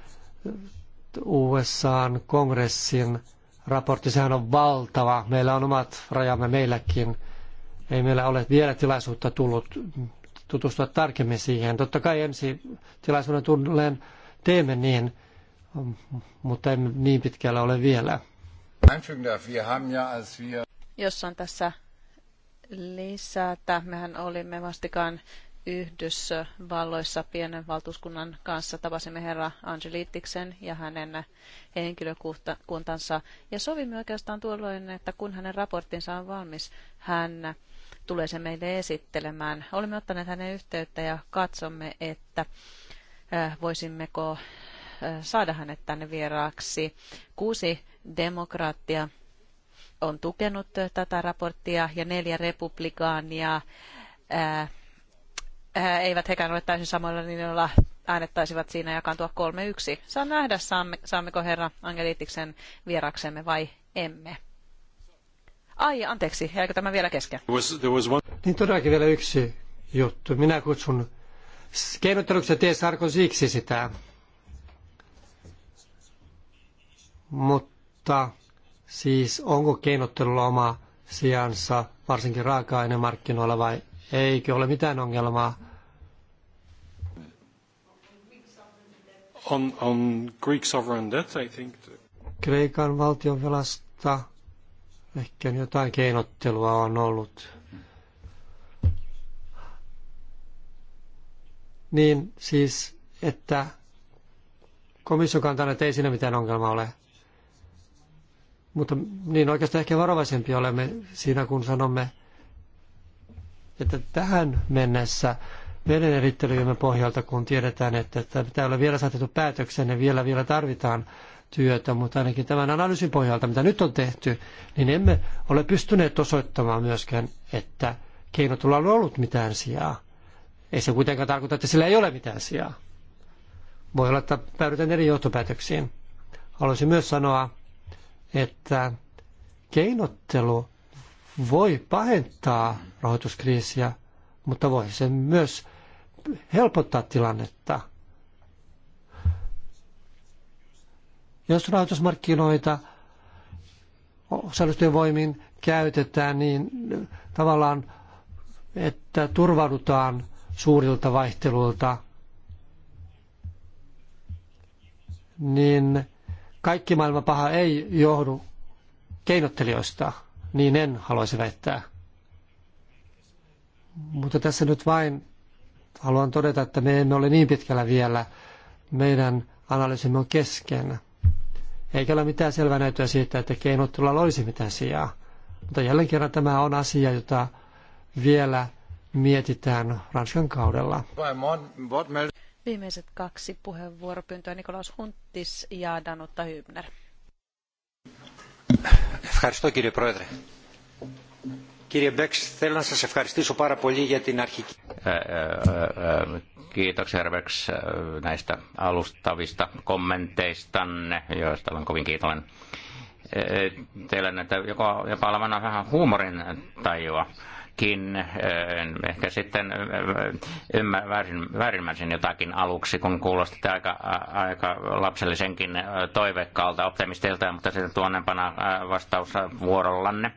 USAn kongressin raportti, sehän on valtava. Meillä on omat rajamme meilläkin. Ei meillä ole vielä tilaisuutta tullut tutustua tarkemmin siihen. Totta kai ensi tilaisuuden tulleen teemme niin, mutta emme niin pitkällä ole vielä. Jos on tässä lisätä, mehän olimme vastikaan Yhdysvalloissa pienen valtuuskunnan kanssa tapasimme herra Angelitiksen ja hänen henkilökuntansa. Ja sovimme oikeastaan tuolloin, että kun hänen raporttinsa on valmis, hän tulee se meille esittelemään. Olemme ottaneet hänen yhteyttä ja katsomme, että voisimmeko saada hänet tänne vieraaksi. Kuusi demokraattia on tukenut tätä raporttia ja neljä republikaania ää, Äh, eivät hekään ole täysin samoilla linjoilla äänettäisivät siinä jakaantua kolme yksi. Saan nähdä, saammeko herra Angelitiksen vieraksemme vai emme. Ai, anteeksi, jäikö tämä vielä kesken? There was, was one... Niin todellakin vielä yksi juttu. Minä kutsun keinotteluksi tee Sarkozyksi sitä. Mutta siis onko keinottelulla oma sijansa, varsinkin raaka-ainemarkkinoilla vai Eikö ole mitään ongelmaa? On, on Greek sovereign debt, I think. Kreikan valtion velasta ehkä jotain keinottelua on ollut. Niin siis, että komission kantaa että ei siinä mitään ongelmaa ole. Mutta niin oikeastaan ehkä varovaisempi olemme siinä, kun sanomme, että tähän mennessä veden erittelyjen pohjalta, kun tiedetään, että tämä ei vielä saatettu päätökseen ja vielä, vielä tarvitaan työtä, mutta ainakin tämän analyysin pohjalta, mitä nyt on tehty, niin emme ole pystyneet osoittamaan myöskään, että keinotulla on ollut mitään sijaa. Ei se kuitenkaan tarkoita, että sillä ei ole mitään sijaa. Voi olla, että päädytään eri johtopäätöksiin. Haluaisin myös sanoa, että keinottelu voi pahentaa rahoituskriisiä, mutta voi se myös helpottaa tilannetta. Jos rahoitusmarkkinoita osallistujen voimin käytetään, niin tavallaan, että turvaudutaan suurilta vaihteluilta, niin kaikki maailman paha ei johdu keinottelijoista niin en haluaisi väittää. Mutta tässä nyt vain haluan todeta, että me emme ole niin pitkällä vielä. Meidän analyysimme on kesken. Eikä ole mitään selvää näyttöä siitä, että keinottelulla olisi mitään sijaa. Mutta jälleen kerran tämä on asia, jota vielä mietitään Ranskan kaudella. Viimeiset kaksi puheenvuoropyyntöä Nikolaus Huntis ja Danutta Hybner. Ευχαριστώ κύριε Πρόεδρε. Κύριε Μπέξ, θέλω να σας ευχαριστήσω πάρα πολύ για την αρχική... Kiitoksia herra Bex näistä alustavista kommenteistanne, joista olen kovin kiitollinen. Teillä näitä jopa olevan vähän huumorin tajua kuitenkin äh, ehkä sitten äh, äh, väärin, väärinmäisin jotakin aluksi, kun kuulosti aika, aika lapsellisenkin toivekkaalta optimistilta, mutta sitten tuonnepana vuorollanne,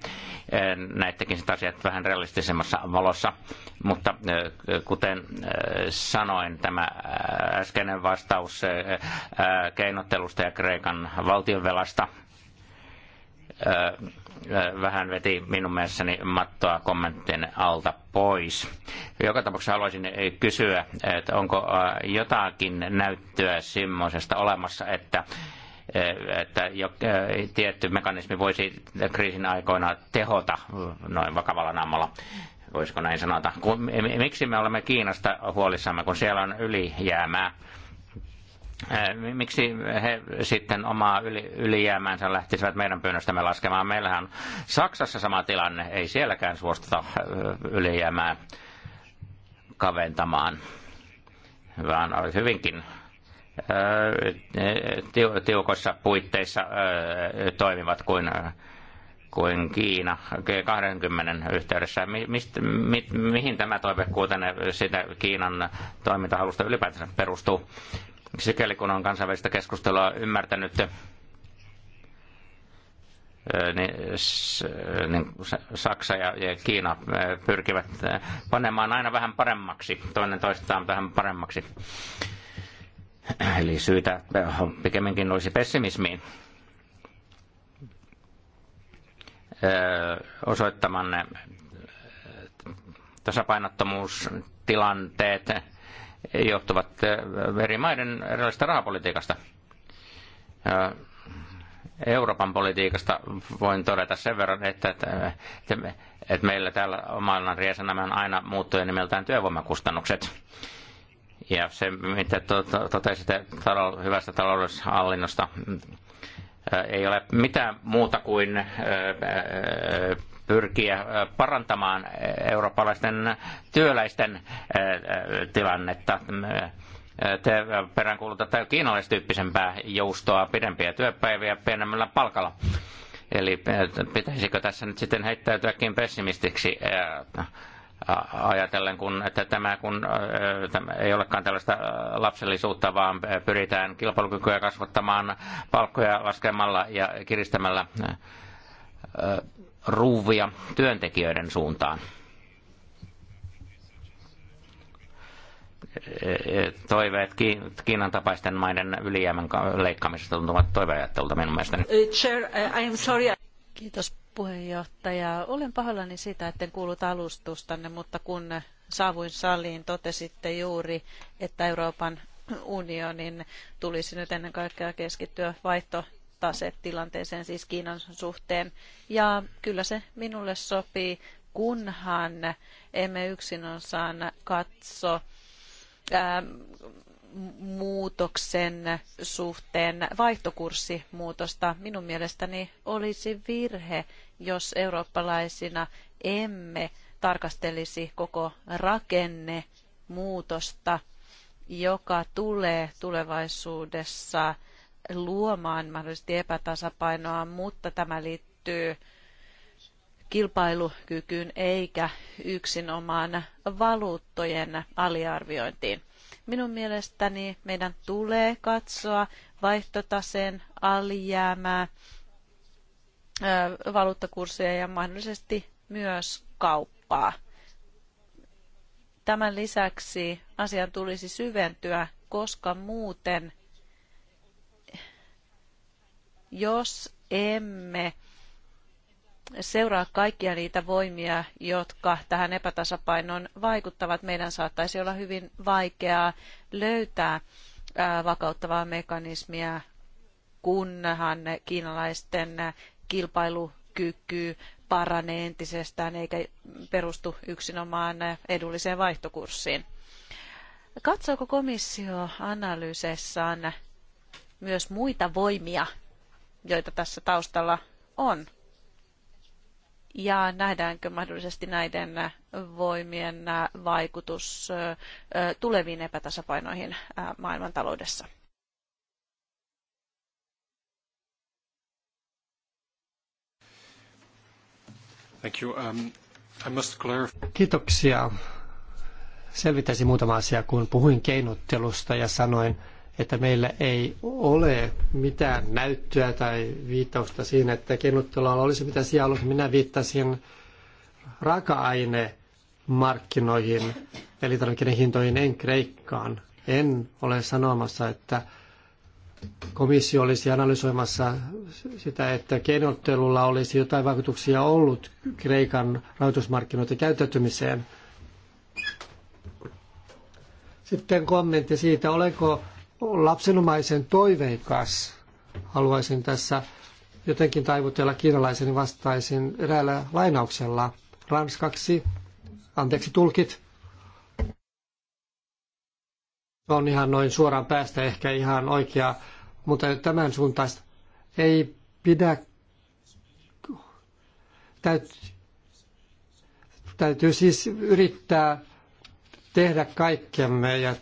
näittekin sitä asiat vähän realistisemmassa valossa. Mutta kuten sanoin, tämä äskeinen vastaus keinottelusta ja Kreikan valtionvelasta – vähän veti minun mielestäni mattoa kommenttien alta pois. Joka tapauksessa haluaisin kysyä, että onko jotakin näyttöä semmoisesta olemassa, että että jo, tietty mekanismi voisi kriisin aikoina tehota noin vakavalla naamalla voisiko näin sanota. miksi me olemme Kiinasta huolissamme, kun siellä on ylijäämää? Eh, miksi he sitten omaa yli, ylijäämäänsä lähtisivät meidän pyynnöstämme laskemaan. Meillähän on Saksassa sama tilanne, ei sielläkään suostuta eh, ylijäämää kaventamaan, vaan oli hyvinkin eh, tiukoissa puitteissa toimivat kuin kuin Kiina G20 yhteydessä. mist, mi, mihin tämä toive kuuten sitä Kiinan toimintahalusta ylipäätään perustuu? sikäli kun on kansainvälistä keskustelua ymmärtänyt, niin, niin Saksa ja, ja Kiina pyrkivät panemaan aina vähän paremmaksi, toinen toistaan vähän paremmaksi. Eli syytä pikemminkin olisi pessimismiin. Osoittamanne tasapainottomuustilanteet johtuvat eh, eri maiden erilaisesta rahapolitiikasta. Eh, Euroopan politiikasta voin todeta sen verran, että, että, että, että meillä täällä maailman riesanamme on aina muuttuja nimeltään työvoimakustannukset. Ja se, mitä totesitte talou- hyvästä taloushallinnosta, eh, ei ole mitään muuta kuin pyrkiä parantamaan eurooppalaisten työläisten tilannetta. Te peräänkuulutatte kiinalaistyyppisempää joustoa, pidempiä työpäiviä pienemmällä palkalla. Eli pitäisikö tässä nyt sitten heittäytyäkin pessimistiksi ajatellen, kun, että tämä, kun tämä ei olekaan tällaista lapsellisuutta, vaan pyritään kilpailukykyä kasvattamaan palkkoja laskemalla ja kiristämällä ruuvia työntekijöiden suuntaan. E, e, toiveet Kiinan tapaisten maiden ylijäämän leikkaamisesta tuntuvat toiveajattelulta minun mielestäni. Uh, Chair, uh, I am sorry. Kiitos puheenjohtaja. Olen pahoillani sitä, etten kuullut alustustanne, mutta kun saavuin saliin, totesitte juuri, että Euroopan unionin tulisi nyt ennen kaikkea keskittyä vaihto tasetilanteeseen, siis Kiinan suhteen. Ja kyllä se minulle sopii, kunhan emme yksin osaan katso ää, ähm, muutoksen suhteen vaihtokurssimuutosta. Minun mielestäni olisi virhe, jos eurooppalaisina emme tarkastelisi koko rakenne muutosta joka tulee tulevaisuudessa luomaan mahdollisesti epätasapainoa, mutta tämä liittyy kilpailukykyyn eikä yksinomaan valuuttojen aliarviointiin. Minun mielestäni meidän tulee katsoa vaihtotaseen alijäämää, valuuttakursseja ja mahdollisesti myös kauppaa. Tämän lisäksi asian tulisi syventyä, koska muuten jos emme seuraa kaikkia niitä voimia, jotka tähän epätasapainoon vaikuttavat, meidän saattaisi olla hyvin vaikeaa löytää vakauttavaa mekanismia, kunhan kiinalaisten kilpailukyky paranee entisestään eikä perustu yksinomaan edulliseen vaihtokurssiin. Katsooko komissio analyysessaan myös muita voimia joita tässä taustalla on. Ja nähdäänkö mahdollisesti näiden voimien vaikutus tuleviin epätasapainoihin maailmantaloudessa? Thank you. Um, I must clarify. Kiitoksia. Selvitäisin muutama asia, kun puhuin keinottelusta ja sanoin, että meillä ei ole mitään näyttöä tai viittausta siinä, että kenuttelualla olisi mitä sijaa ollut. Minä viittasin raaka-aine markkinoihin, elintarvikkeiden hintoihin, en Kreikkaan. En ole sanomassa, että komissio olisi analysoimassa sitä, että keinottelulla olisi jotain vaikutuksia ollut Kreikan rahoitusmarkkinoiden käyttäytymiseen. Sitten kommentti siitä, olenko lapsenomaisen toiveikas. Haluaisin tässä jotenkin taivutella kiinalaisen vastaisin eräällä lainauksella ranskaksi. Anteeksi tulkit. on ihan noin suoraan päästä ehkä ihan oikea, mutta tämän suuntaista ei pidä täytyy siis yrittää tehdä kaikkemme ja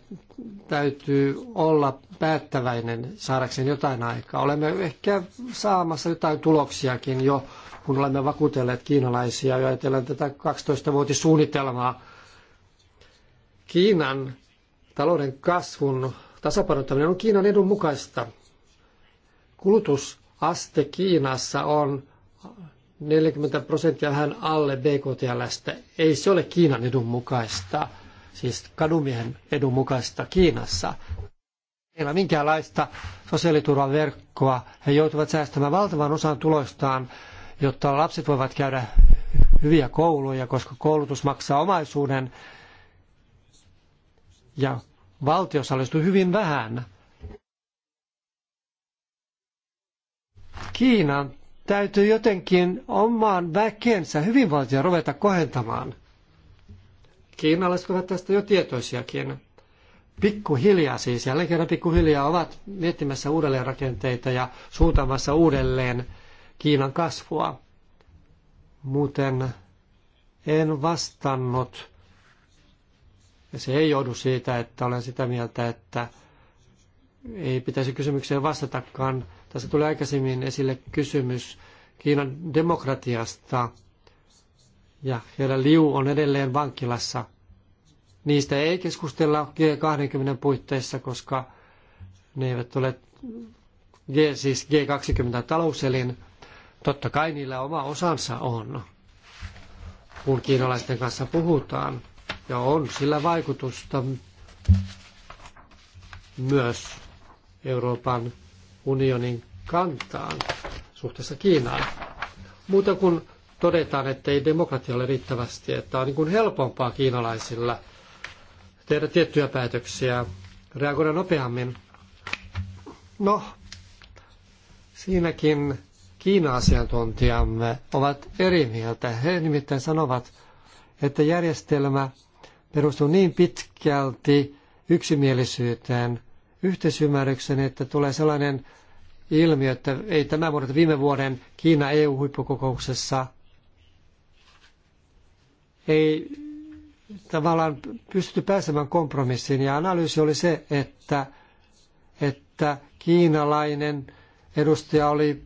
täytyy olla päättäväinen saadakseen jotain aikaa. Olemme ehkä saamassa jotain tuloksiakin jo, kun olemme vakuutelleet kiinalaisia ja ajatellaan tätä 12-vuotissuunnitelmaa. Kiinan talouden kasvun tasapainottaminen on Kiinan edun mukaista. Kulutusaste Kiinassa on 40 prosenttia vähän alle BKTLstä. Ei se ole Kiinan edun mukaista siis kadumiehen edun mukaista Kiinassa. Ei ole minkäänlaista sosiaaliturvaverkkoa. He joutuvat säästämään valtavan osan tuloistaan, jotta lapset voivat käydä hyviä kouluja, koska koulutus maksaa omaisuuden ja valtio osallistuu hyvin vähän. Kiinan täytyy jotenkin oman väkensä hyvinvointia ruveta kohentamaan – Kiinalaiset ovat tästä jo tietoisiakin. Pikkuhiljaa siis, jälleen kerran pikkuhiljaa ovat miettimässä uudelleen rakenteita ja suuntaamassa uudelleen Kiinan kasvua. Muuten en vastannut. Ja se ei joudu siitä, että olen sitä mieltä, että ei pitäisi kysymykseen vastatakaan. Tässä tuli aikaisemmin esille kysymys Kiinan demokratiasta – ja herra Liu on edelleen vankilassa. Niistä ei keskustella G20 puitteissa, koska ne eivät ole G, siis G20 talouselin. Totta kai niillä oma osansa on, kun kiinalaisten kanssa puhutaan. Ja on sillä vaikutusta myös Euroopan unionin kantaan suhteessa Kiinaan. Muuta kuin todetaan, että ei demokratia ole riittävästi, että on niin kuin helpompaa kiinalaisilla tehdä tiettyjä päätöksiä, reagoida nopeammin. No, siinäkin Kiina-asiantuntijamme ovat eri mieltä. He nimittäin sanovat, että järjestelmä perustuu niin pitkälti yksimielisyyteen, yhteisymmärryksen, että tulee sellainen ilmiö, että ei tämä vuoden, viime vuoden Kiina-EU-huippukokouksessa – ei tavallaan pysty pääsemään kompromissiin. Ja analyysi oli se, että, että kiinalainen edustaja oli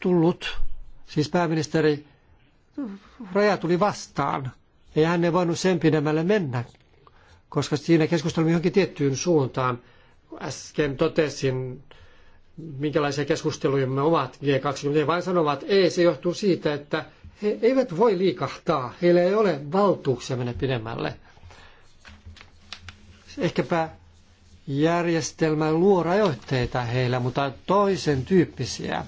tullut, siis pääministeri, raja tuli vastaan. Ei hän ei voinut sen pidemmälle mennä, koska siinä keskustelimme johonkin tiettyyn suuntaan. Äsken totesin, minkälaisia keskusteluja me ovat G20, vain sanovat, ei, se johtuu siitä, että he eivät voi liikahtaa, heillä ei ole valtuuksia mennä pidemmälle. Ehkäpä järjestelmä luo rajoitteita heillä, mutta toisen tyyppisiä.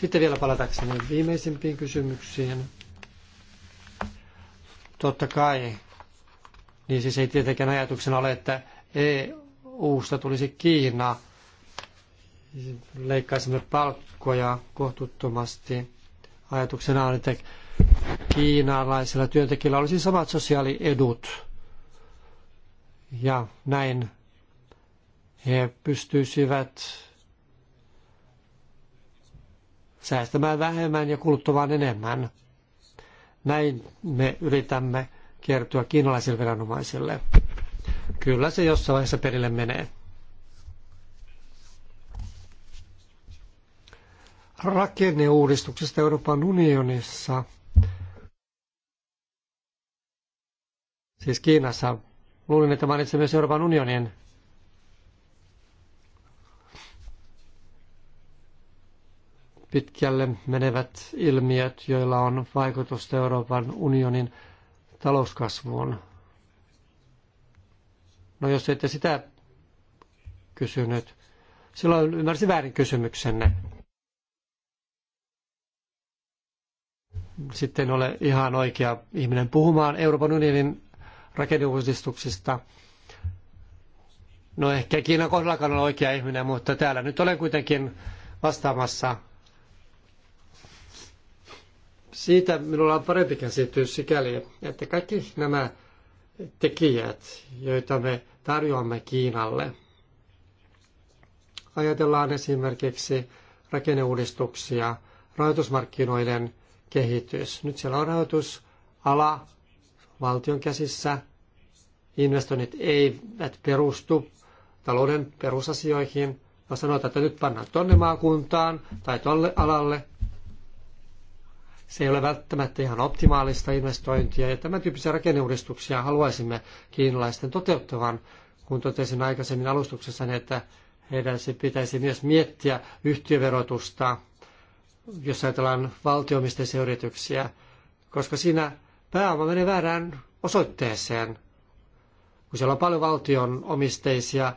Sitten vielä palatakseni viimeisimpiin kysymyksiin. Totta kai, niin siis ei tietenkään ajatuksena ole, että EU-sta tulisi Kiina. Leikkaisimme palkkoja kohtuuttomasti. Ajatuksena on, että kiinalaisilla työntekijöillä olisi samat sosiaaliedut. Ja näin he pystyisivät säästämään vähemmän ja kuluttamaan enemmän. Näin me yritämme kertoa kiinalaisille viranomaisille. Kyllä se jossain vaiheessa perille menee. Rakenneuudistuksesta Euroopan unionissa – siis Kiinassa. Luulin, että mainitsin myös Euroopan unionin. Pitkälle menevät ilmiöt, joilla on vaikutusta Euroopan unionin talouskasvuun. No jos ette sitä kysynyt, silloin ymmärsin väärin kysymyksenne. Sitten ole ihan oikea ihminen puhumaan Euroopan unionin rakenneuudistuksista. No ehkä Kiinan kohdallakaan on oikea ihminen, mutta täällä nyt olen kuitenkin vastaamassa. Siitä minulla on parempi käsitys sikäli, että kaikki nämä tekijät, joita me tarjoamme Kiinalle. Ajatellaan esimerkiksi rakenneuudistuksia, rahoitusmarkkinoiden kehitys. Nyt siellä on rahoitusala, valtion käsissä. Investoinnit eivät perustu talouden perusasioihin, vaan no, sanotaan, että nyt pannaan tonne maakuntaan tai tolle alalle. Se ei ole välttämättä ihan optimaalista investointia ja tämän tyyppisiä rakenneuudistuksia haluaisimme kiinalaisten toteuttavan, kun totesin aikaisemmin alustuksessa, että heidän se pitäisi myös miettiä yhtiöverotusta, jos ajatellaan valtioomisteisia yrityksiä, koska siinä pääoma menee väärään osoitteeseen. Kun siellä on paljon valtion omisteisia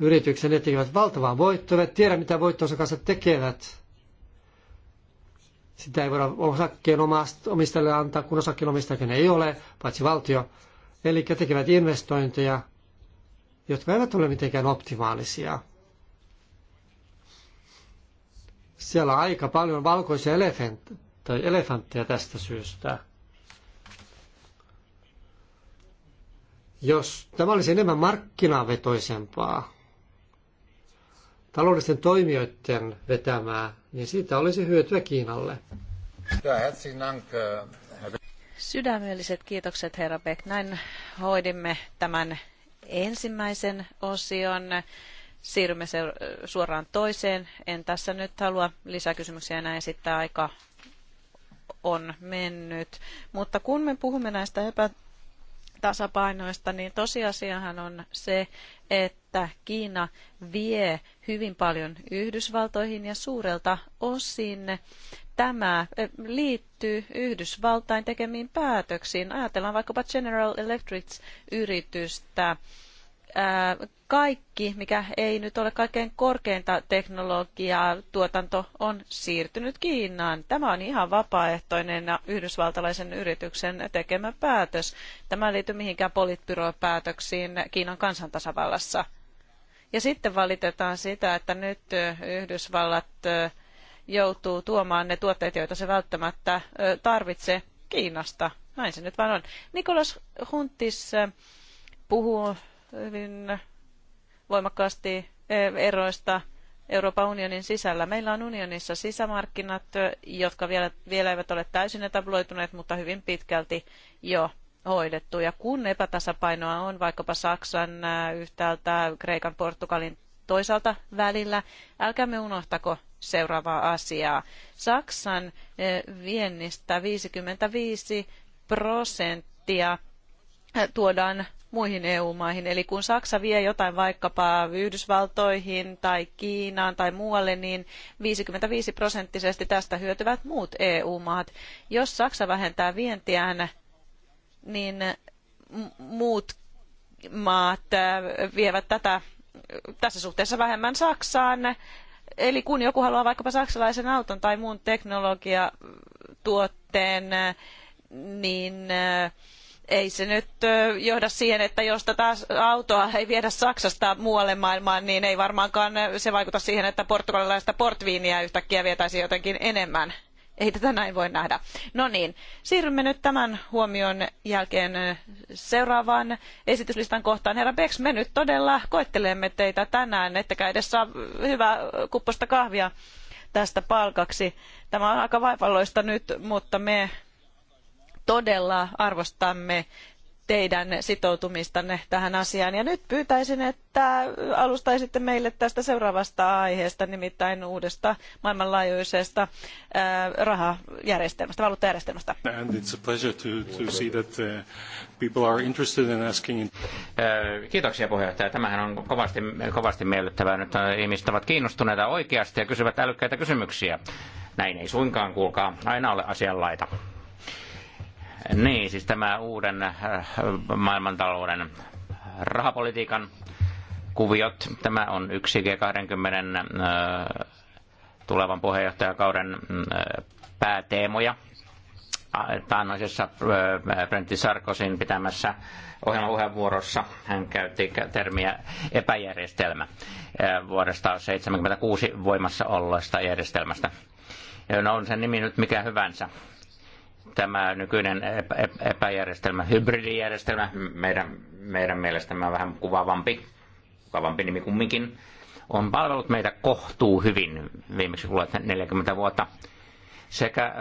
yrityksiä, ne tekevät valtavaa voittoa, eivät tiedä mitä voittonsa kanssa tekevät. Sitä ei voida osakkeen omistajalle antaa, kun omistajakin ei ole, paitsi valtio. Eli tekevät investointeja, jotka eivät ole mitenkään optimaalisia. Siellä on aika paljon valkoisia elefantteja tästä syystä. Jos tämä olisi enemmän markkinavetoisempaa, taloudellisten toimijoiden vetämää, niin siitä olisi hyötyä Kiinalle. Sydämelliset kiitokset, herra Beck. Näin hoidimme tämän ensimmäisen osion. Siirrymme suoraan toiseen. En tässä nyt halua lisäkysymyksiä enää esittää. Aika on mennyt. Mutta kun me puhumme näistä epä tasapainoista, niin tosiasiahan on se, että Kiina vie hyvin paljon Yhdysvaltoihin ja suurelta osin tämä eh, liittyy Yhdysvaltain tekemiin päätöksiin. Ajatellaan vaikkapa General Electric-yritystä kaikki, mikä ei nyt ole kaikkein korkeinta teknologiaa, tuotanto on siirtynyt Kiinaan. Tämä on ihan vapaaehtoinen ja yhdysvaltalaisen yrityksen tekemä päätös. Tämä ei liity mihinkään politbyropäätöksiin Kiinan kansantasavallassa. Ja sitten valitetaan sitä, että nyt Yhdysvallat joutuu tuomaan ne tuotteet, joita se välttämättä tarvitsee Kiinasta. Näin se nyt vaan on. Nikolas Huntis puhuu hyvin voimakkaasti e, eroista Euroopan unionin sisällä. Meillä on unionissa sisämarkkinat, e, jotka vielä, vielä eivät ole täysin etabloituneet, mutta hyvin pitkälti jo hoidettu. Ja kun epätasapainoa on vaikkapa Saksan e, yhtäältä, Kreikan, Portugalin toisaalta välillä, älkäämme unohtako seuraavaa asiaa. Saksan viennistä 55 prosenttia tuodaan muihin EU-maihin. Eli kun Saksa vie jotain vaikkapa Yhdysvaltoihin tai Kiinaan tai muualle, niin 55 prosenttisesti tästä hyötyvät muut EU-maat. Jos Saksa vähentää vientiään, niin muut maat äh, vievät tätä tässä suhteessa vähemmän Saksaan. Eli kun joku haluaa vaikkapa saksalaisen auton tai muun teknologiatuotteen, niin äh, ei se nyt johda siihen, että jos tätä autoa ei viedä Saksasta muualle maailmaan, niin ei varmaankaan se vaikuta siihen, että portugalilaista portviiniä yhtäkkiä vietäisiin jotenkin enemmän. Ei tätä näin voi nähdä. No niin, siirrymme nyt tämän huomion jälkeen seuraavaan esityslistan kohtaan. Herra Beks, me nyt todella koettelemme teitä tänään, ettekä edes saa hyvää kupposta kahvia tästä palkaksi. Tämä on aika vaivalloista nyt, mutta me todella arvostamme teidän sitoutumistanne tähän asiaan. Ja nyt pyytäisin, että alustaisitte meille tästä seuraavasta aiheesta, nimittäin uudesta maailmanlaajuisesta rahajärjestelmästä, valuuttajärjestelmästä. And it's a pleasure to, to see that uh, people are interested in asking. Kiitoksia puheenjohtaja. Tämähän on kovasti, kovasti miellyttävää. Nyt ihmiset ovat kiinnostuneita oikeasti ja kysyvät älykkäitä kysymyksiä. Näin ei suinkaan, kuulkaa. Aina ole asianlaita. laita. Niin, siis tämä uuden äh, maailmantalouden rahapolitiikan kuviot. Tämä on yksi G20 äh, tulevan puheenjohtajakauden äh, pääteemoja. Taannoisessa Brentti Sarkosin pitämässä ohjelmapuheenvuorossa hän käytti termiä epäjärjestelmä vuodesta 1976 voimassa olleesta järjestelmästä. No on sen nimi nyt mikä hyvänsä tämä nykyinen epäjärjestelmä, hybridijärjestelmä, meidän, meidän mielestämme on vähän kuvaavampi, kuvaavampi nimi kumminkin, on palvellut meitä kohtuu hyvin viimeksi kuluvat 40 vuotta. Sekä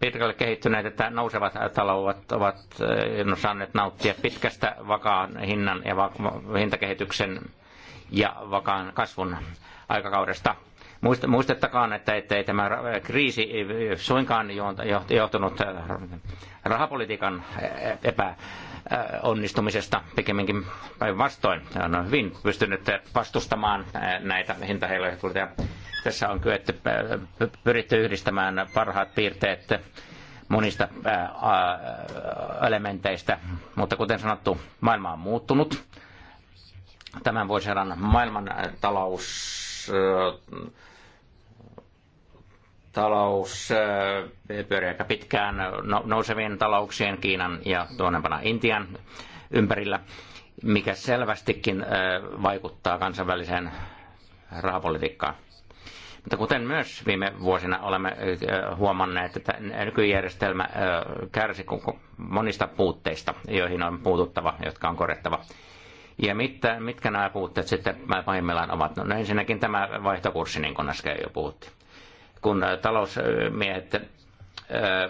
pitkälle kehittyneet että nousevat taloudet ovat saaneet nauttia pitkästä vakaan hinnan ja hintakehityksen ja vakaan kasvun aikakaudesta Muistettakaan, että ei tämä kriisi suinkaan johtunut äh, rahapolitiikan äh, epäonnistumisesta, äh, pikemminkin päinvastoin. On hyvin pystynyt vastustamaan näitä hintaheilaisuuksia. Tässä on kyetty, pyritty yhdistämään parhaat piirteet monista elementeistä, mutta kuten sanottu, maailma on muuttunut. Tämän vuosisadan maailman talous talous eh, pyörii aika pitkään no, nousevien talouksien Kiinan ja tuonnepana Intian ympärillä, mikä selvästikin eh, vaikuttaa kansainväliseen rahapolitiikkaan. Mutta kuten myös viime vuosina olemme eh, huomanneet, että nykyjärjestelmä kärsi monista puutteista, joihin on puututtava, jotka on korjattava. Ja mitkä, mitkä nämä puutteet sitten pahimmillaan ovat? No ensinnäkin tämä vaihtokurssi, niin kuin äsken jo puhuttiin kun äh, talousmiehet äh,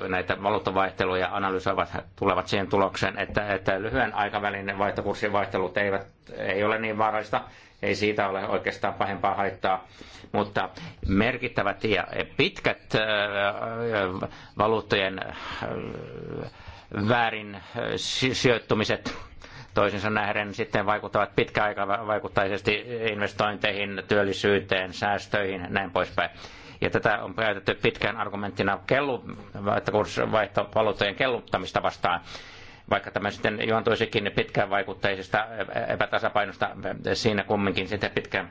näitä valuuttavaihteluja analysoivat, tulevat siihen tulokseen, että, että lyhyen aikavälin vaihtokurssien vaihtelut eivät, ei ole niin vaarallista, ei siitä ole oikeastaan pahempaa haittaa, mutta merkittävät ja pitkät äh, valuuttojen väärin sijoittumiset toisensa nähden sitten vaikuttavat pitkäaikavaikuttaisesti investointeihin, työllisyyteen, säästöihin, näin poispäin. Ja tätä on käytetty pitkään argumenttina kellu, vaihtovaluuttojen kelluttamista vastaan vaikka tämä sitten juontuisikin pitkään vaikutteisesta epätasapainosta siinä kumminkin sitten pitkään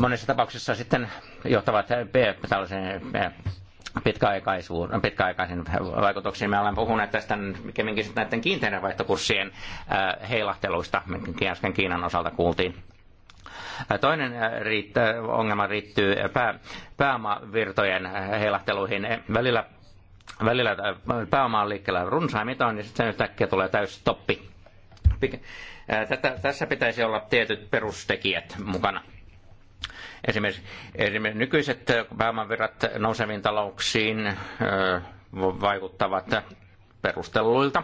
monessa tapauksessa sitten johtavat pitkäaikaisiin eh, pitkäaikaisuuden, pitkäaikaisen vaikutuksiin. Me olemme puhuneet tästä kemminkin näiden kiinteiden vaihtokurssien eh, heilahteluista, äsken Kiinan osalta kuultiin. Toinen äh, riittää, ongelma riittyy pää, pääomavirtojen äh, heilahteluihin. E, välillä, välillä äh, pääoma on liikkeellä runsain mitoin, niin sitten yhtäkkiä tulee täys stoppi. Tätä, tässä pitäisi olla tietyt perustekijät mukana. Esimerkiksi, esimerkiksi nykyiset pääomavirrat nouseviin talouksiin vaikuttavat perustelluilta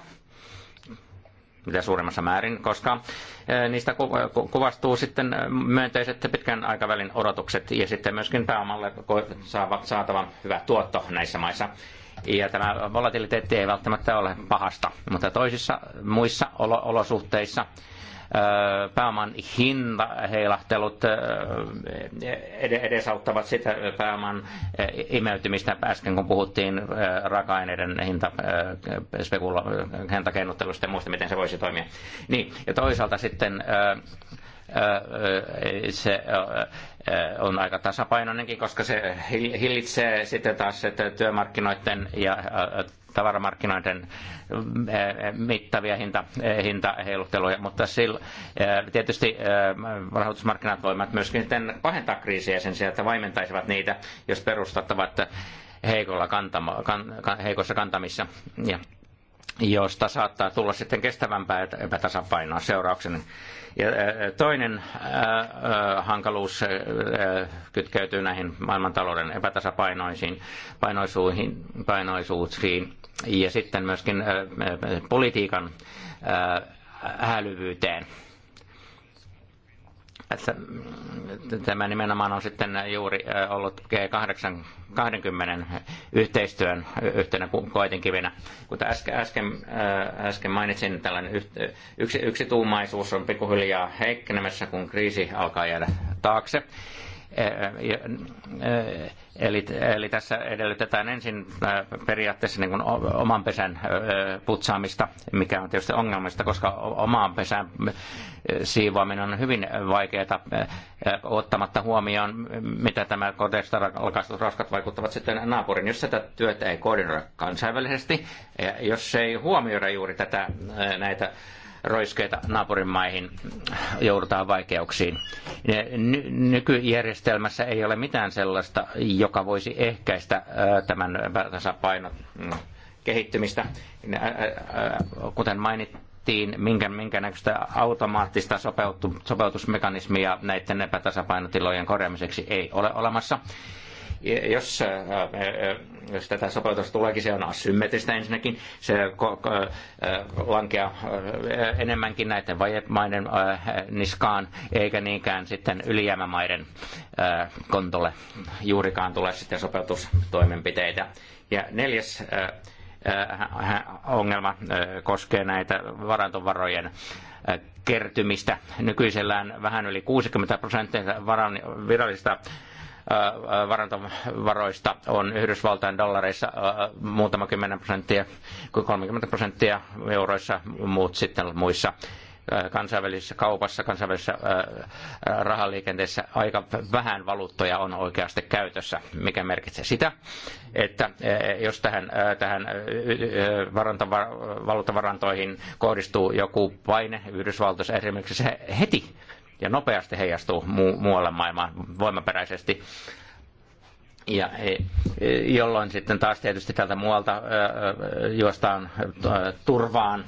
mitä suuremmassa määrin, koska niistä kuvastuu sitten myönteiset pitkän aikavälin odotukset ja sitten myöskin pääomalle saatava hyvä tuotto näissä maissa. Ja tämä volatiliteetti ei välttämättä ole pahasta, mutta toisissa muissa olosuhteissa – pääoman hinta heilahtelut edesauttavat sitä pääoman imeytymistä. Äsken kun puhuttiin raaka-aineiden hinta, hintakeinottelusta ja muista miten se voisi toimia. Niin, ja toisaalta sitten se on aika tasapainoinenkin, koska se hillitsee sitten taas että työmarkkinoiden ja tavaramarkkinoiden eh, eh, mittavia hinta, eh, hintaheilutteluja, mutta sillä, tietysti rahoitusmarkkinat voivat myöskin sitten pahentaa kriisiä sen sijaan, että vaimentaisivat niitä, jos perustat ovat heikolla kantama, kan, heikossa kantamissa. Ja josta saattaa tulla sitten kestävämpää epätasapainoa seurauksena. Ja toinen hankaluus kytkeytyy näihin maailmantalouden epätasapainoisiin painoisuuksiin ja sitten myöskin äh, äh, politiikan hälyvyyteen. Äh, mm, tämä nimenomaan on sitten juuri ollut G20 yhteistyön yhtenä koetinkivinä. Kuten äsken, äsken, äsken mainitsin, tällainen yksi, yksituumaisuus on pikkuhiljaa heikkenemässä, kun kriisi alkaa jäädä taakse. Eli, eli tässä edellytetään ensin periaatteessa niin kuin oman pesän putsaamista, mikä on tietysti ongelmista, koska omaan pesän siivoaminen on hyvin vaikeaa ottamatta huomioon, mitä tämä koteistarkastusraskat vaikuttavat sitten naapurin, jos tätä työtä ei koordinoida kansainvälisesti, jos ei huomioida juuri tätä näitä roiskeita naapurimaihin joudutaan vaikeuksiin. Nykyjärjestelmässä ei ole mitään sellaista, joka voisi ehkäistä tämän tasapainon mm, kehittymistä. Kuten mainittiin, minkä, minkä näköistä automaattista sopeutu, sopeutusmekanismia näiden epätasapainotilojen korjaamiseksi ei ole olemassa. Jos äh, äh, jos tätä sopeutusta tuleekin, se on asymmetristä ensinnäkin. Se äh, lankeaa enemmänkin näiden vajemaiden niskaan, eikä niinkään sitten ylijäämämaiden kontolle juurikaan tule sitten sopeutustoimenpiteitä. Ja neljäs ongelma koskee näitä varantovarojen kertymistä. Nykyisellään vähän yli 60 prosenttia virallista varantovaroista on Yhdysvaltain dollareissa muutama kymmenen prosenttia, 30 prosenttia euroissa, muut sitten muissa kansainvälisessä kaupassa, kansainvälisessä rahaliikenteessä aika vähän valuuttoja on oikeasti käytössä, mikä merkitsee sitä, että jos tähän, tähän valuuttavarantoihin kohdistuu joku paine Yhdysvaltoissa esimerkiksi, se heti ja nopeasti heijastuu mu- muualle maailmaan voimaperäisesti. Ja, e, jolloin sitten taas tietysti tältä muualta juostaan turvaan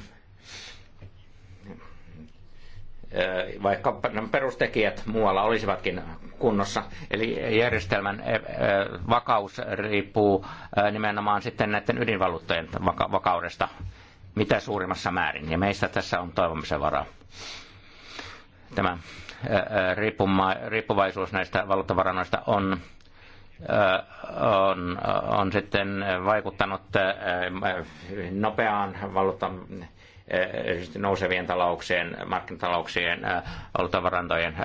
vaikka perustekijät muualla olisivatkin kunnossa. Eli järjestelmän e, e, vakaus riippuu nimenomaan sitten näiden ydinvaluuttojen vakaudesta mitä suurimmassa määrin. Ja meistä tässä on toivomisen varaa. Tämä riippuvaisuus näistä valuuttavarannoista on on, on sitten vaikuttanut nopeaan valuutta nousevien talouksien, markkinatalouksien valuuttavarantojen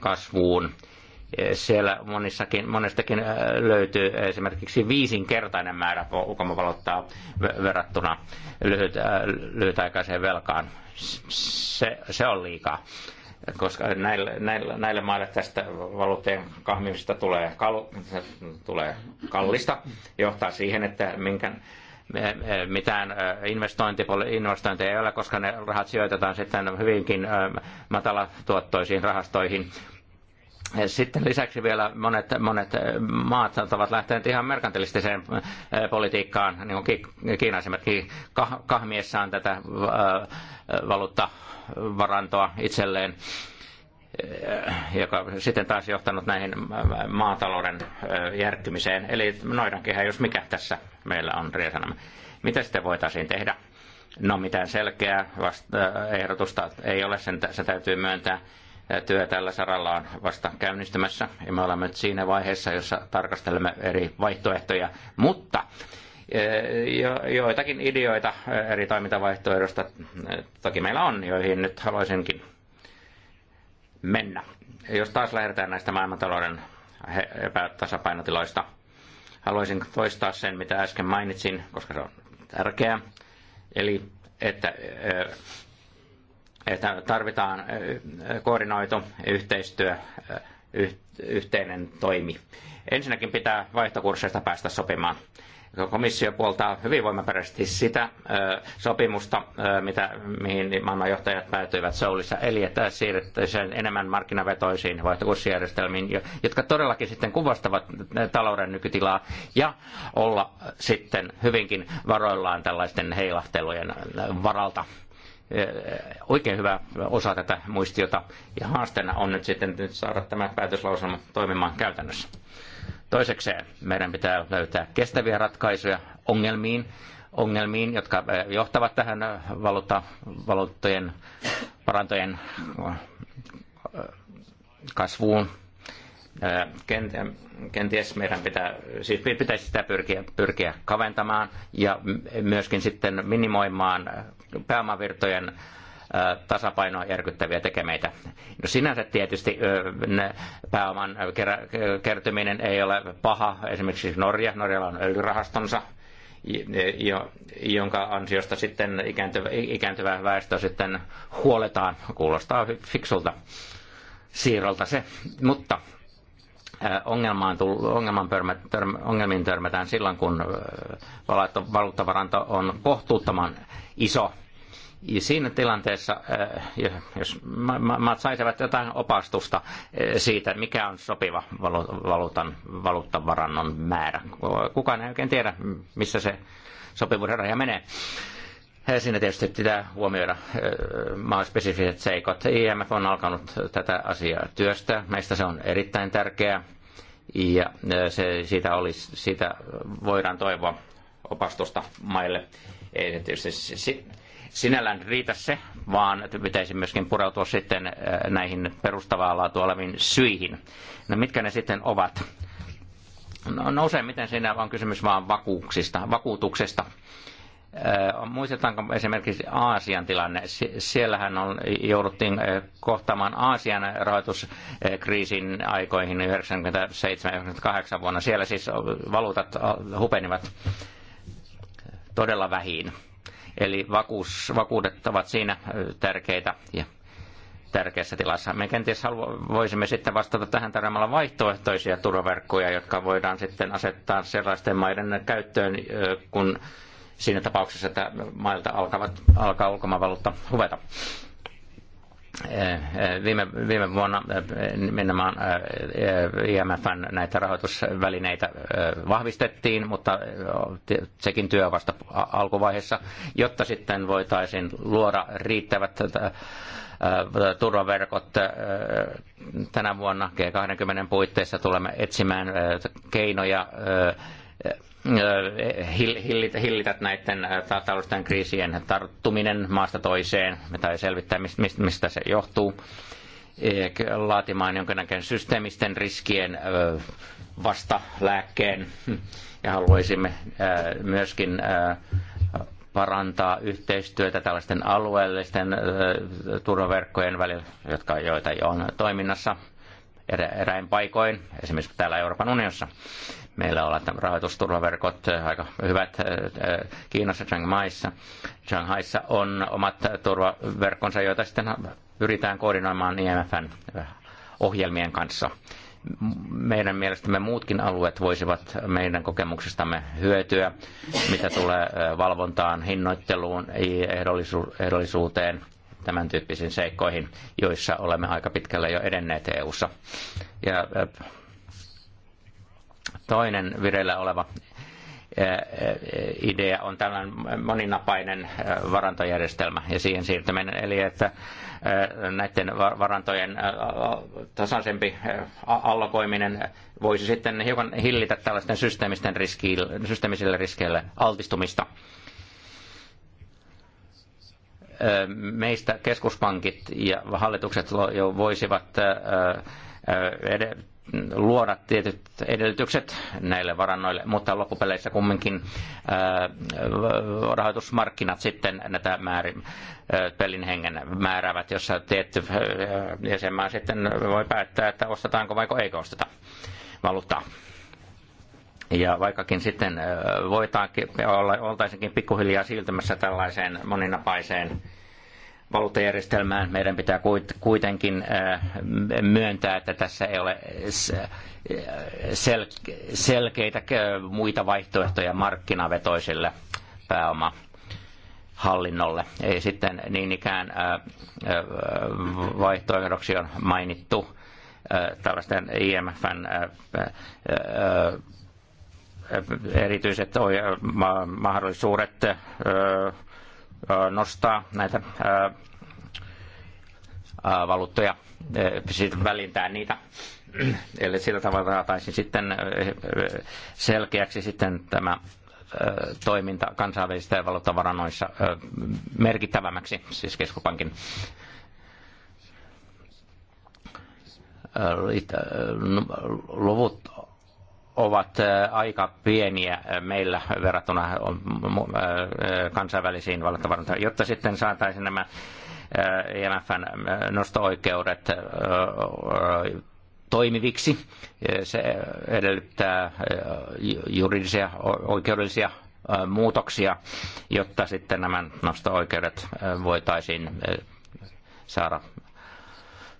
kasvuun. Siellä monissakin, monestakin löytyy esimerkiksi viisinkertainen määrä ulkomaanvaluuttaa verrattuna lyhyt, lyhytaikaiseen velkaan. Se, se on liikaa koska näille, näille, näille maille tästä valuuteen kahmimisesta tulee, kal, tulee kallista, johtaa siihen, että minkä, mitään investointeja ei ole, koska ne rahat sijoitetaan sitten hyvinkin matalatuottoisiin rahastoihin. Sitten lisäksi vielä monet, monet maat ovat lähteneet ihan merkantilistiseen politiikkaan, niin kuin Kiina esimerkiksi kahmiessaan tätä valuutta varantoa itselleen eh, joka sitten taas johtanut näihin maatalouden eh, järkkymiseen. Eli noidankehä, jos mikä tässä meillä on riesanamme. Mitä sitten voitaisiin tehdä? No mitään selkeää vasta- eh, ehdotusta ei ole, sen, se täytyy myöntää. Työ tällä saralla on vasta käynnistymässä ja me olemme nyt siinä vaiheessa, jossa tarkastelemme eri vaihtoehtoja, mutta joitakin ideoita äh, eri toimintavaihtoehdosta äh, toki meillä on, joihin nyt haluaisinkin mennä. Jos taas lähdetään näistä maailmantalouden epätasapainotiloista, haluaisin toistaa sen, mitä äsken mainitsin, koska se on tärkeää. Eli että, äh, että tarvitaan koordinoitu yhteistyö, yhteinen toimi. Ensinnäkin pitää vaihtokursseista päästä sopimaan Komissio puoltaa hyvin voimaperäisesti sitä sopimusta, mitä, mihin maailmanjohtajat päätyivät Soulissa, eli että siirryttäisiin enemmän markkinavetoisiin vaihtokurssijärjestelmiin, jotka todellakin sitten kuvastavat talouden nykytilaa ja olla sitten hyvinkin varoillaan tällaisten heilahtelujen varalta oikein hyvä osa tätä muistiota ja haasteena on nyt sitten saada tämä päätöslauselma toimimaan käytännössä. Toisekseen meidän pitää löytää kestäviä ratkaisuja ongelmiin, ongelmiin jotka eh, johtavat tähän eh, valuutta, valuuttojen parantojen eh, kasvuun. Kenties meidän pitää, siis pitäisi sitä pyrkiä, pyrkiä kaventamaan ja myöskin sitten minimoimaan pääomavirtojen tasapainoa järkyttäviä tekemeitä. No sinänsä tietysti pääoman kertyminen ei ole paha. Esimerkiksi Norja, Norjalla on öljyrahastonsa, jonka ansiosta sitten ikääntyvä, ikääntyvää väestöä sitten huoletaan. Kuulostaa fiksulta siirrolta se, mutta ongelmaan, ongelman pörmä, törm, ongelmiin törmätään silloin, kun valuuttavaranto on kohtuuttoman iso ja siinä tilanteessa, äh, jos maat saisivat jotain opastusta äh, siitä, mikä on sopiva valuutan, valuuttavarannon määrä. Kukaan ei oikein tiedä, missä se sopivuuden raja menee. Äh, siinä tietysti pitää huomioida spesifiset seikot. IMF on alkanut tätä asiaa työstää. Meistä se on erittäin tärkeää ja se, siitä, olisi, siitä voidaan toivoa opastusta maille. Ei tietysti sinällään riitä se, vaan pitäisi myöskin pureutua sitten äh, näihin perustavaa laatua oleviin syihin. No mitkä ne sitten ovat? No, no useimmiten siinä on kysymys vain vakuuksista, vakuutuksesta. Äh, muistetaanko esimerkiksi Aasian tilanne? Siellähän on, jouduttiin äh, kohtaamaan Aasian rahoituskriisin aikoihin 97-98 vuonna. Siellä siis valuutat hupenivat todella vähin Eli vakuus, vakuudet ovat siinä tärkeitä ja tärkeässä tilassa. Me kenties halu- voisimme sitten vastata tähän tarjoamalla vaihtoehtoisia turvaverkkoja, jotka voidaan sitten asettaa sellaisten maiden käyttöön, kun siinä tapauksessa, että mailta alkavat, alkaa ulkomaanvaluutta huveta. Eh, eh, viime, viime vuonna eh, nimenomaan IMFn näitä rahoitusvälineitä vahvistettiin, mutta sekin työ vasta alkuvaiheessa, jotta sitten voitaisiin luoda riittävät turvaverkot tänä vuonna G20 puitteissa tulemme etsimään keinoja Äh, hillitä, hillitä näiden äh, taloudellisten kriisien tarttuminen maasta toiseen tai selvittää, mistä se johtuu, äh, laatimaan jonkinnäköisen systeemisten riskien vastalääkkeen ja haluaisimme myöskin parantaa yhteistyötä tällaisten alueellisten turvaverkkojen välillä, jotka, joita on toiminnassa eräin paikoin, esimerkiksi täällä Euroopan unionissa Meillä on rahoitusturvaverkot äh, aika hyvät äh, äh, Kiinassa, Shanghaissa. Shanghaissa on omat turvaverkkonsa, joita sitten pyritään koordinoimaan IMFn ohjelmien kanssa meidän mielestämme muutkin alueet voisivat meidän kokemuksestamme hyötyä, mitä tulee valvontaan, hinnoitteluun, ehdollisuuteen, tämän tyyppisiin seikkoihin, joissa olemme aika pitkälle jo edenneet EU-ssa. Ja Toinen vireillä oleva idea on tällainen moninapainen varantojärjestelmä ja siihen siirtyminen. Eli että näiden varantojen tasaisempi allokoiminen voisi sitten hiukan hillitä tällaisten systeemisten riskiille, systeemisille riskeille altistumista. Meistä keskuspankit ja hallitukset jo voisivat luoda tietyt edellytykset näille varannoille, mutta loppupeleissä kumminkin äh, rahoitusmarkkinat sitten näitä määrin, äh, pelin hengen määräävät, jossa tietty äh, jäsenmaa sitten voi päättää, että ostetaanko vai eikö osteta valuuttaa. Ja vaikkakin sitten voitaankin, olla, oltaisinkin pikkuhiljaa siirtymässä tällaiseen moninapaiseen valuuttajärjestelmään. Meidän pitää kuitenkin myöntää, että tässä ei ole selkeitä muita vaihtoehtoja markkinavetoiselle pääomahallinnolle. Ei sitten niin ikään vaihtoehdoksi on mainittu tällaisten IMFn erityiset mahdollisuudet nostaa näitä valuuttoja siitä välintään niitä. Eli sillä tavalla saataisiin sitten selkeäksi sitten tämä toiminta kansainvälisissä valuuttavaranoissa merkittävämmäksi, siis keskupankin luvut ovat aika pieniä meillä verrattuna kansainvälisiin valtavarantoihin, jotta sitten saataisiin nämä IMFn e nosto-oikeudet toimiviksi. Se edellyttää juridisia oikeudellisia muutoksia, jotta sitten nämä nosto-oikeudet voitaisiin saada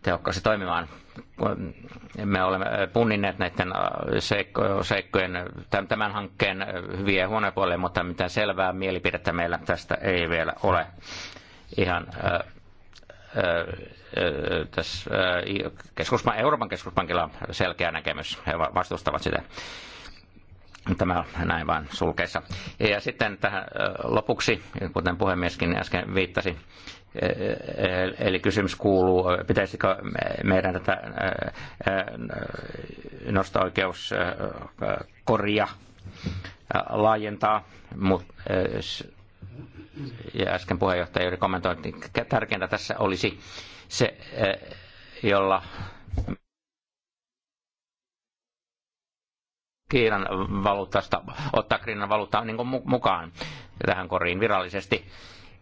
tehokkaasti toimimaan. Me olemme äh, punninneet näiden äh, seikkojen, tämän hankkeen äh, hyviä ja huonoja puolia, mutta mitään selvää mielipidettä meillä tästä ei vielä ole. Ihan tässä Euroopan keskuspankilla on selkeä näkemys. He vastustavat sitä. Tämä näin vain sulkeessa. Ja sitten tähän lopuksi, kuten puhemieskin äsken viittasi, Eli kysymys kuuluu, pitäisikö meidän tätä nosto-oikeuskoria laajentaa, mutta ja äsken puheenjohtaja juuri kommentoi, että niin tärkeintä tässä olisi se, jolla Kiinan valuuttaista ottaa Kiinan valuuttaa niin mukaan tähän koriin virallisesti.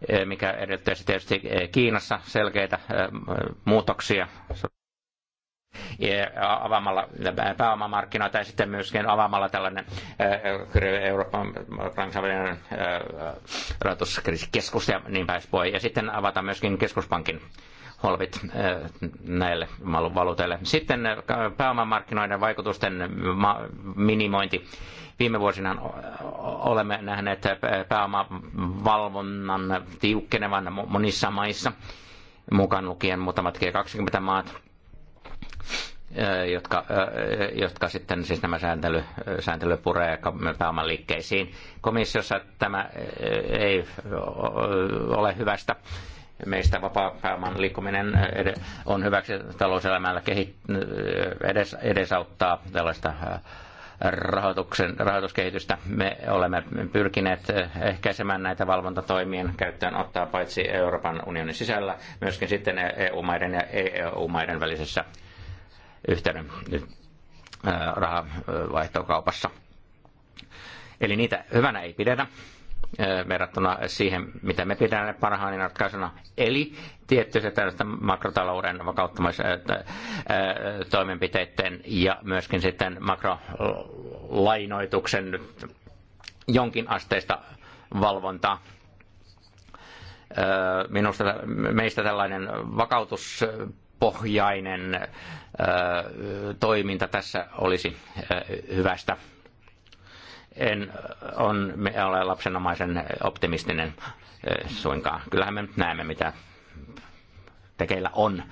Eh, mikä edellyttäisi tietysti eh, Kiinassa selkeitä eh, muutoksia avaamalla pääomamarkkinoita ja sitten myöskin avaamalla tällainen Euroopan kansainvälinen rahoituskeskus ja niin päin pois. Ja sitten avata myöskin keskuspankin holvit näille valuuteille. Sitten pääomamarkkinoiden vaikutusten minimointi Viime vuosina olemme nähneet pääomavalvonnan tiukkenevan monissa maissa, mukaan lukien muutamat G20-maat jotka, jotka sitten siis nämä sääntely, sääntely puree pääoman liikkeisiin. Komissiossa tämä ei ole hyvästä. Meistä vapaa pääoman liikkuminen on hyväksi talouselämällä kehit, edes, edesauttaa tällaista rahoituksen, rahoituskehitystä. Me olemme pyrkineet ehkäisemään näitä valvontatoimien käyttöön ottaa paitsi Euroopan unionin sisällä, myöskin sitten EU-maiden ja EU-maiden e välisessä yhteyden äh, rahavaihtokaupassa. Eli niitä hyvänä ei pidetä, verrattuna siihen, mitä me pidämme parhaana ratkaisuna. Eli tiettyjä tällaista makrotalouden vakauttamistoimenpiteiden ja myöskin sitten makrolainoituksen jonkin asteista valvontaa minusta meistä tällainen vakautuspohjainen toiminta tässä olisi hyvästä en on, me ole lapsenomaisen optimistinen eh, suinkaan. Kyllähän me nyt näemme, mitä tekeillä on.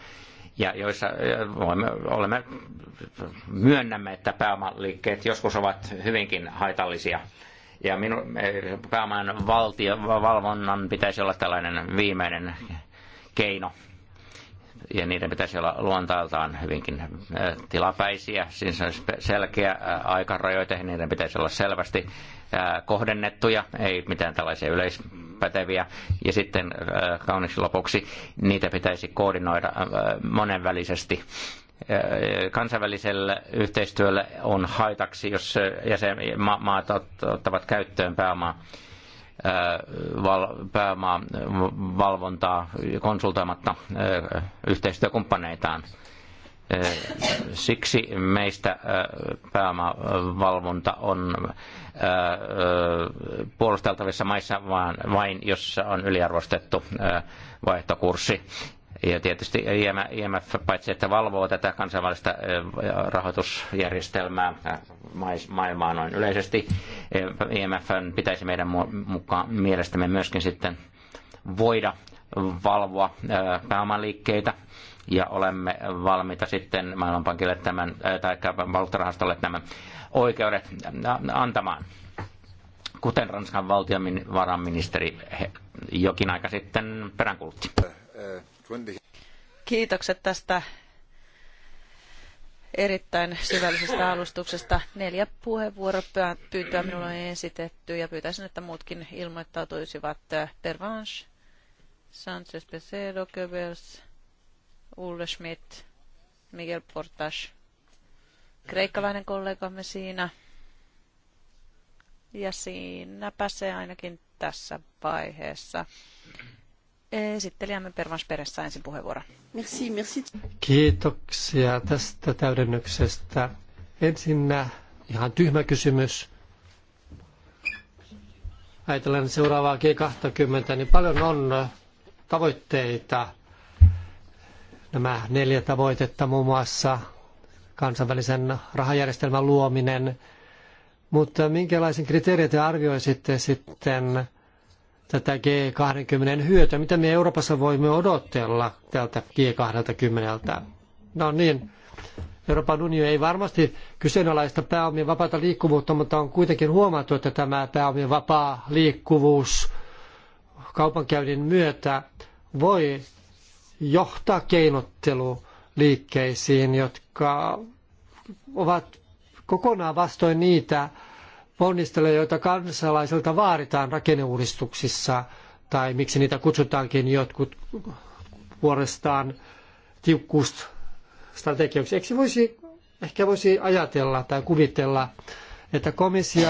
Ja joissa eh, olemme, olemme myönnämme, että pääomaliikkeet joskus ovat hyvinkin haitallisia. Ja minu, eh, pääoman valtio, valvonnan pitäisi olla tällainen viimeinen keino ja niiden pitäisi olla luontailtaan hyvinkin äh, tilapäisiä, se on selkeä äh, aikarajoite, niiden pitäisi olla selvästi äh, kohdennettuja, ei mitään tällaisia yleispäteviä. Ja sitten kauniksi lopuksi niitä pitäisi koordinoida monenvälisesti kansainväliselle yhteistyölle on haitaksi, jos jäsenmaat maat ottavat käyttöön pääomaa pääomaa valvontaa konsultoimatta yhteistyökumppaneitaan. Siksi meistä pääomavalvonta on puolusteltavissa maissa vain, jos on yliarvostettu vaihtokurssi. Ja tietysti IMF, paitsi että valvoo tätä kansainvälistä rahoitusjärjestelmää maailmaa noin yleisesti, IMF pitäisi meidän mukaan mielestämme myöskin sitten voida valvoa pääomaliikkeitä ja olemme valmiita sitten Maailmanpankille tämän, tai valuuttarahastolle tämän oikeudet antamaan. Kuten Ranskan valtionvarainministeri jokin aika sitten peräänkuulutti. Kiitokset tästä erittäin syvällisestä alustuksesta. Neljä puheenvuoropyyntöä minulle on esitetty ja pyytäisin, että muutkin ilmoittautuisivat. Pervanche, Sanchez Pesedo, Goebbels, Ulle Schmidt, Miguel Portas, kreikkalainen kollegamme siinä. Ja siinäpä se ainakin tässä vaiheessa. Esittelijämme Pervans Peressä ensin puheenvuoron. Merci, merci. Kiitoksia tästä täydennyksestä. Ensinnä ihan tyhmä kysymys. Ajatellaan seuraavaa G20, niin paljon on tavoitteita. Nämä neljä tavoitetta muun muassa kansainvälisen rahajärjestelmän luominen. Mutta minkälaisen kriteerit te arvioisitte sitten tätä G20 hyötyä. Mitä me Euroopassa voimme odotella tältä G20? No niin, Euroopan unioni ei varmasti kyseenalaista pääomien vapaata liikkuvuutta, mutta on kuitenkin huomattu, että tämä pääomien vapaa liikkuvuus kaupankäynnin myötä voi johtaa keinotteluliikkeisiin, jotka ovat kokonaan vastoin niitä ponnisteluja, joita kansalaisilta vaaditaan rakenneuudistuksissa, tai miksi niitä kutsutaankin jotkut puolestaan tiukkuusstrategioiksi. Eikö voisi, ehkä voisi ajatella tai kuvitella, että komissio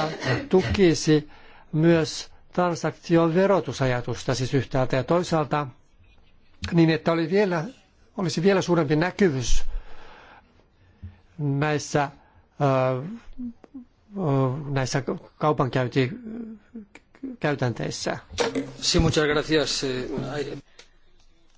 tukisi myös transaktion verotusajatusta siis yhtäältä ja toisaalta niin, että oli vielä, olisi vielä suurempi näkyvyys näissä ö, näissä kaupankäynti Sí, muchas gracias. Eh,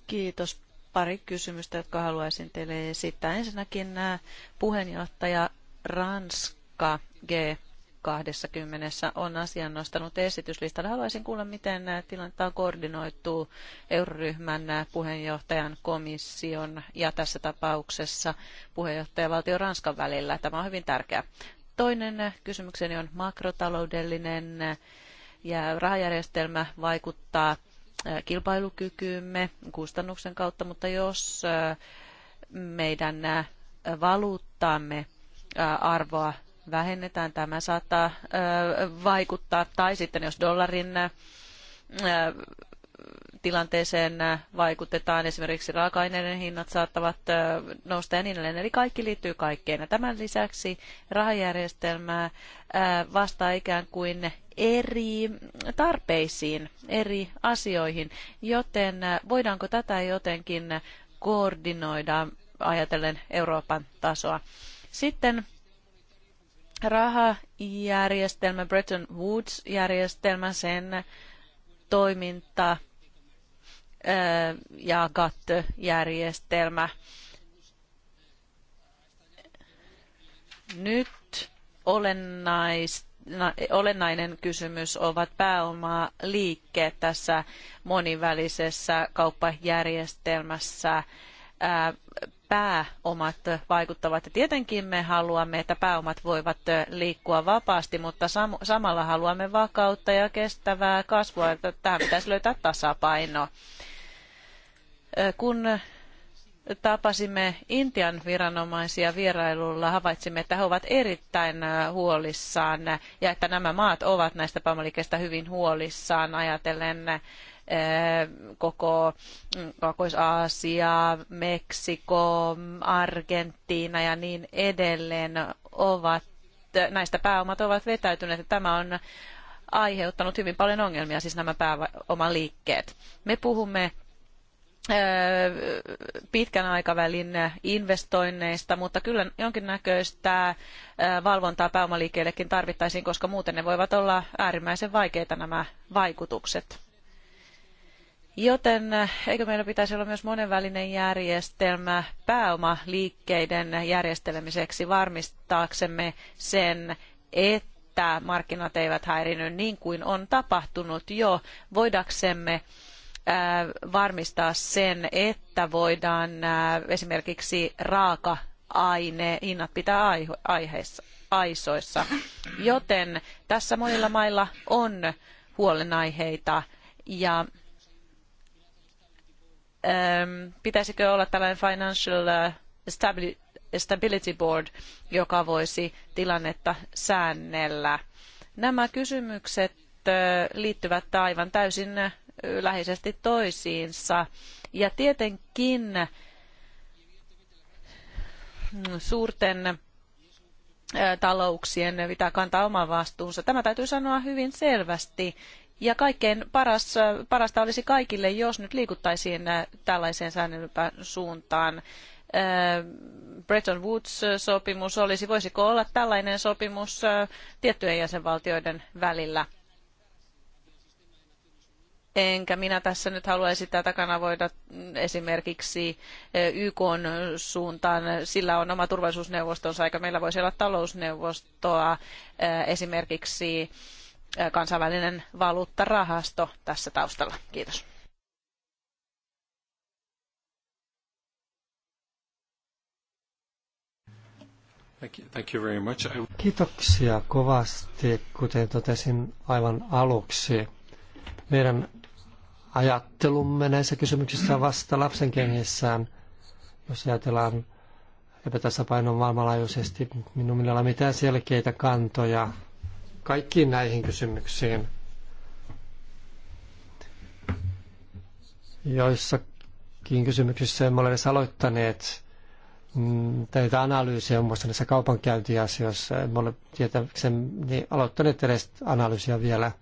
Kiitos. Pari kysymystä, jotka haluaisin teille esittää. Ensinnäkin äh, puheenjohtaja Ranska G20 on asian nostanut esityslistalle. Haluaisin kuulla, miten äh, tilannetta on koordinoitu euroryhmän äh, puheenjohtajan komission ja tässä tapauksessa puheenjohtajavaltio Ranskan välillä. Tämä on hyvin tärkeä. Toinen kysymykseni on makrotaloudellinen ja rahajärjestelmä vaikuttaa äh, kilpailukykyymme kustannuksen kautta, mutta jos äh, meidän äh, valuuttamme arvoa vähennetään, tämä saattaa vaikuttaa, tai sitten jos dollarin tilanteeseen äh, vaikutetaan. Esimerkiksi raaka-aineiden hinnat saattavat äh, nousta ja niin edelleen. Eli kaikki liittyy kaikkeen. Ja tämän lisäksi rahajärjestelmää äh, vastaa ikään kuin eri tarpeisiin, eri asioihin, joten voidaanko tätä jotenkin koordinoida ajatellen Euroopan tasoa. Sitten rahajärjestelmä, Bretton Woods-järjestelmä, sen toiminta ja GATT-järjestelmä. Nyt olennainen kysymys ovat pääomaa liikkeet tässä monivälisessä kauppajärjestelmässä. Pääomat vaikuttavat. Ja tietenkin me haluamme, että pääomat voivat liikkua vapaasti, mutta sam- samalla haluamme vakautta ja kestävää kasvua. Tähän pitäisi löytää tasapaino. Kun tapasimme Intian viranomaisia vierailulla, havaitsimme, että he ovat erittäin huolissaan ja että nämä maat ovat näistä pamolikeista hyvin huolissaan ajatellen koko mm, Kaakkois-Aasia, Meksiko, Argentiina ja niin edelleen ovat, näistä pääomat ovat vetäytyneet ja tämä on aiheuttanut hyvin paljon ongelmia, siis nämä pääomaliikkeet. Me puhumme pitkän aikavälin investoinneista, mutta kyllä jonkinnäköistä valvontaa pääomaliikkeellekin tarvittaisiin, koska muuten ne voivat olla äärimmäisen vaikeita nämä vaikutukset. Joten eikö meillä pitäisi olla myös monenvälinen järjestelmä pääomaliikkeiden järjestelemiseksi varmistaaksemme sen, että markkinat eivät häirinyt niin kuin on tapahtunut jo, voidaksemme varmistaa sen, että voidaan esimerkiksi raaka-aine, hinnat pitää aiheissa, aisoissa. Joten tässä monilla mailla on huolenaiheita ja pitäisikö olla tällainen financial stability board, joka voisi tilannetta säännellä. Nämä kysymykset liittyvät aivan täysin läheisesti toisiinsa. Ja tietenkin suurten talouksien pitää kantaa oma vastuunsa. Tämä täytyy sanoa hyvin selvästi. Ja kaikkein paras, parasta olisi kaikille, jos nyt liikuttaisiin tällaiseen säännönpäin suuntaan. Bretton Woods-sopimus olisi, voisiko olla tällainen sopimus tiettyjen jäsenvaltioiden välillä? Enkä minä tässä nyt haluaisi tätä kanavoida mm, esimerkiksi YK suuntaan. Sillä on oma turvallisuusneuvostonsa, eikä meillä voisi olla talousneuvostoa esimerkiksi kansainvälinen valuuttarahasto tässä taustalla. Kiitos. Thank you very much. Kiitoksia kovasti, kuten totesin aivan aluksi. Meidän ajattelumme näissä kysymyksissä vasta lapsenkengissään. Jos ajatellaan epätasapainoa maailmanlaajuisesti, minun ei ole mitään selkeitä kantoja kaikkiin näihin kysymyksiin. Joissakin kysymyksissä emme ole edes aloittaneet näitä analyysiä, muun muassa näissä kaupankäyntiasioissa. Emme ole tietääkseni aloittaneet edes analyysiä vielä –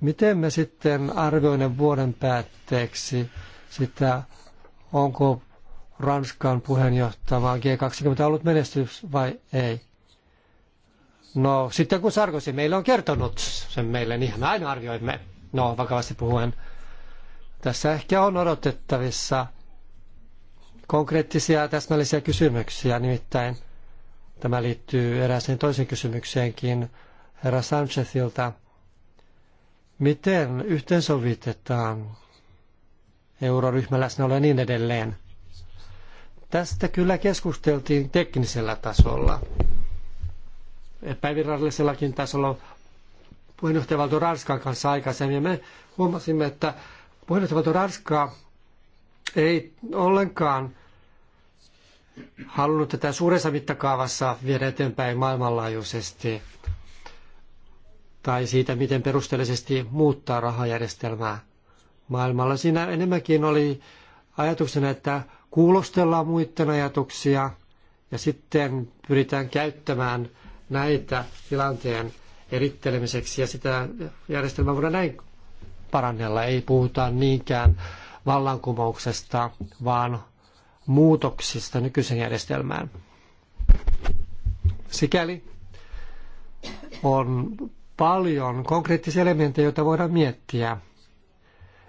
Miten me sitten arvioimme vuoden päätteeksi sitä, onko Ranskan puheenjohtava G20 ollut menestys vai ei? No sitten kun Sarkozy meille on kertonut sen meille, niin me aina arvioimme. No vakavasti puhuen. Tässä ehkä on odotettavissa konkreettisia ja täsmällisiä kysymyksiä, nimittäin tämä liittyy erääseen toiseen kysymykseenkin herra Sanchezilta – miten yhteensovitetaan euroryhmä läsnäolo ja niin edelleen. Tästä kyllä keskusteltiin teknisellä tasolla, epävirallisellakin tasolla puheenjohtajavaltio Ranskan kanssa aikaisemmin. Me huomasimme, että puheenjohtajavaltio Ranska ei ollenkaan halunnut tätä suuressa mittakaavassa viedä eteenpäin maailmanlaajuisesti – tai siitä, miten perusteellisesti muuttaa rahajärjestelmää maailmalla. Siinä enemmänkin oli ajatuksena, että kuulostellaan muiden ajatuksia ja sitten pyritään käyttämään näitä tilanteen erittelemiseksi ja sitä järjestelmää voidaan näin parannella. Ei puhuta niinkään vallankumouksesta, vaan muutoksista nykyisen järjestelmään. Sikäli on paljon konkreettisia elementtejä, joita voidaan miettiä.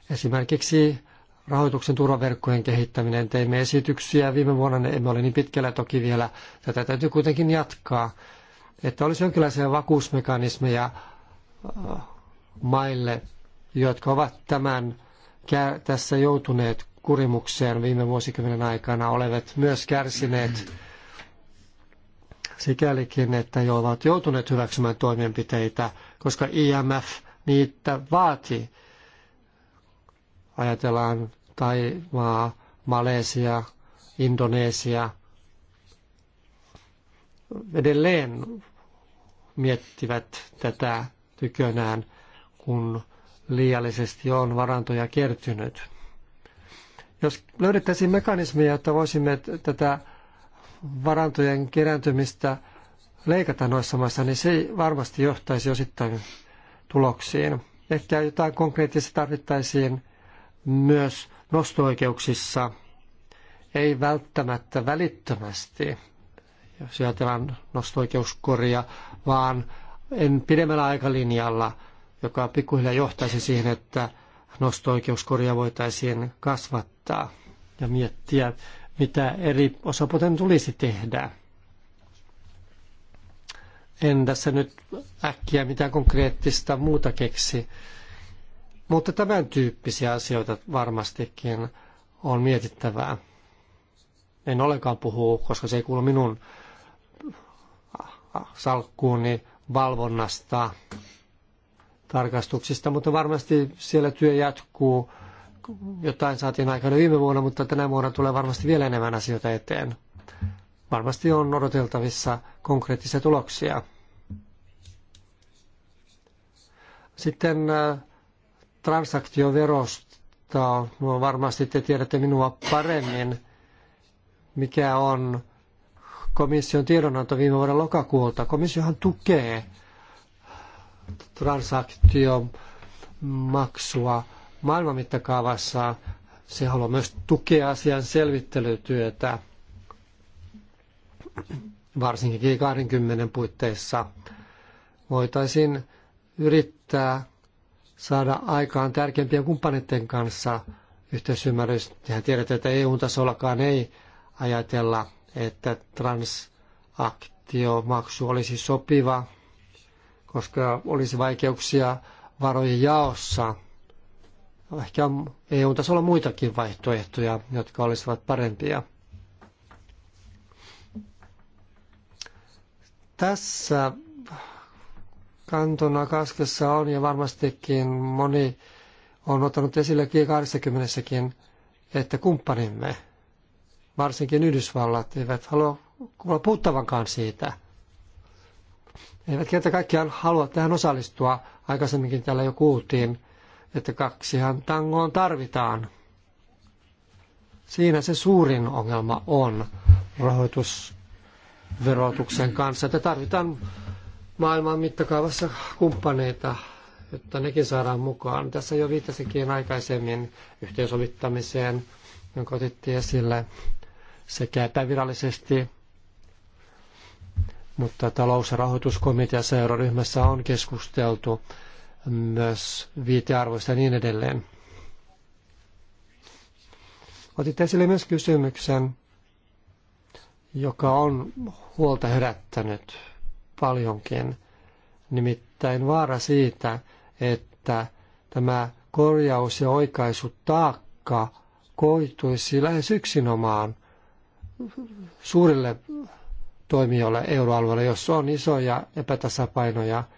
Esimerkiksi rahoituksen turvaverkkojen kehittäminen. Teimme esityksiä viime vuonna, ne emme ole niin pitkällä toki vielä. Tätä täytyy kuitenkin jatkaa, että olisi jonkinlaisia vakuusmekanismeja äh, maille, jotka ovat tämän tässä joutuneet kurimukseen viime vuosikymmenen aikana, olevat myös kärsineet sikälikin, että jo ovat joutuneet hyväksymään toimenpiteitä, koska IMF niitä vaati. Ajatellaan tai maa, Malesia, Indonesia. Edelleen miettivät tätä tykönään, kun liiallisesti on varantoja kertynyt. Jos löydettäisiin mekanismia, että voisimme tätä varantojen kerääntymistä leikata noissa maissa, niin se varmasti johtaisi osittain tuloksiin. Ehkä jotain konkreettista tarvittaisiin myös nosto-oikeuksissa, ei välttämättä välittömästi, jos ajatellaan nosto-oikeuskoria, vaan en pidemmällä aikalinjalla, joka pikkuhiljaa johtaisi siihen, että nosto-oikeuskoria voitaisiin kasvattaa ja miettiä, mitä eri osapuolten tulisi tehdä. En tässä nyt äkkiä mitään konkreettista muuta keksi, mutta tämän tyyppisiä asioita varmastikin on mietittävää. En olekaan puhu, koska se ei kuulu minun ah, ah, salkkuuni valvonnasta, tarkastuksista, mutta varmasti siellä työ jatkuu jotain saatiin aikana viime vuonna, mutta tänä vuonna tulee varmasti vielä enemmän asioita eteen. Varmasti on odoteltavissa konkreettisia tuloksia. Sitten äh, transaktioverosta, no, varmasti te tiedätte minua paremmin, mikä on komission tiedonanto viime vuoden lokakuulta. Komissiohan tukee transaktiomaksua maksua maailman mittakaavassa. Se haluaa myös tukea asian selvittelytyötä, varsinkin G20 puitteissa. Voitaisiin yrittää saada aikaan tärkeimpien kumppaneiden kanssa yhteisymmärrys. Tehän tiedätte, että EU-tasollakaan ei ajatella, että transaktiomaksu olisi sopiva, koska olisi vaikeuksia varojen jaossa – ehkä on EU-tasolla muitakin vaihtoehtoja, jotka olisivat parempia. Tässä kantona kaskessa on ja varmastikin moni on ottanut esille g 20 että kumppanimme, varsinkin Yhdysvallat, eivät halua kuulla puuttavankaan siitä. Eivät kerta kaikkiaan halua tähän osallistua. Aikaisemminkin täällä jo kuultiin, että kaksihan tangoon tarvitaan. Siinä se suurin ongelma on rahoitusverotuksen kanssa, että tarvitaan maailman mittakaavassa kumppaneita, jotta nekin saadaan mukaan. Tässä jo viittasinkin aikaisemmin yhteensovittamiseen, jonka otettiin esille sekä epävirallisesti mutta talous- ja rahoituskomiteassa euroryhmässä on keskusteltu myös viitearvoista ja niin edelleen. Otitte esille myös kysymyksen, joka on huolta herättänyt paljonkin, nimittäin vaara siitä, että tämä korjaus- ja oikaisutaakka koituisi lähes yksinomaan suurille toimijoille euroalueella, jos on isoja epätasapainoja –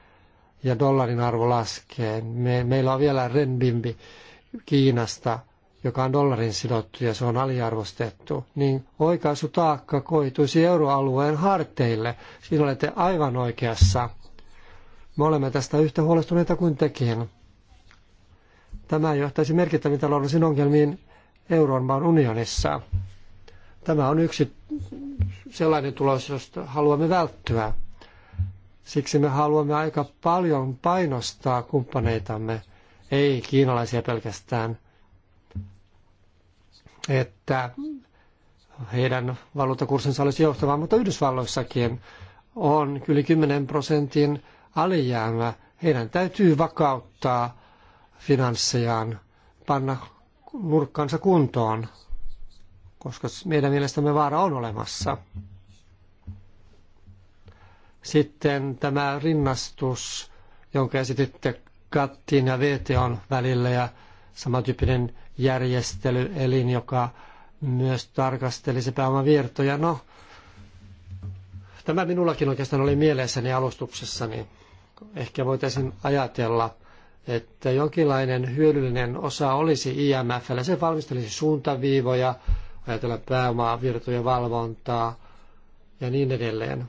ja dollarin arvo laskee. Me, meillä on vielä renbimbi Kiinasta, joka on dollarin sidottu ja se on aliarvostettu, niin oikaisutaakka koituisi euroalueen harteille. Siinä olette aivan oikeassa. Me olemme tästä yhtä huolestuneita kuin tekin. Tämä johtaisi merkittäviin taloudellisiin ongelmiin Euroopan unionissa. Tämä on yksi sellainen tulos, josta haluamme välttyä. Siksi me haluamme aika paljon painostaa kumppaneitamme, ei kiinalaisia pelkästään, että heidän valuuttakurssinsa olisi johtava, mutta Yhdysvalloissakin on kyllä 10 prosentin alijäämä. Heidän täytyy vakauttaa finanssejaan, panna nurkkansa kuntoon, koska meidän mielestämme vaara on olemassa. Sitten tämä rinnastus, jonka esititte Kattin ja VTOn välillä ja samantyyppinen järjestelyelin, joka myös tarkastelisi pääomavirtoja. No, tämä minullakin oikeastaan oli mielessäni alustuksessani. Ehkä voitaisiin ajatella, että jonkinlainen hyödyllinen osa olisi IMFlle. Se valmistelisi suuntaviivoja, ajatella pääomavirtojen valvontaa ja niin edelleen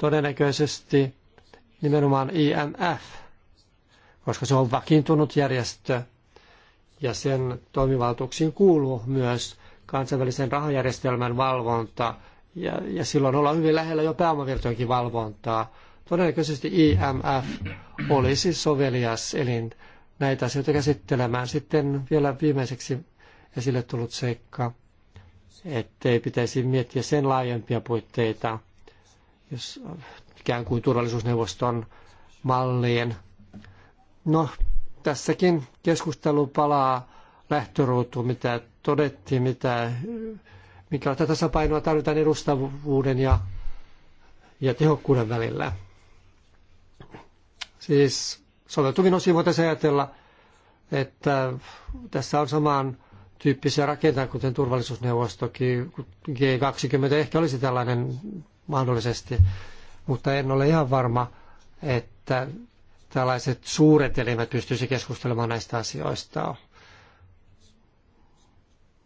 todennäköisesti nimenomaan IMF, koska se on vakiintunut järjestö ja sen toimivaltuuksiin kuuluu myös kansainvälisen rahajärjestelmän valvonta ja, ja silloin ollaan hyvin lähellä jo pääomavirtojenkin valvontaa. Todennäköisesti IMF olisi sovelias elin näitä asioita käsittelemään. Sitten vielä viimeiseksi esille tullut seikka, ettei pitäisi miettiä sen laajempia puitteita – jos ikään kuin turvallisuusneuvoston malliin. No, tässäkin keskustelu palaa lähtöruutuun, mitä todettiin, mitä, mikä on tasapainoa tarvitaan edustavuuden ja, ja tehokkuuden välillä. Siis soveltuvin osin voitaisiin ajatella, että tässä on samaan tyyppisiä rakentaa, kuten turvallisuusneuvostokin, G20 ehkä olisi tällainen mahdollisesti, mutta en ole ihan varma, että tällaiset suuret elimet pystyisi keskustelemaan näistä asioista.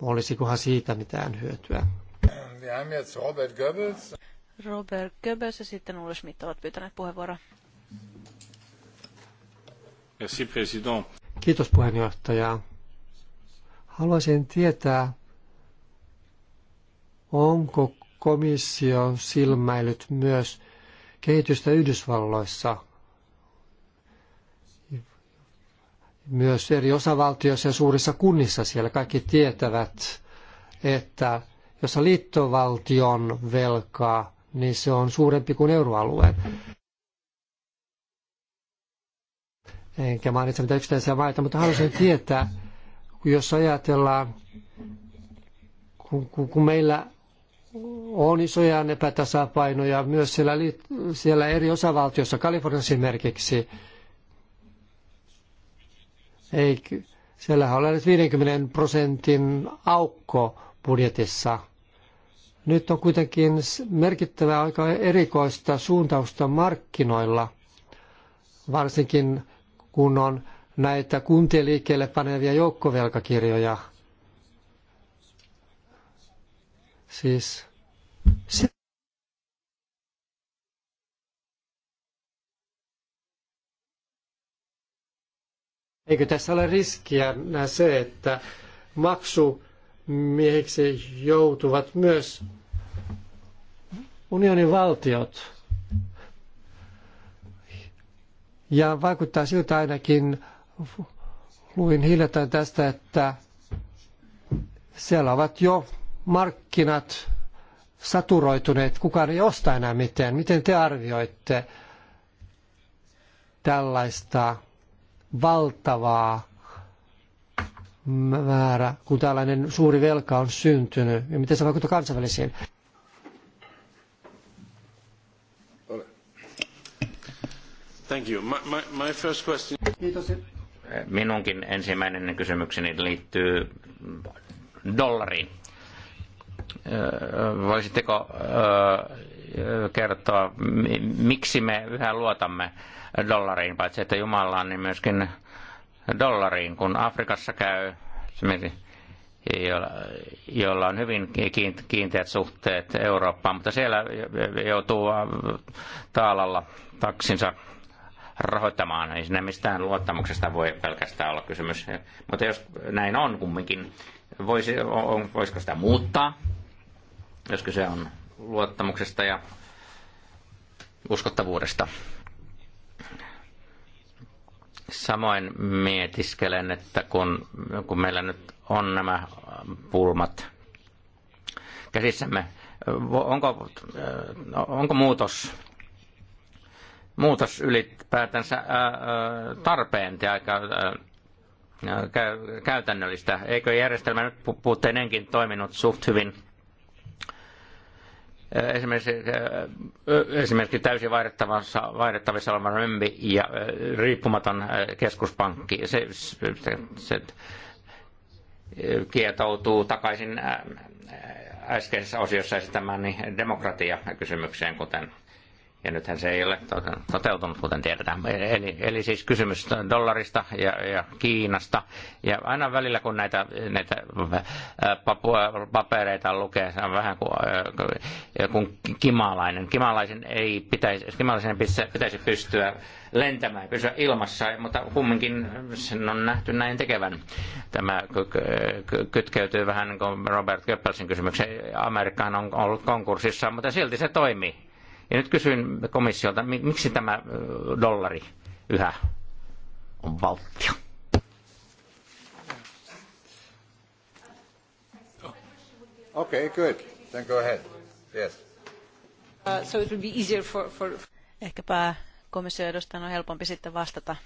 Olisikohan siitä mitään hyötyä? Robert Goebbels. Robert Goebbels ja sitten Ulrich Schmidt ovat pyytäneet puheenvuoroa. Merci, president. Kiitos puheenjohtaja. Haluaisin tietää, onko komissio on silmäillyt myös kehitystä Yhdysvalloissa, myös eri osavaltioissa ja suurissa kunnissa siellä kaikki tietävät, että jos liittovaltion velkaa, niin se on suurempi kuin euroalueen. Enkä mainitse mitään yksittäisiä maita, mutta haluaisin tietää, jos ajatellaan, kun, kun, kun meillä on isoja epätasapainoja myös siellä, siellä eri osavaltioissa, Kaliforniassa esimerkiksi. Ei, siellähän on 50 prosentin aukko budjetissa. Nyt on kuitenkin merkittävää aika erikoista suuntausta markkinoilla, varsinkin kun on näitä kuntien liikkeelle panevia joukkovelkakirjoja – Siis se, Eikö tässä ole riskiä se, että maksumiehiksi joutuvat myös unionin valtiot? Ja vaikuttaa siltä ainakin, luin hiljattain tästä, että siellä ovat jo markkinat saturoituneet, kukaan ei osta enää mitään. Miten te arvioitte tällaista valtavaa määrä, kun tällainen suuri velka on syntynyt, ja miten se vaikuttaa kansainvälisiin? Thank you. My, my, my first question... Kiitos. Minunkin ensimmäinen kysymykseni liittyy dollariin voisitteko kertoa, miksi me yhä luotamme dollariin, paitsi että Jumalaan, niin myöskin dollariin, kun Afrikassa käy, jolla on hyvin kiinteät suhteet Eurooppaan, mutta siellä joutuu taalalla taksinsa rahoittamaan. Ei siinä mistään luottamuksesta voi pelkästään olla kysymys. Mutta jos näin on kumminkin, voisi, on, voisiko sitä muuttaa, jos kyse on luottamuksesta ja uskottavuudesta. Samoin mietiskelen, että kun, kun meillä nyt on nämä pulmat käsissämme, onko, äh, onko muutos, muutos ylipäätänsä äh, äh, tarpeen tai käytännöllistä. Eikö järjestelmä nyt puutteinenkin toiminut suht hyvin? Esimerkiksi, esimerkiksi täysin vaihdettavissa, vaihdettavissa oleva römbi ja riippumaton keskuspankki, se, se, se kietoutuu takaisin äskeisessä osiossa esittämään demokratia demokratiakysymykseen, kuten ja nythän se ei ole toteutunut, kuten tiedetään. Eli, eli siis kysymys dollarista ja, ja Kiinasta. Ja aina välillä, kun näitä, näitä papereita lukee, se on vähän kuin, kuin kimalainen. Kimalaisen ei pitäisi, kimalaisen pitäisi pystyä lentämään pysyä ilmassa, mutta kumminkin sen on nähty näin tekevän. Tämä kytkeytyy vähän niin kuin Robert Goebbelsin kysymykseen. Amerikkaan on ollut konkurssissa, mutta silti se toimii ja nyt kysyn komissiolta, miksi tämä dollari yhä on valtio? Okay, good. Then go ahead. Yes. Uh, so it will be easier for, for... Ehkäpä komission edustajan on helpompi sitten vastata.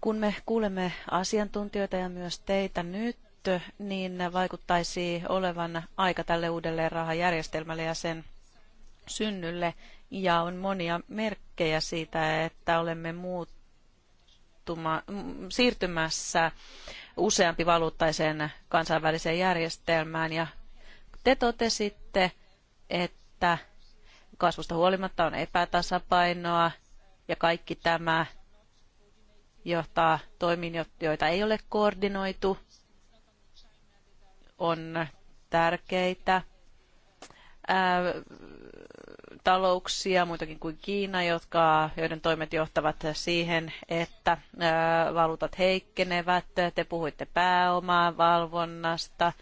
Kun me kuulemme asiantuntijoita ja myös teitä nyt, niin vaikuttaisi olevan aika tälle uudelle rahajärjestelmälle ja sen synnylle. Ja on monia merkkejä siitä, että olemme muuttuma, siirtymässä useampi valuuttaiseen kansainväliseen järjestelmään. Ja te totesitte, että kasvusta huolimatta on epätasapainoa ja kaikki tämä johtaa toimiin, joita ei ole koordinoitu on tärkeitä talouksia, muitakin kuin Kiina, jotka, joiden toimet johtavat siihen, että valuutat heikkenevät. Te puhuitte pääomaa valvonnasta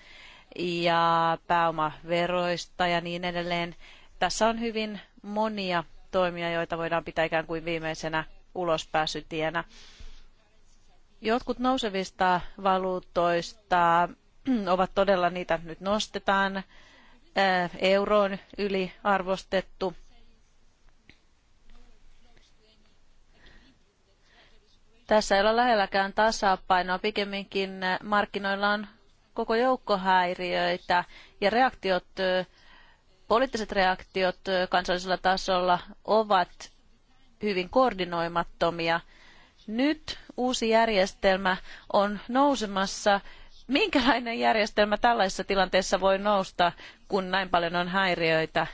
ja pääomaveroista ja niin edelleen. Tässä on hyvin monia toimia, joita voidaan pitää ikään kuin viimeisenä ulospääsytienä. Jotkut nousevista valuutoista ovat todella niitä nyt nostetaan äh, euroon yliarvostettu. Tässä ei ole lähelläkään tasapainoa, pikemminkin äh, markkinoilla on koko joukko häiriöitä ja reaktiot, äh, poliittiset reaktiot kansallisella tasolla ovat hyvin koordinoimattomia. Nyt uusi järjestelmä on nousemassa Minkälainen järjestelmä tällaisessa tilanteessa voi nousta, kun näin paljon on häiriöitä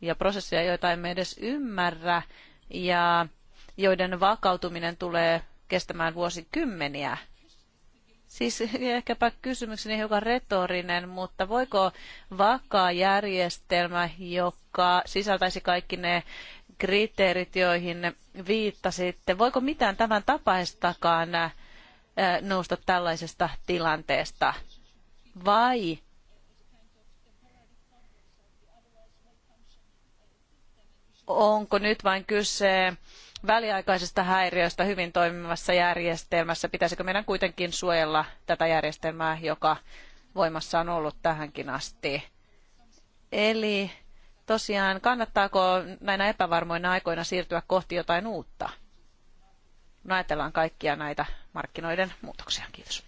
ja prosesseja, joita emme edes ymmärrä ja joiden vakautuminen tulee kestämään vuosikymmeniä? Siis ehkäpä kysymykseni hiukan retorinen, mutta voiko vakaa järjestelmä, joka sisältäisi kaikki ne kriteerit, joihin viittasitte. Voiko mitään tämän tapaistakaan äh, nousta tällaisesta tilanteesta? Vai onko nyt vain kyse väliaikaisesta häiriöstä hyvin toimivassa järjestelmässä? Pitäisikö meidän kuitenkin suojella tätä järjestelmää, joka voimassa on ollut tähänkin asti? Eli tosiaan kannattaako näinä epävarmoina aikoina siirtyä kohti jotain uutta? No ajatellaan kaikkia näitä markkinoiden muutoksia. Kiitos.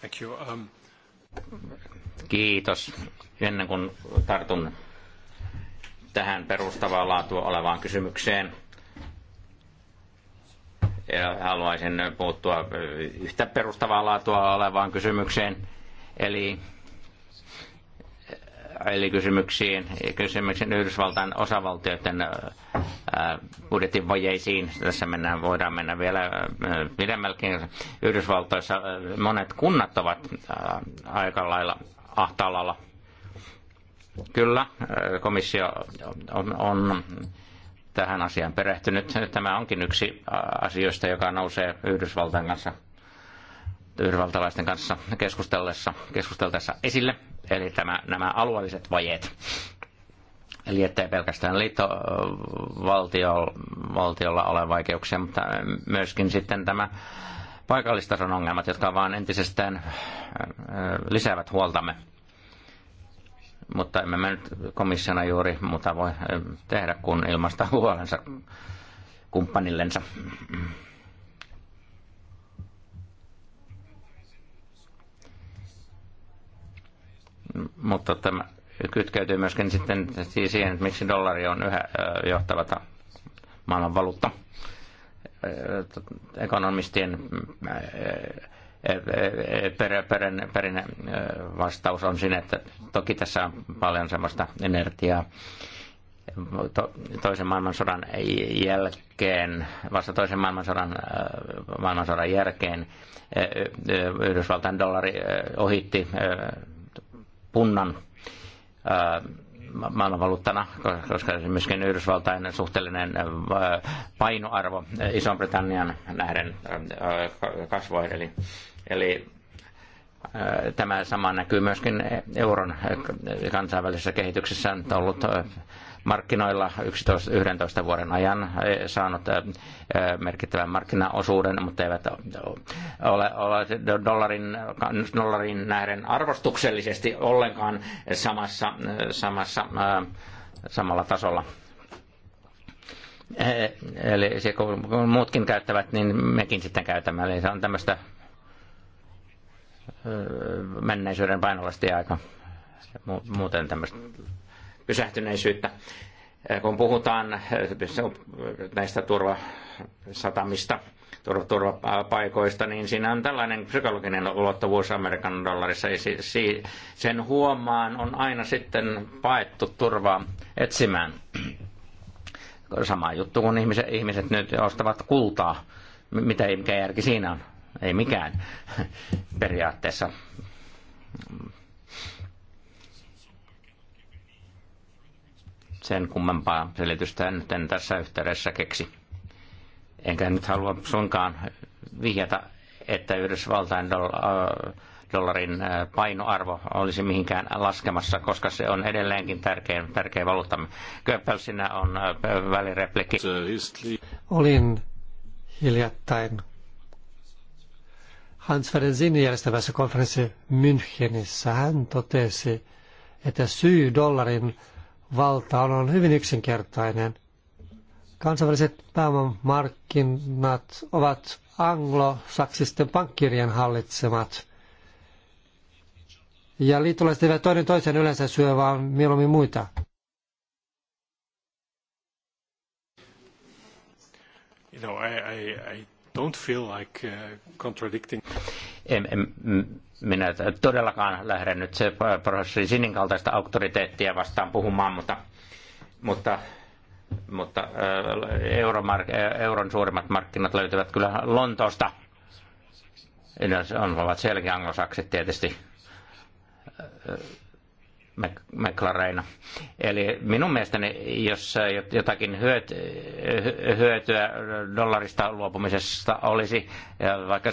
Thank you. Um... Kiitos. Ennen kuin tartun tähän perustavaa laatua olevaan kysymykseen, ja haluaisin puuttua yhtä perustavaa laatua olevaan kysymykseen, eli, eli kysymyksiin, kysymyksiin Yhdysvaltain osavaltioiden budjetin vajeisiin. Tässä mennään, voidaan mennä vielä pidemmälläkin. Yhdysvaltoissa monet kunnat ovat aika lailla ahtaalalla. Kyllä, komissio on, on tähän asiaan perehtynyt. Tämä onkin yksi asioista, joka nousee Yhdysvaltain kanssa, yhdysvaltalaisten kanssa keskustellessa, keskusteltaessa esille, eli tämä, nämä alueelliset vajeet. Eli ettei pelkästään liittovaltiolla ole vaikeuksia, mutta myöskin sitten tämä paikallistason ongelmat, jotka vaan entisestään lisäävät huoltamme mutta emme me nyt komissiona juuri muuta voi eh, tehdä kuin ilmaista huolensa kumppanillensa. Mutta tämä kytkeytyy myöskin sitten siihen, että miksi dollari on yhä eh, johtavata maailman valuutta. Eh, ekonomistien per, perin, vastaus on siinä, että toki tässä on paljon sellaista energiaa to, toisen maailmansodan jälkeen, vasta toisen maailmansodan, maailmansodan jälkeen Yhdysvaltain dollari ohitti punnan maailmanvaluuttana, koska myöskin Yhdysvaltain suhteellinen painoarvo iso britannian nähden kasvoi, eli Eli äh, tämä sama näkyy myöskin euron äh, kansainvälisessä kehityksessä. On ollut äh, markkinoilla 11-11 vuoden ajan saanut merkittävän markkinaosuuden, mutta eivät ole, ole dollarin, dollarin nähden arvostuksellisesti ollenkaan samassa, samassa, samalla tasolla. Eli se, kun muutkin käyttävät, niin mekin sitten käytämme. Eli se on tämmöistä menneisyyden painolasti aika muuten tämmöistä pysähtyneisyyttä. Kun puhutaan näistä turvasatamista, turvapaikoista, niin siinä on tällainen psykologinen ulottuvuus Amerikan dollarissa. Sen huomaan on aina sitten paettu turvaa etsimään. Sama juttu, kun ihmiset, ihmiset nyt ostavat kultaa. Mitä järki siinä on? ei mikään periaatteessa. Sen kummempaa selitystä en, en tässä yhteydessä keksi. Enkä nyt halua suinkaan vihjata, että Yhdysvaltain dollarin painoarvo olisi mihinkään laskemassa, koska se on edelleenkin tärkein, tärkeä valuuttamme. Goebbelsinä on välireplikki. Olin hiljattain Hans Ferenzin järjestävässä konferenssi Münchenissä hän totesi, että syy dollarin valtaan on hyvin yksinkertainen. Kansainväliset pääomamarkkinat ovat anglo-saksisten pankkirien hallitsemat. Ja liittolaiset eivät toinen toisen yleensä syö, vaan mieluummin muita. You know, I, I, I don't feel like uh, contradicting. En, en, minä todellakaan lähden nyt se professori Sinin kaltaista auktoriteettia vastaan puhumaan, mutta, mutta, mutta äh, euromark, äh, euron suurimmat markkinat löytyvät kyllä Lontoosta. Ne ovat selkeä anglosaksit tietysti äh, McLarena. Eli minun mielestäni, jos jotakin hyötyä dollarista luopumisesta olisi, vaikka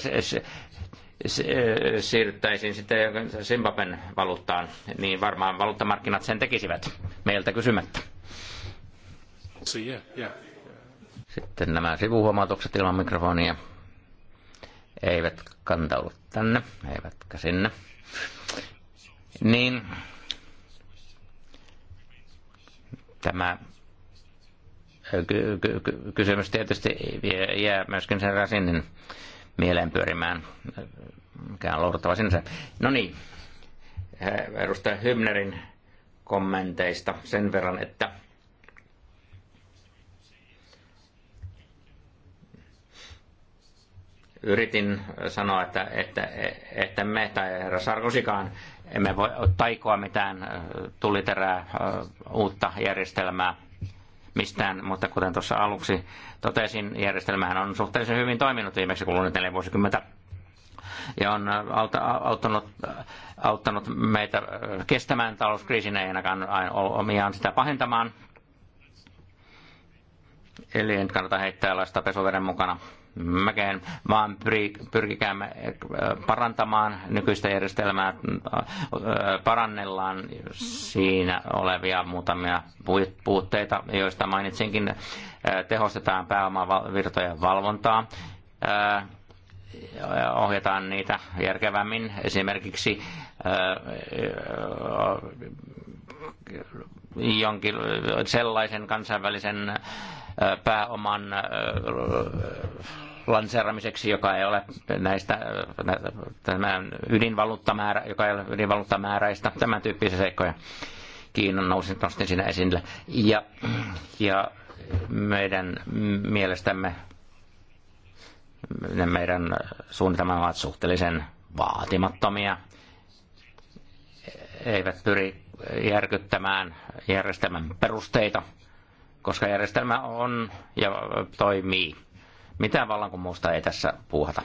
siirryttäisiin sitten Simbaben valuuttaan, niin varmaan valuuttamarkkinat sen tekisivät meiltä kysymättä. Sitten nämä sivuhuomautukset ilman mikrofonia eivät kantaudu tänne, eivätkä sinne. Niin, Tämä kysymys tietysti jää myöskin sen rasinin mieleen pyörimään, mikä on lohduttava sinänsä. No niin, eh, edustaja Hymnerin kommenteista sen verran, että yritin sanoa, että, että, että me tai herra Sarkosikaan emme voi taikoa mitään tuliterää uutta järjestelmää mistään, mutta kuten tuossa aluksi totesin, järjestelmähän on suhteellisen hyvin toiminut viimeksi kuluneet neljä vuosikymmentä ja on auttanut, auttanut meitä kestämään talouskriisin, ei ainakaan omiaan sitä pahentamaan. Eli en kannata heittää laista pesuveden mukana mäkeen, vaan pyrkikään äh, parantamaan nykyistä järjestelmää, äh, parannellaan siinä olevia muutamia puutteita, joista mainitsinkin, äh, tehostetaan pääomavirtojen valvontaa, ohjataan niitä järkevämmin esimerkiksi jonkin sellaisen kansainvälisen pääoman lanseeramiseksi, joka ei ole näistä tämän ydinvaluuttamäärä, joka ei ole ydinvaluuttamääräistä, tämän tyyppisiä seikkoja. Kiinan nousin, nostin siinä esille. Ja, ja meidän mielestämme ne meidän suunnitelmat ovat suhteellisen vaatimattomia. Eivät pyri järkyttämään järjestelmän perusteita, koska järjestelmä on ja toimii mitään vallankumousta ei tässä puuhata.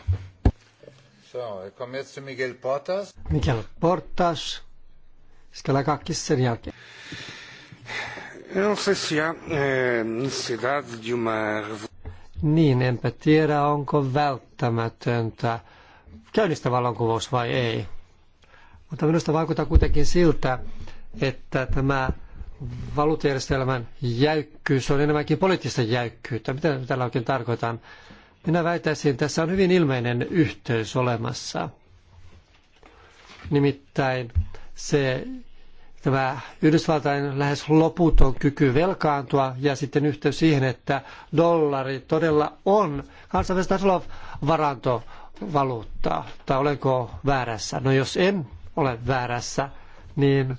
So, Miguel Portas. Miguel Portas. skala sen jälkeen. Eu se há eh, necessidade de niin, enpä tiedä, onko välttämätöntä käynnistä vallankumous vai ei. Mutta minusta vaikuttaa kuitenkin siltä, että tämä valuutajärjestelmän jäykkyys on enemmänkin poliittista jäykkyyttä. Mitä tällä oikein tarkoitan? Minä väitäisin, että tässä on hyvin ilmeinen yhteys olemassa. Nimittäin se, tämä Yhdysvaltain lähes loputon kyky velkaantua ja sitten yhteys siihen, että dollari todella on kansainvälistä tasolla varantovaluuttaa. Tai olenko väärässä? No jos en ole väärässä, niin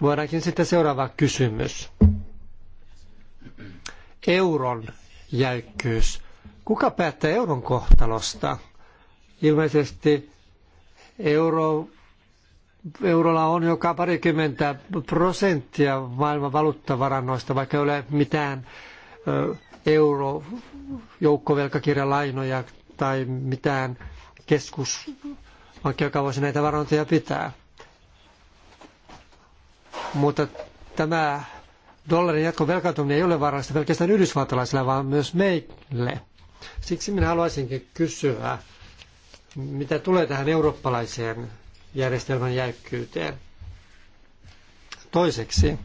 Voidaankin sitten seuraava kysymys. Euron jäykkyys. Kuka päättää euron kohtalosta? Ilmeisesti euro, eurolla on joka parikymmentä prosenttia maailman valuuttavarannoista, vaikka ei ole mitään euro joukkovelkakirjalainoja tai mitään keskus, vaikka joka voisi näitä varantoja pitää mutta tämä dollarin jatkon velkaantuminen ei ole vaarallista pelkästään yhdysvaltalaisille, vaan myös meille. Siksi minä haluaisinkin kysyä, mitä tulee tähän eurooppalaiseen järjestelmän jäykkyyteen. Toiseksi,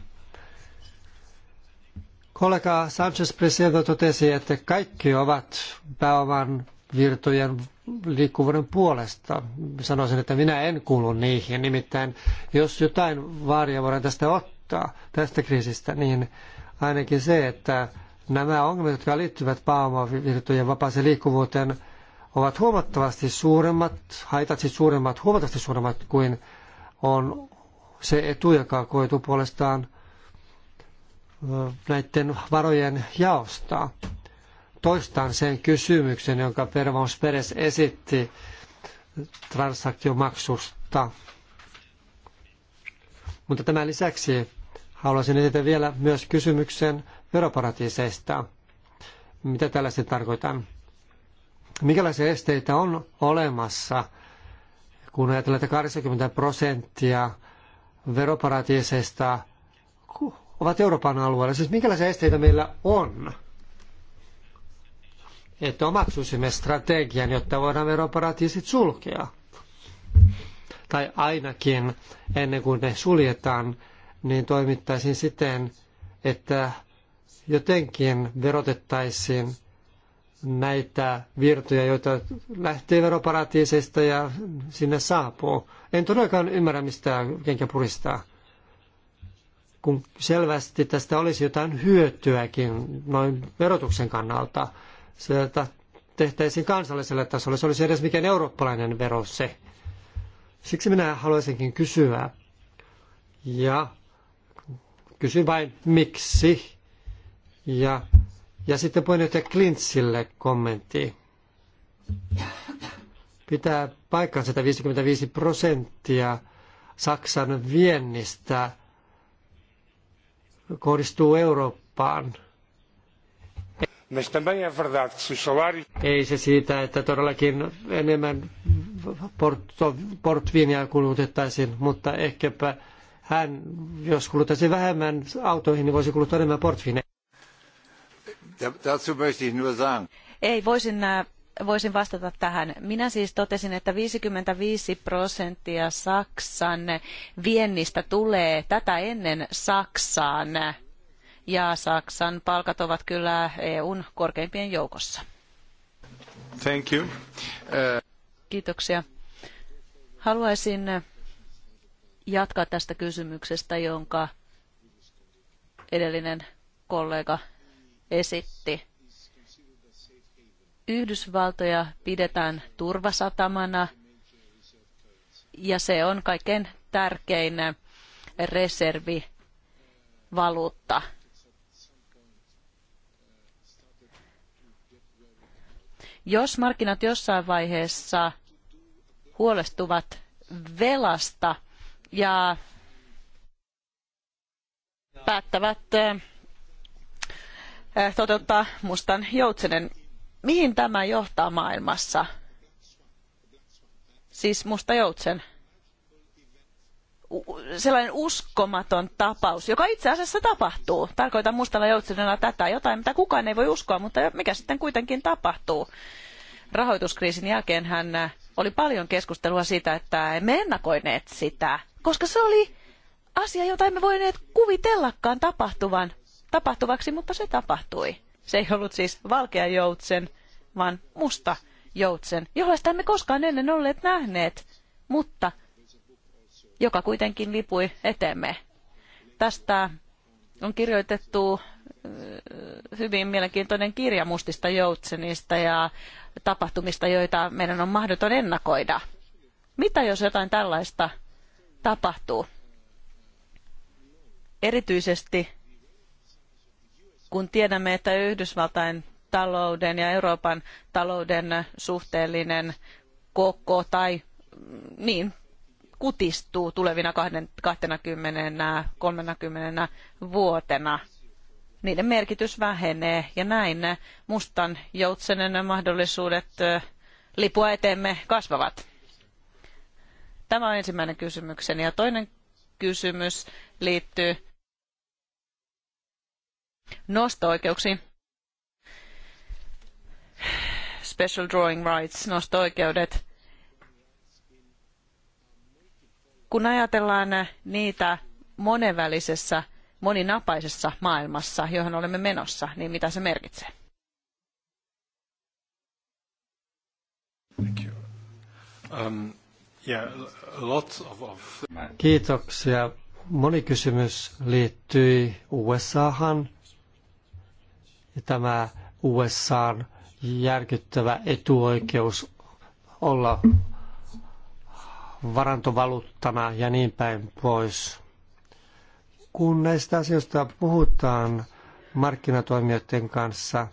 kollega Sanchez Presedo totesi, että kaikki ovat pääoman virtojen liikkuvuuden puolesta. Sanoisin, että minä en kuulu niihin. Nimittäin jos jotain vaaria voidaan tästä ottaa, tästä kriisistä, niin ainakin se, että nämä ongelmat, jotka liittyvät pääomavirtojen vapaaseen liikkuvuuteen, ovat huomattavasti suuremmat, haitat siis suuremmat, huomattavasti suuremmat kuin on se etu, joka koituu puolestaan näiden varojen jaosta toistan sen kysymyksen, jonka Pervons Peres esitti transaktiomaksusta. Mutta tämän lisäksi haluaisin esittää vielä myös kysymyksen veroparatiiseista. Mitä tällaista tarkoitan? Mikälaisia esteitä on olemassa, kun ajatellaan, että 80 prosenttia veroparatiiseista ovat Euroopan alueella? Siis minkälaisia esteitä meillä on? että omaksuisimme strategian, jotta voidaan veroparatiisit sulkea. Tai ainakin ennen kuin ne suljetaan, niin toimittaisiin siten, että jotenkin verotettaisiin näitä virtoja, joita lähtee veroparatiiseista ja sinne saapuu. En todellakaan ymmärrä, mistä kenkä puristaa. Kun selvästi tästä olisi jotain hyötyäkin noin verotuksen kannalta, se tehtäisiin kansalliselle tasolle. Se olisi edes mikään eurooppalainen vero se. Siksi minä haluaisinkin kysyä. Ja kysyn vain miksi. Ja, ja sitten puheenjohtaja Klintsille kommentti. Pitää paikkansa, että 55 prosenttia Saksan viennistä kohdistuu Eurooppaan – ei se siitä, että todellakin enemmän portviinia kulutettaisiin, mutta ehkäpä hän, jos kuluttaisi vähemmän autoihin, niin voisi kuluttaa enemmän portviinia. Ei, voisin, äh, voisin vastata tähän. Minä siis totesin, että 55 prosenttia Saksan viennistä tulee tätä ennen Saksaan ja Saksan palkat ovat kyllä EUn korkeimpien joukossa. Thank you. Uh, Kiitoksia. Haluaisin jatkaa tästä kysymyksestä, jonka edellinen kollega esitti. Yhdysvaltoja pidetään turvasatamana ja se on kaikkein tärkein reservivaluutta Jos markkinat jossain vaiheessa huolestuvat velasta ja päättävät eh, eh, toteuttaa mustan joutsenen. Mihin tämä johtaa maailmassa? Siis musta joutsen sellainen uskomaton tapaus, joka itse asiassa tapahtuu. Tarkoitan mustalla joutsenella tätä jotain, mitä kukaan ei voi uskoa, mutta mikä sitten kuitenkin tapahtuu. Rahoituskriisin jälkeen hän äh, oli paljon keskustelua siitä, että emme ennakoineet sitä, koska se oli asia, jota emme voineet kuvitellakaan tapahtuvan, tapahtuvaksi, mutta se tapahtui. Se ei ollut siis valkea joutsen, vaan musta joutsen, jollaista emme koskaan ennen olleet nähneet, mutta – joka kuitenkin lipui eteemme. Tästä on kirjoitettu hyvin mielenkiintoinen kirja mustista joutsenista ja tapahtumista, joita meidän on mahdoton ennakoida. Mitä jos jotain tällaista tapahtuu? Erityisesti kun tiedämme, että Yhdysvaltain talouden ja Euroopan talouden suhteellinen koko tai mm, niin kutistuu tulevina 20-30 vuotena. Niiden merkitys vähenee ja näin mustan joutsenen mahdollisuudet lipua eteemme kasvavat. Tämä on ensimmäinen kysymykseni ja toinen kysymys liittyy nosto-oikeuksiin. Special drawing rights, nosto-oikeudet kun ajatellaan niitä monenvälisessä, moninapaisessa maailmassa, johon olemme menossa, niin mitä se merkitsee? Um, Kiitoksia. Moni kysymys liittyi USAhan. Tämä USAn järkyttävä etuoikeus olla varantovaluuttana ja niin päin pois. Kun näistä asioista puhutaan markkinatoimijoiden kanssa,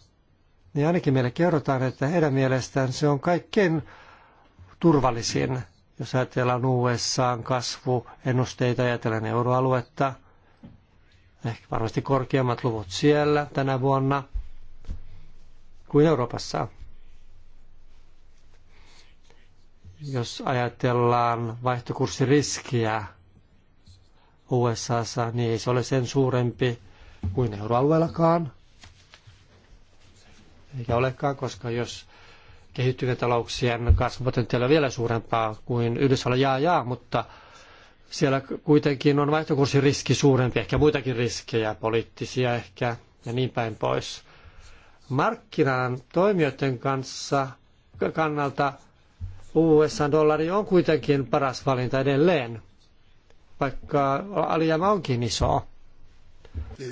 niin ainakin meille kerrotaan, että heidän mielestään se on kaikkein turvallisin, jos ajatellaan USAn kasvuennusteita, ajatellaan euroaluetta, ehkä varmasti korkeammat luvut siellä tänä vuonna kuin Euroopassa. Jos ajatellaan vaihtokurssiriskiä USAssa, niin ei se ole sen suurempi kuin euroalueellakaan. Eikä olekaan, koska jos kehittyvien talouksien kasvupotentiaali on vielä suurempaa kuin Yhdysvallan jaa jaa, mutta siellä kuitenkin on vaihtokurssiriski suurempi, ehkä muitakin riskejä, poliittisia ehkä ja niin päin pois. Markkinan toimijoiden kanssa kannalta USA-dollari on kuitenkin paras valinta edelleen, vaikka alijäämä onkin iso.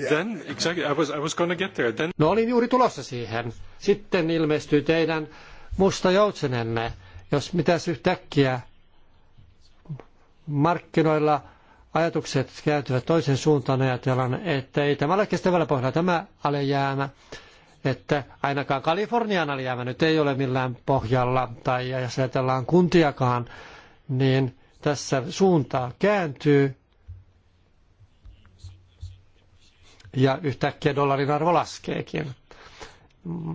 Then, exactly, I was, I was gonna get there. Then... No olin juuri tulossa siihen. Sitten ilmestyi teidän musta joutsenenne, jos mitäs yhtäkkiä markkinoilla ajatukset kääntyvät toisen suuntaan ajatellaan, että ei tämä ole kestävällä pohjalla tämä alijäämä että ainakaan Kalifornian alijäämä nyt ei ole millään pohjalla, tai jos ajatellaan kuntiakaan, niin tässä suunta kääntyy ja yhtäkkiä dollarin arvo laskeekin.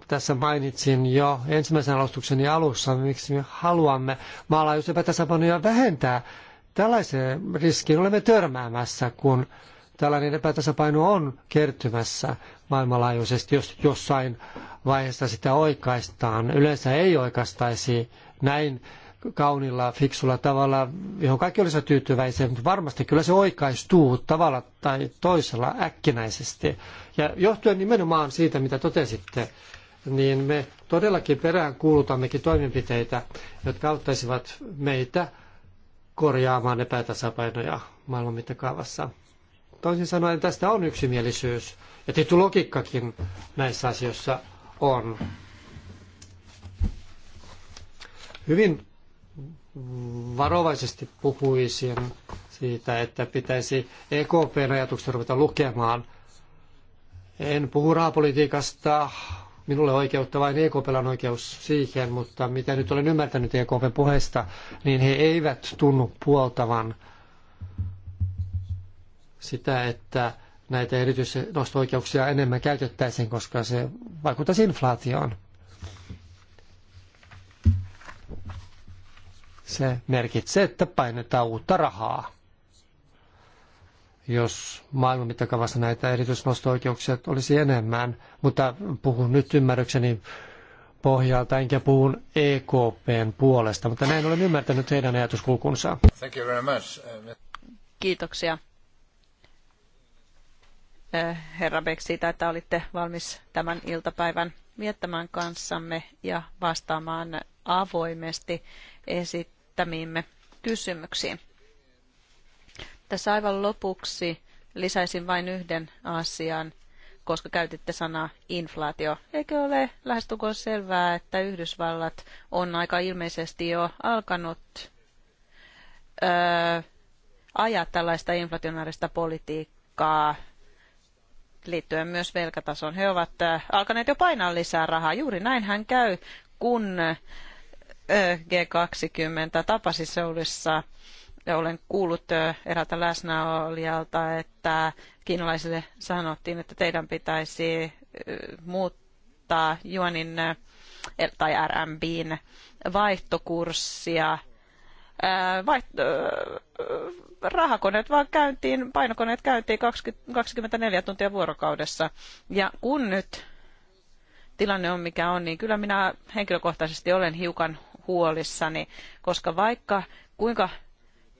Tässä mainitsin jo ensimmäisen alustukseni alussa, miksi me haluamme maalaisuus epätasapainoja vähentää. Tällaiseen riskiin olemme törmäämässä, kun tällainen epätasapaino on kertymässä maailmanlaajuisesti, jos jossain vaiheessa sitä oikaistaan. Yleensä ei oikaistaisi näin kaunilla, fiksulla tavalla, johon kaikki olisivat tyytyväisiä, mutta varmasti kyllä se oikaistuu tavalla tai toisella äkkinäisesti. Ja johtuen nimenomaan siitä, mitä totesitte, niin me todellakin peräänkuulutammekin toimenpiteitä, jotka auttaisivat meitä korjaamaan epätasapainoja maailman mittakaavassa. Toisin sanoen tästä on yksimielisyys ja tietty logiikkakin näissä asioissa on. Hyvin varovaisesti puhuisin siitä, että pitäisi EKPn ajatuksia ruveta lukemaan. En puhu rahapolitiikasta, minulle oikeutta vain EKPllä on oikeus siihen, mutta mitä nyt olen ymmärtänyt EKPn puheesta, niin he eivät tunnu puoltavan sitä, että näitä erityisnosto-oikeuksia enemmän käytettäisiin, koska se vaikuttaisi inflaatioon. Se merkitsee, että painetaan uutta rahaa. Jos maailman mittakaavassa näitä erityisnosto-oikeuksia olisi enemmän, mutta puhun nyt ymmärrykseni pohjalta, enkä puhun EKPn puolesta, mutta näin olen ymmärtänyt heidän ajatuskulkunsa. Kiitoksia. Äh, herra Beck siitä, että olitte valmis tämän iltapäivän viettämään kanssamme ja vastaamaan avoimesti esittämiimme kysymyksiin. Tässä aivan lopuksi lisäisin vain yhden asian, koska käytitte sanaa inflaatio. Eikö ole lähestulkoon selvää, että Yhdysvallat on aika ilmeisesti jo alkanut öö, ajaa tällaista inflationaarista politiikkaa liittyen myös velkatason. He ovat alkaneet jo painaa lisää rahaa. Juuri näin hän käy, kun G20 tapasi Soulissa. Olen kuullut eräältä läsnäolijalta, että kiinalaisille sanottiin, että teidän pitäisi muuttaa juonin tai RMBin vaihtokurssia – vaiht- rahakoneet vaan käyntiin, painokoneet käyntiin 20, 24 tuntia vuorokaudessa. Ja kun nyt tilanne on mikä on, niin kyllä minä henkilökohtaisesti olen hiukan huolissani, koska vaikka kuinka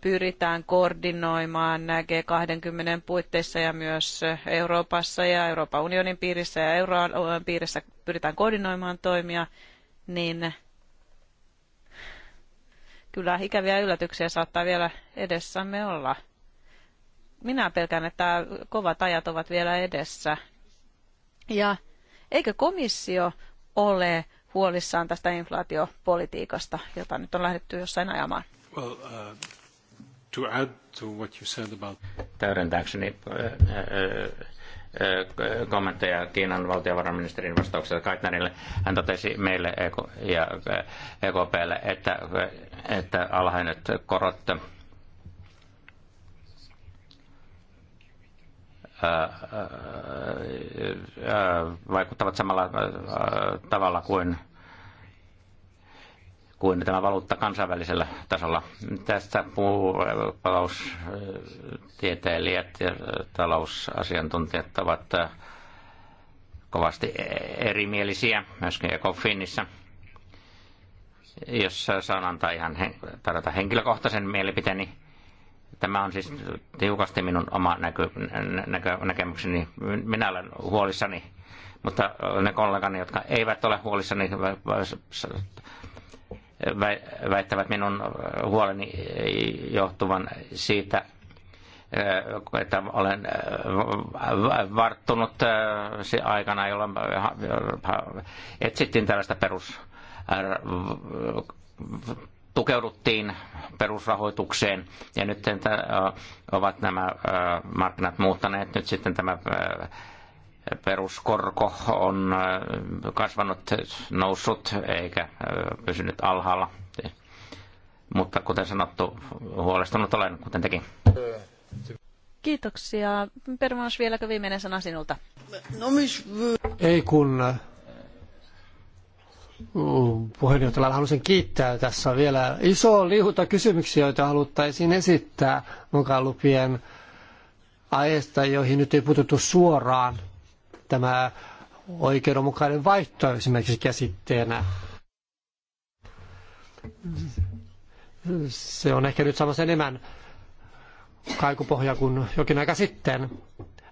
pyritään koordinoimaan G20 puitteissa ja myös Euroopassa ja Euroopan unionin piirissä ja euroalueen piirissä pyritään koordinoimaan toimia, niin kyllä ikäviä yllätyksiä saattaa vielä edessämme olla. Minä pelkään, että kovat ajat ovat vielä edessä. Ja eikö komissio ole huolissaan tästä inflaatiopolitiikasta, jota nyt on lähdetty jossain ajamaan? Well, uh, to add to what you said about... Täydentääkseni uh, uh, kommentteja Kiinan valtiovarainministerin vastauksesta Kaitnerille. Hän totesi meille e ja EKPlle, e että, että alhaiset korot vaikuttavat samalla tavalla kuin kuin tämä valuutta kansainvälisellä tasolla. Tästä puhuu taloustieteilijät äh, ja äh, talousasiantuntijat ovat äh, kovasti erimielisiä, myöskin Ecofinissa. Jos saan antaa ihan tarjota henkilökohtaisen mielipiteeni, tämä on siis tiukasti minun oma näkö, näkö, näkemykseni. Minä olen huolissani, mutta ne kollegani, jotka eivät ole huolissani, väittävät minun huoleni johtuvan siitä, äh, että olen äh, varttunut äh, aikana, jolloin etsittiin tällaista perus tukeuduttiin perusrahoitukseen ja nyt ovat nämä markkinat muuttaneet nyt sitten tämä peruskorko on äh, kasvanut, noussut eikä äh, pysynyt alhaalla. Mutta kuten sanottu, huolestunut olen, kuten tekin. Kiitoksia. Permanus, vieläkö viimeinen sana sinulta? No, äh. Ei kun puheenjohtajalla halusin kiittää. Tässä on vielä iso liuta kysymyksiä, joita haluttaisiin esittää mukaan lupien aiheesta, joihin nyt ei puututtu suoraan tämä oikeudenmukainen vaihto esimerkiksi käsitteenä. Se on ehkä nyt samassa enemmän kaikupohja kuin jokin aika sitten.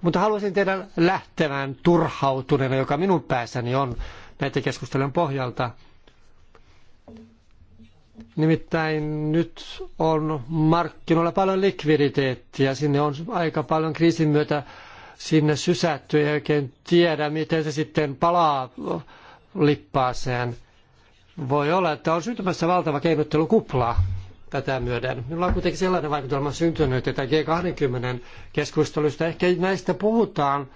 Mutta haluaisin teidän lähtevän turhautuneena, joka minun päässäni on näiden keskustelujen pohjalta. Nimittäin nyt on markkinoilla paljon likviditeettiä, sinne on aika paljon kriisin myötä sinne sysätty, ei oikein tiedä, miten se sitten palaa lippaaseen. Voi olla, että on syntymässä valtava keinottelukupla tätä myöden. Minulla on kuitenkin sellainen vaikutelma syntynyt, että g 20 keskustelusta ehkä näistä puhutaan,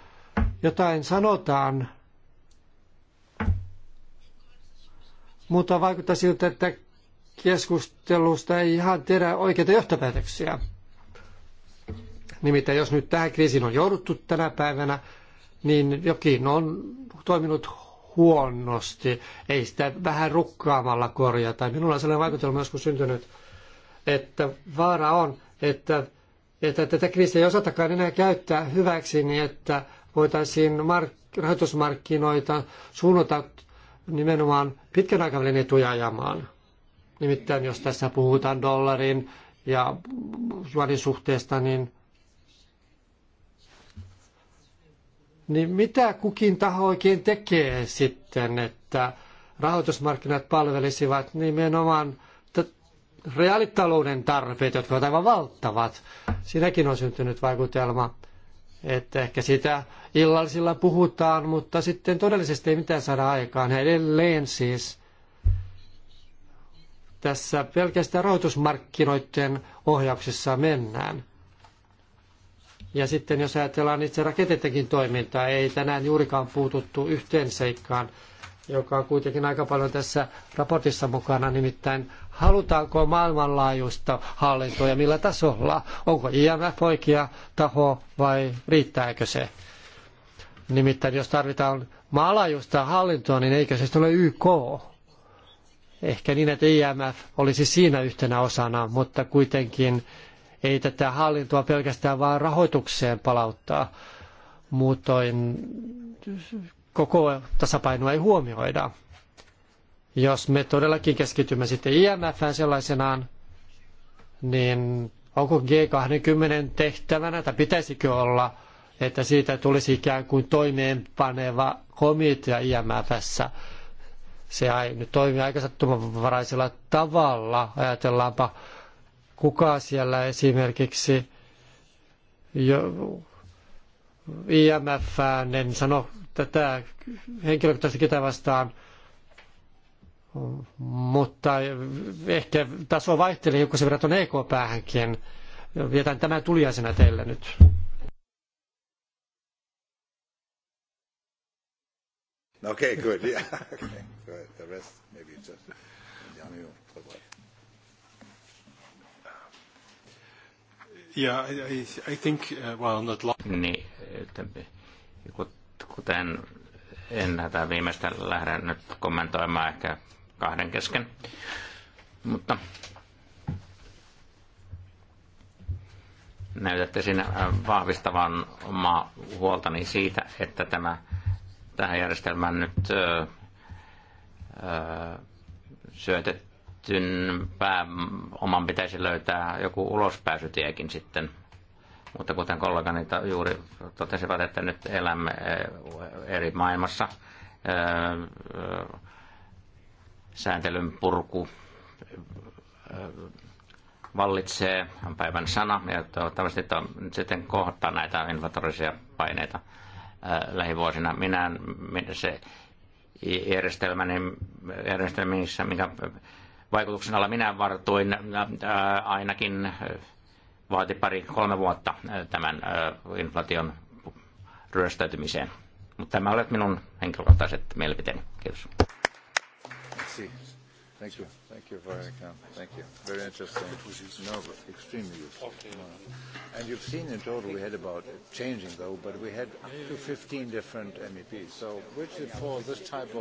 jotain sanotaan, mutta vaikuttaa siltä, että keskustelusta ei ihan tehdä oikeita johtopäätöksiä. Nimittäin jos nyt tähän kriisiin on jouduttu tänä päivänä, niin jokin on toiminut huonosti. Ei sitä vähän rukkaamalla korjata. Minulla on sellainen vaikutelma joskus syntynyt, että vaara on, että, että tätä kriisiä ei osatakaan enää käyttää hyväksi, niin että voitaisiin mark- rahoitusmarkkinoita suunnata nimenomaan pitkän aikavälin etuja ajamaan. Nimittäin jos tässä puhutaan dollarin ja juonin suhteesta, niin niin mitä kukin taho oikein tekee sitten, että rahoitusmarkkinat palvelisivat nimenomaan reaalitalouden tarpeet, jotka ovat aivan valtavat. Siinäkin on syntynyt vaikutelma, että ehkä sitä illallisilla puhutaan, mutta sitten todellisesti ei mitään saada aikaan. Edelleen siis tässä pelkästään rahoitusmarkkinoiden ohjauksessa mennään. Ja sitten jos ajatellaan itse raketeidenkin toimintaa, ei tänään juurikaan puututtu yhteen seikkaan, joka on kuitenkin aika paljon tässä raportissa mukana, nimittäin halutaanko maailmanlaajuista hallintoa ja millä tasolla, onko IMF oikea taho vai riittääkö se. Nimittäin jos tarvitaan maailmanlaajuista hallintoa, niin eikö se sitten ole YK? Ehkä niin, että IMF olisi siinä yhtenä osana, mutta kuitenkin ei tätä hallintoa pelkästään vaan rahoitukseen palauttaa. Muutoin koko tasapainoa ei huomioida. Jos me todellakin keskitymme sitten IMFään sellaisenaan, niin onko G20 tehtävänä, tai pitäisikö olla, että siitä tulisi ikään kuin toimeenpaneva komitea IMFssä. Se ei nyt toimi aika sattumanvaraisella tavalla, ajatellaanpa kuka siellä esimerkiksi jo IMF, en sano tätä henkilökohtaisesti ketä vastaan, mutta ehkä taso vaihtelee joku se verran EK-päähänkin. Vietän tämän tuliaisena teille nyt. Okay, good. Yeah. Okay, good. The rest maybe just. Yeah, I, I think, uh, well, not long. Niin, kuten en näitä viimeistä lähde nyt kommentoimaan ehkä kahden kesken. Mutta näytätte siinä äh, vahvistavan omaa huoltani siitä, että tämä, tähän järjestelmään nyt öö, äh, äh, syötet, tietyn oman pitäisi löytää joku ulospääsytiekin sitten. Mutta kuten kollegani juuri totesivat, että nyt elämme eh, eri maailmassa, eh, eh, sääntelyn purku vallitsee, on päivän sana, ja toivottavasti to, nyt sitten kohtaa näitä inflatorisia paineita lähivuosina. Minä se järjestelmä, niin järjestelmissä, mikä vaikutuksen alla minä vartoin äh, ainakin äh, vaati pari kolme vuotta äh, tämän inflaation ryöstäytymiseen. Mutta tämä olet minun henkilökohtaiset mielipiteeni. Kiitos. Thank you. Thank you for Thank you. Very interesting. No, but extremely useful. Okay. No. And you've seen in total we had about uh, changing though, but we had up to 15 different MEPs. So which for this type of